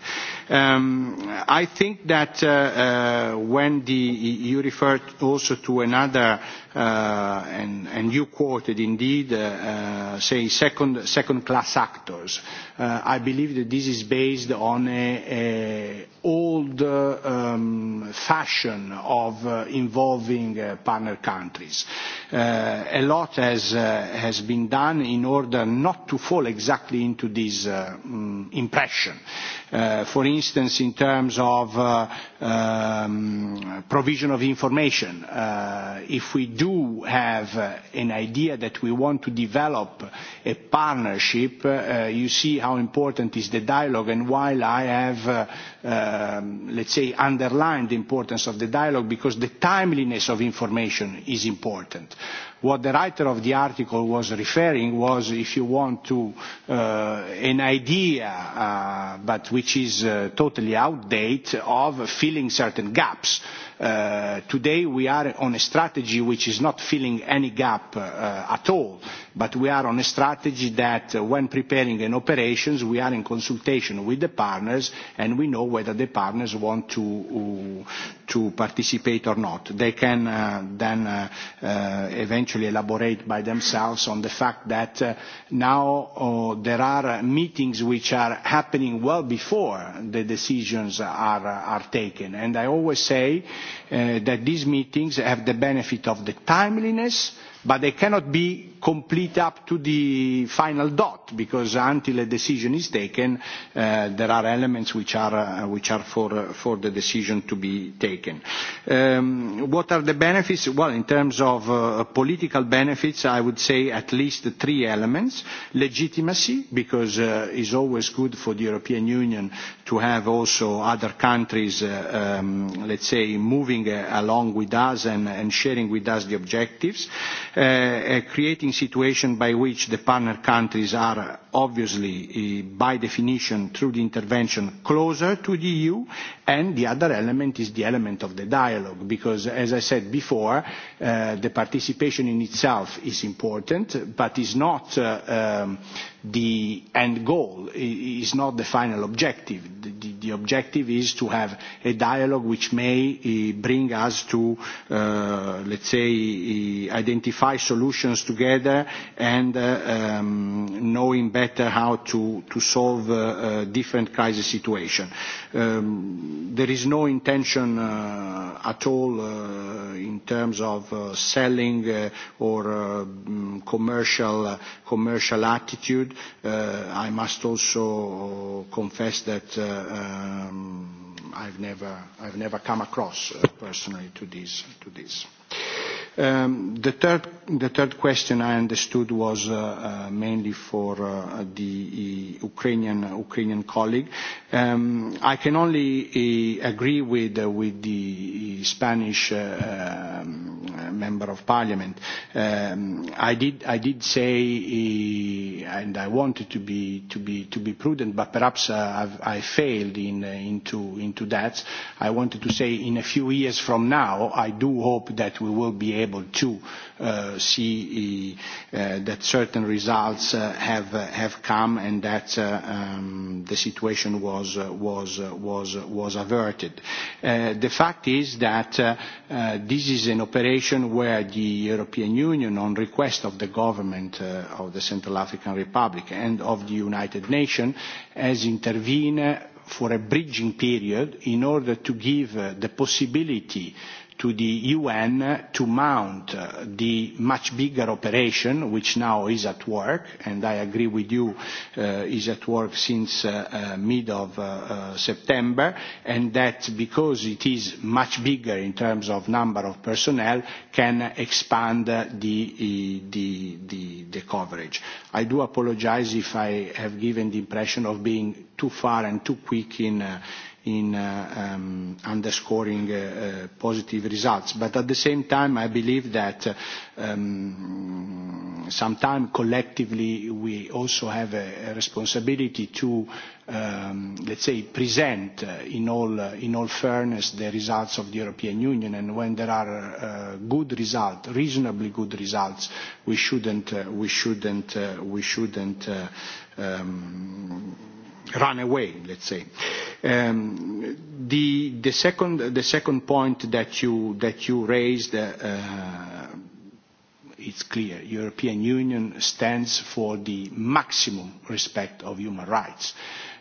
Um, I think that uh, uh, when the, you referred also to another, uh, and, and you quoted indeed, uh, uh, say second, second class actors, uh, I believe that this is based on an a old uh, um, fashion of uh, involving uh, partner countries. Uh, a lot has, uh, has been done in order not to fall exactly into this uh, mm, impression uh, for instance, in terms of uh, um, provision of information. Uh, if we do have uh, an idea that we want to develop a partnership, uh, you see how important is the dialogue. And while I have, uh, um, let's say, underlined the importance of the dialogue because the timeliness of information is important. What the writer of the article was referring was, if you want to, uh, an idea, uh, but which is uh, totally outdated, of filling certain gaps Uh, today we are on a strategy which is not filling any gap uh, at all, but we are on a strategy that uh, when preparing an operations, we are in consultation with the partners, and we know whether the partners want to, participate or not. They can then eventually elaborate by themselves on the fact that now there are meetings which are happening well before the decisions are, taken. I always say Uh, that these meetings have the benefit of the timeliness, but they cannot be complete up to the final dot, because until a decision is taken, uh, there are elements which are, uh, which are for, uh, for the decision to be taken. Um, what are the benefits? Well, in terms of uh, political benefits, I would say at least three elements. Legitimacy, because uh, it's always good for the European Union to have also other countries, uh, um, let's say, moving uh, along with us and, and sharing with us the objectives, uh, uh, creating creating situation by which the partner countries are uh, obviously, uh, by definition, through the intervention, closer to the EU. And the other element is the element of the dialogue, because, as I said before, uh, the participation in itself is important, but is not uh, um, the end goal is not the final objective. The, the, the objective is to have a dialogue which may eh, bring us to, uh, let's say, eh, identify solutions together and uh, um, knowing better how to, to solve uh, different crisis situations. Um, there is no intention at all in terms of selling or mm, commercial, commercial attitude period. Uh, I must also confess that uh, um, I've, never, I've never come across uh, personally to this. To this. Um, the, third, the third question I understood was uh, uh, mainly for uh, the Ukrainian, Ukrainian colleague. Um, I can only uh, agree with, uh, with the Spanish uh, um, member of parliament. Um, I, did, I did say, and I wanted to be, to be, to be prudent, but perhaps I've, I failed in, into, into that. I wanted to say in a few years from now, I do hope that we will be able able to uh, see uh, that certain results uh, have uh, have come and that uh, um, the situation was uh, was uh, was uh, was averted. Uh, the fact is that uh, uh, this is an operation where the European Union, on request of the government uh, of the Central African Republic and of the United Nations, has intervened for a bridging period in order to give uh, the possibility to the UN to mount uh, the much bigger operation, which now is at work, and I agree with you, uh, is at work since uh, uh, mid of uh, uh, September, and that because it is much bigger in terms of number of personnel, can expand the, the, the, the coverage. I do apologize if I have given the impression of being too far and too quick in uh, in uh, um, underscoring uh, uh, positive results. But at the same time, I believe that um, sometime collectively, we also have a, a responsibility to um, let's say, present uh, in, all, uh, in all fairness the results of the European Union. And when there are uh, good results, reasonably good results, we shouldn't, uh, we shouldn't, uh, we shouldn't uh, um, run away, let's say. Um, the, the, second, the second point that you, that you raised, uh, uh it's clear. European Union stands for the maximum respect of human rights.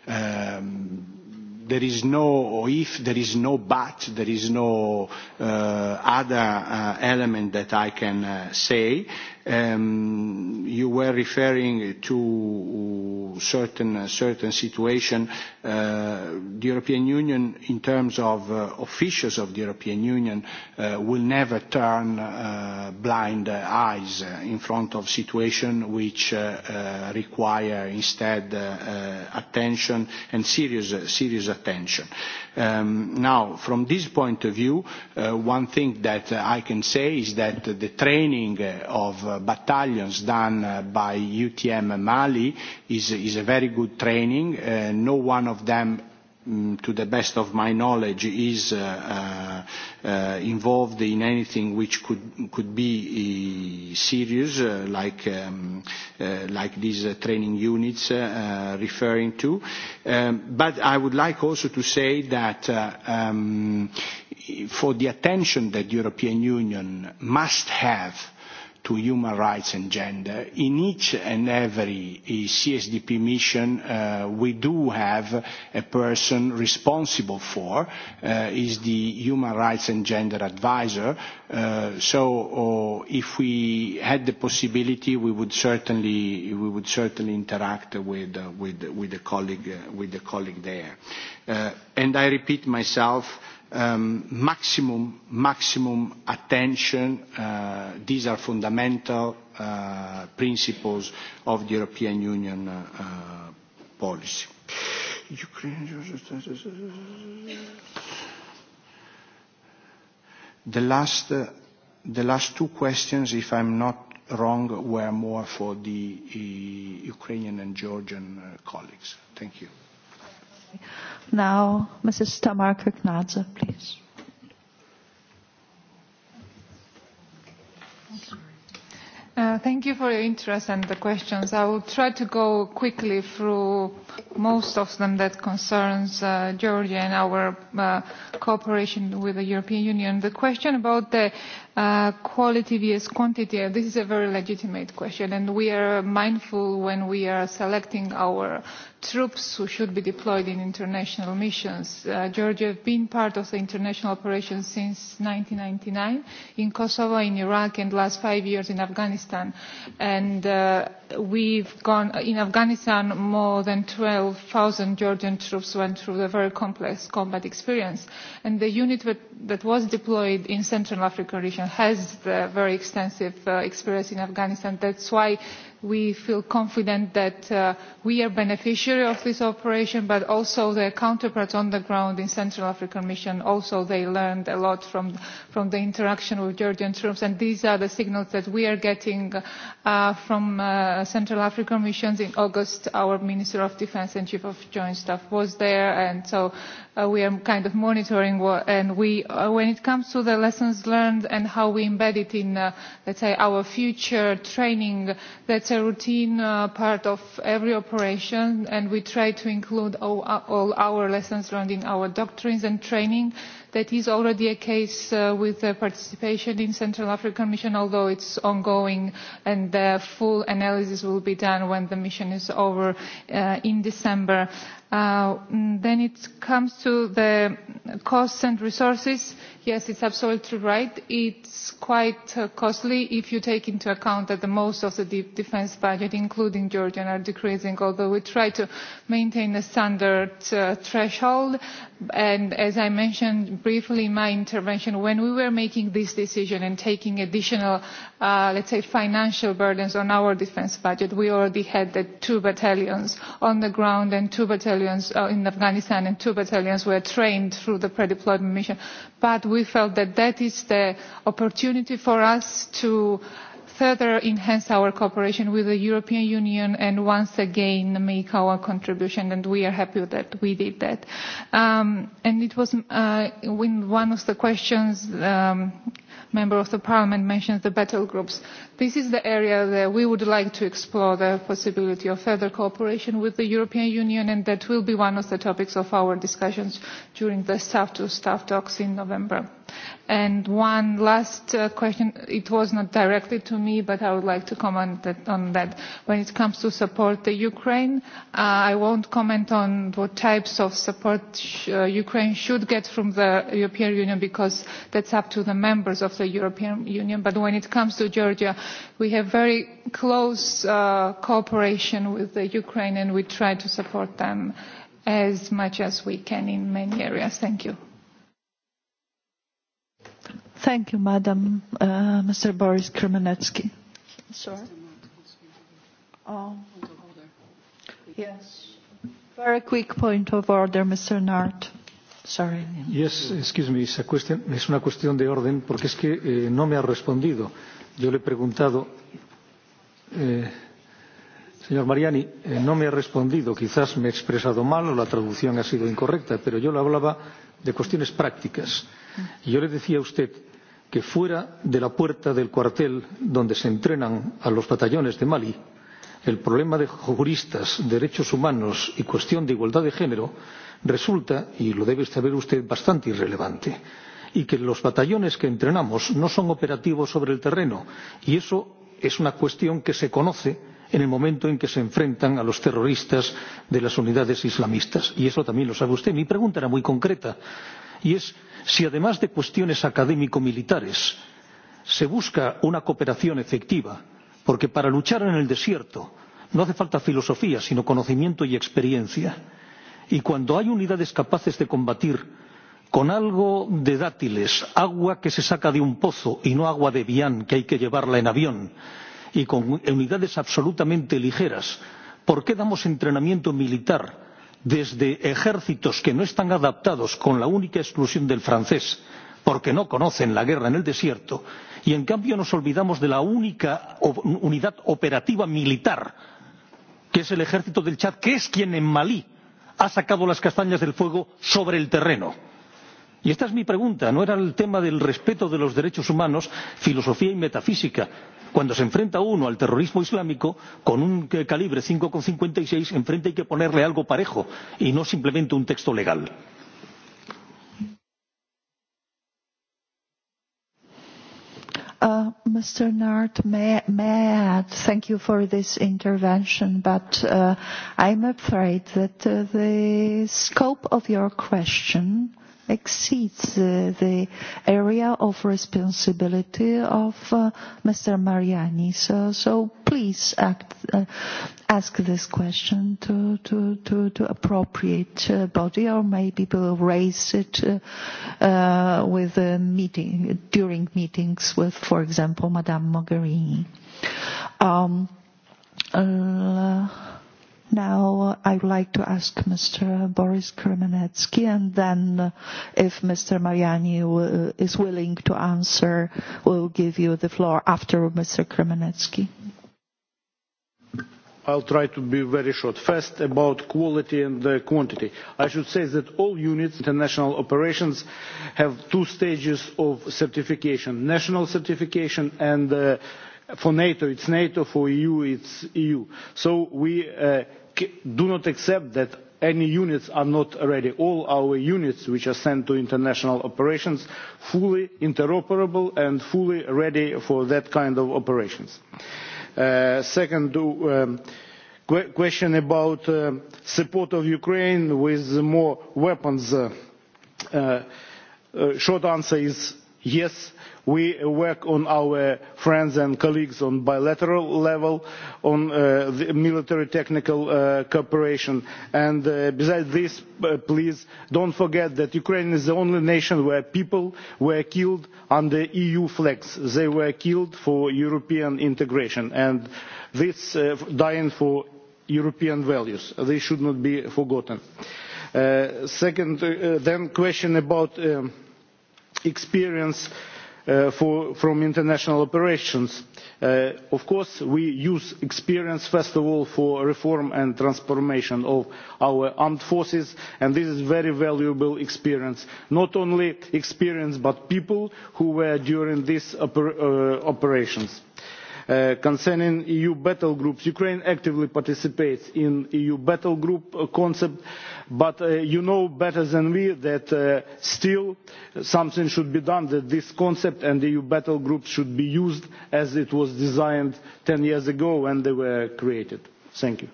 Um, there is no if, there is no but, there is no uh, other uh, element that I can uh, say. Um, you were referring to certain, certain situation. Uh, the European Union, in terms of uh, officials of the European Union, uh, will never turn blind eyes in front of situation which require instead attention and serious, serious attention. Um, now, from this point of view, uh, one thing that I can say is that the training of battalions done uh, by UTM Mali is, is a very good training. Uh, no one of them mm, to the best of my knowledge, is uh, uh, uh, involved in anything which could, could be uh, serious, uh, like, um, uh, like these uh, training units uh, uh, referring to. Um, but I would like also to say that uh, um, for the attention that the European Union must have to human rights and gender. In each and every eh, CSDP mission, uh, we do have a person responsible for, uh, is the human rights and gender advisor. Uh, so uh, if we had the possibility, we would certainly, we would certainly interact with, uh, with, with, the colleague, uh, with the colleague there. Uh, and I repeat myself, uh, um, maximum, maximum attention. Uh, these are fundamental uh, principles of the European Union uh, policy. The last, uh, the last two questions, if I'm not wrong, were more for the uh, Ukrainian and Georgian uh, colleagues. Thank you. Now, Mrs. Tamar Kirknadze, please. Uh, thank you for your interest and the questions. I will try to go quickly through most of them that concerns uh, Georgia and our uh, cooperation with the European Union. The question about the Uh, quality vs quantity, this is a very legitimate question, and we are mindful when we are selecting our troops who should be deployed in international missions. Uh, Georgia has been part of the international operations since 1999 in Kosovo, in Iraq, and last five years in Afghanistan. And uh, we've gone in Afghanistan, more than 12,000 Georgian troops went through a very complex combat experience. And the unit that was deployed in Central African region has very extensive uh, experience in afghanistan. that is why we feel confident that uh, we are beneficiaries of this operation but also their counterparts on the ground in central african mission also they learned a lot from, from the interaction with georgian troops and these are the signals that we are getting uh, from uh, central african missions in august our minister of defence and chief of joint staff was there and so we are kind of monitoring and we when it comes to the lessons learned and how we embed it in let's say our future training that's a routine uh, part of every operation, and we try to include all, uh, all our lessons learned in our doctrines and training. That is already a case uh, with the participation in Central African Mission, although it's ongoing, and the full analysis will be done when the mission is over uh, in December. Uh, Uh, mm, then it comes to the costs and resources. Yes, it's absolutely right. It's quite uh, costly if you take into account that the most of the defence budget, including Georgian, are decreasing, although we try to maintain a standard uh, threshold. And as I mentioned briefly in my intervention, when we were making this decision and taking additional, let's say, financial burdens on our defence budget, we already had the two battalions on the ground and two battalions battalions uh, in Afghanistan and two battalions were trained through the pre-deployment mission. But we felt that that is the opportunity for us to further enhance our cooperation with the European Union and once again make our contribution and we are happy that we did that. Um, and it was uh, one of the questions um, member of the parliament mentioned the battle groups. this is the area where we would like to explore the possibility of further cooperation with the european union and that will be one of the topics of our discussions during the staff to staff talks in november. And one last uh, question, it was not directly to me, but I would like to comment that, on that. When it comes to support the Ukraine, uh, I won't comment on what types of support sh uh, Ukraine should get from the European Union because that's up to the members of the European Union. But when it comes to Georgia, we have very close uh, cooperation with the Ukraine and we try to support them as much as we can in many areas. Thank you. Thank you, Madam. Uh, Mr. Boris Kremenetsky. Sorry. Oh. Yes. Very quick point of order, Mr. Nart. Sorry. Yes, excuse me, it's a question, es una cuestión de orden porque es que eh, no me ha respondido. Yo le he preguntado. Eh, Señor Mariani, eh, no me ha respondido. Quizás me he expresado mal o la traducción ha sido incorrecta, pero yo le hablaba de cuestiones prácticas. Y yo le decía a usted que fuera de la puerta del cuartel donde se entrenan a los batallones de Mali, el problema de juristas, derechos humanos y cuestión de igualdad de género resulta, y lo debe saber usted, bastante irrelevante y que los batallones que entrenamos no son operativos sobre el terreno y eso es una cuestión que se conoce en el momento en que se enfrentan a los terroristas de las unidades islamistas. Y eso también lo sabe usted. Mi pregunta era muy concreta y es si además de cuestiones académico militares se busca una cooperación efectiva porque para luchar en el desierto no hace falta filosofía sino conocimiento y experiencia y cuando hay unidades capaces de combatir con algo de dátiles agua que se saca de un pozo y no agua de vián que hay que llevarla en avión y con unidades absolutamente ligeras. ¿Por qué damos entrenamiento militar desde ejércitos que no están adaptados con la única exclusión del francés? porque no conocen la guerra en el desierto, y en cambio nos olvidamos de la única unidad operativa militar, que es el ejército del Chad, que es quien en Malí ha sacado las castañas del fuego sobre el terreno Y esta es mi pregunta. ¿No era el tema del respeto de los derechos humanos filosofía y metafísica? Cuando se enfrenta uno al terrorismo islámico con un calibre 5,56, enfrente hay que ponerle algo parejo y no simplemente un texto legal. Uh, Mr. Nart, may, may I add, thank you for this intervention, but uh, I'm afraid that uh, the scope of your question uh, exceeds uh, the area of responsibility of uh, Mr. Mariani. So, so please act, uh, ask this question to, to, to, to appropriate uh, body or maybe we'll raise it uh, uh, with a meeting, during meetings with, for example, Madame Mogherini. Um, uh, Now, I would like to ask Mr. Boris Kremenetsky, and then uh, if Mr. Mariani uh, is willing to answer, we'll give you the floor after Mr. Kremenetsky. I'll try to be very short. First, about quality and the quantity. I should say that all units, international operations, have two stages of certification: national certification and uh, For NATO, it's NATO. For EU, it's EU. So we uh, do not accept that any units are not ready. All our units which are sent to international operations fully interoperable and fully ready for that kind of operations. Uh, second um, uh, qu question about uh, support of Ukraine with more weapons. Uh, uh, short answer is yes. Uh, we work on our friends and colleagues on bilateral level on uh, military technical uh, cooperation and uh, besides this uh, please don't forget that ukraine is the only nation where people were killed under eu flags they were killed for european integration and this uh, dying for european values they should not be forgotten uh, second then question about um, experience uh, Uh, from international operations. Uh, of course, we use experience, first of all, for reform and transformation of our armed forces, and this is very valuable experience. Not only experience, but people who were during these uh, operations. Uh, concerning EU battle groups, Ukraine actively participates in the EU battle group uh, concept, but uh, you know better than we that still something should be done, that this concept and the EU battle groups should be used as it was designed ten years ago when they were created. Thank you.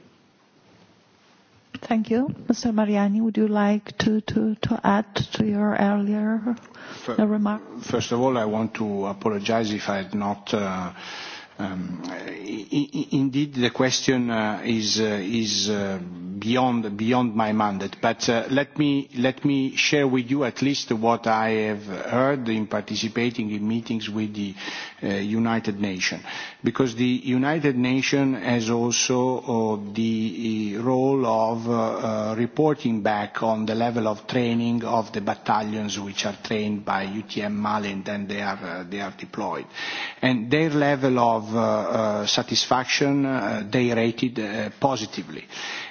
Thank you. Mr. Mariani, would you like to, to, to add to your earlier remark? First of all, I want to apologize if I had not uh, Um, indeed, the question uh, is, uh, is uh, beyond, beyond my mandate, but uh, let me, let me share with you at least what I have heard in participating in meetings with the uh, United Nations. Because the United Nations has also uh, the role of reporting back on the level of training of the battalions which are trained by UTM Mali, and then they are, they are deployed. And their level of of uh, uh, satisfaction, uh, they rated uh, positively.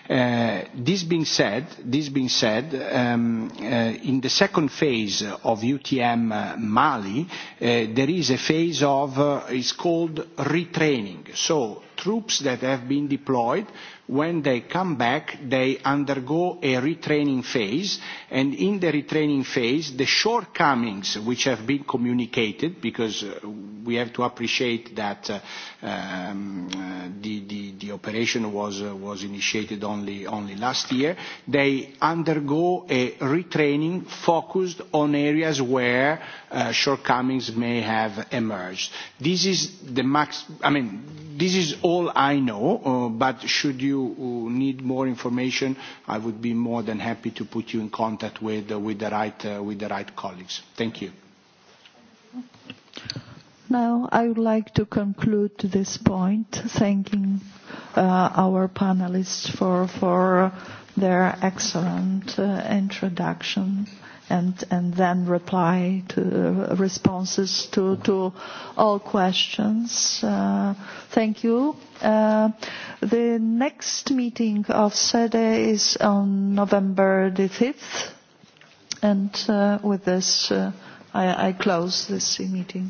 Uh, this being said, this being said, um, uh, in the second phase of UTM uh, Mali, uh, there is a phase of, uh, it's called retraining. So troops that have been deployed When they come back, they undergo a retraining phase, and in the retraining phase, the shortcomings which have been communicated, because uh, we have to appreciate that uh, um, uh, the, the, the operation was, uh, was initiated only, only last year, they undergo a retraining focused on areas where uh, shortcomings may have emerged. This is the max, I mean, this is all I know, uh, but should you you who need more information, I would be more than happy to put you in contact with, uh, with, the, right, uh, with the right colleagues. Thank you. Now, I would like to conclude this point, thanking uh, our panelists for, for their excellent uh, introduction and, and then reply to responses to, to all questions. Uh, thank you. Uh, the next meeting of SEDE e is on November the 5th. And uh, with this, uh, I, I close this meeting.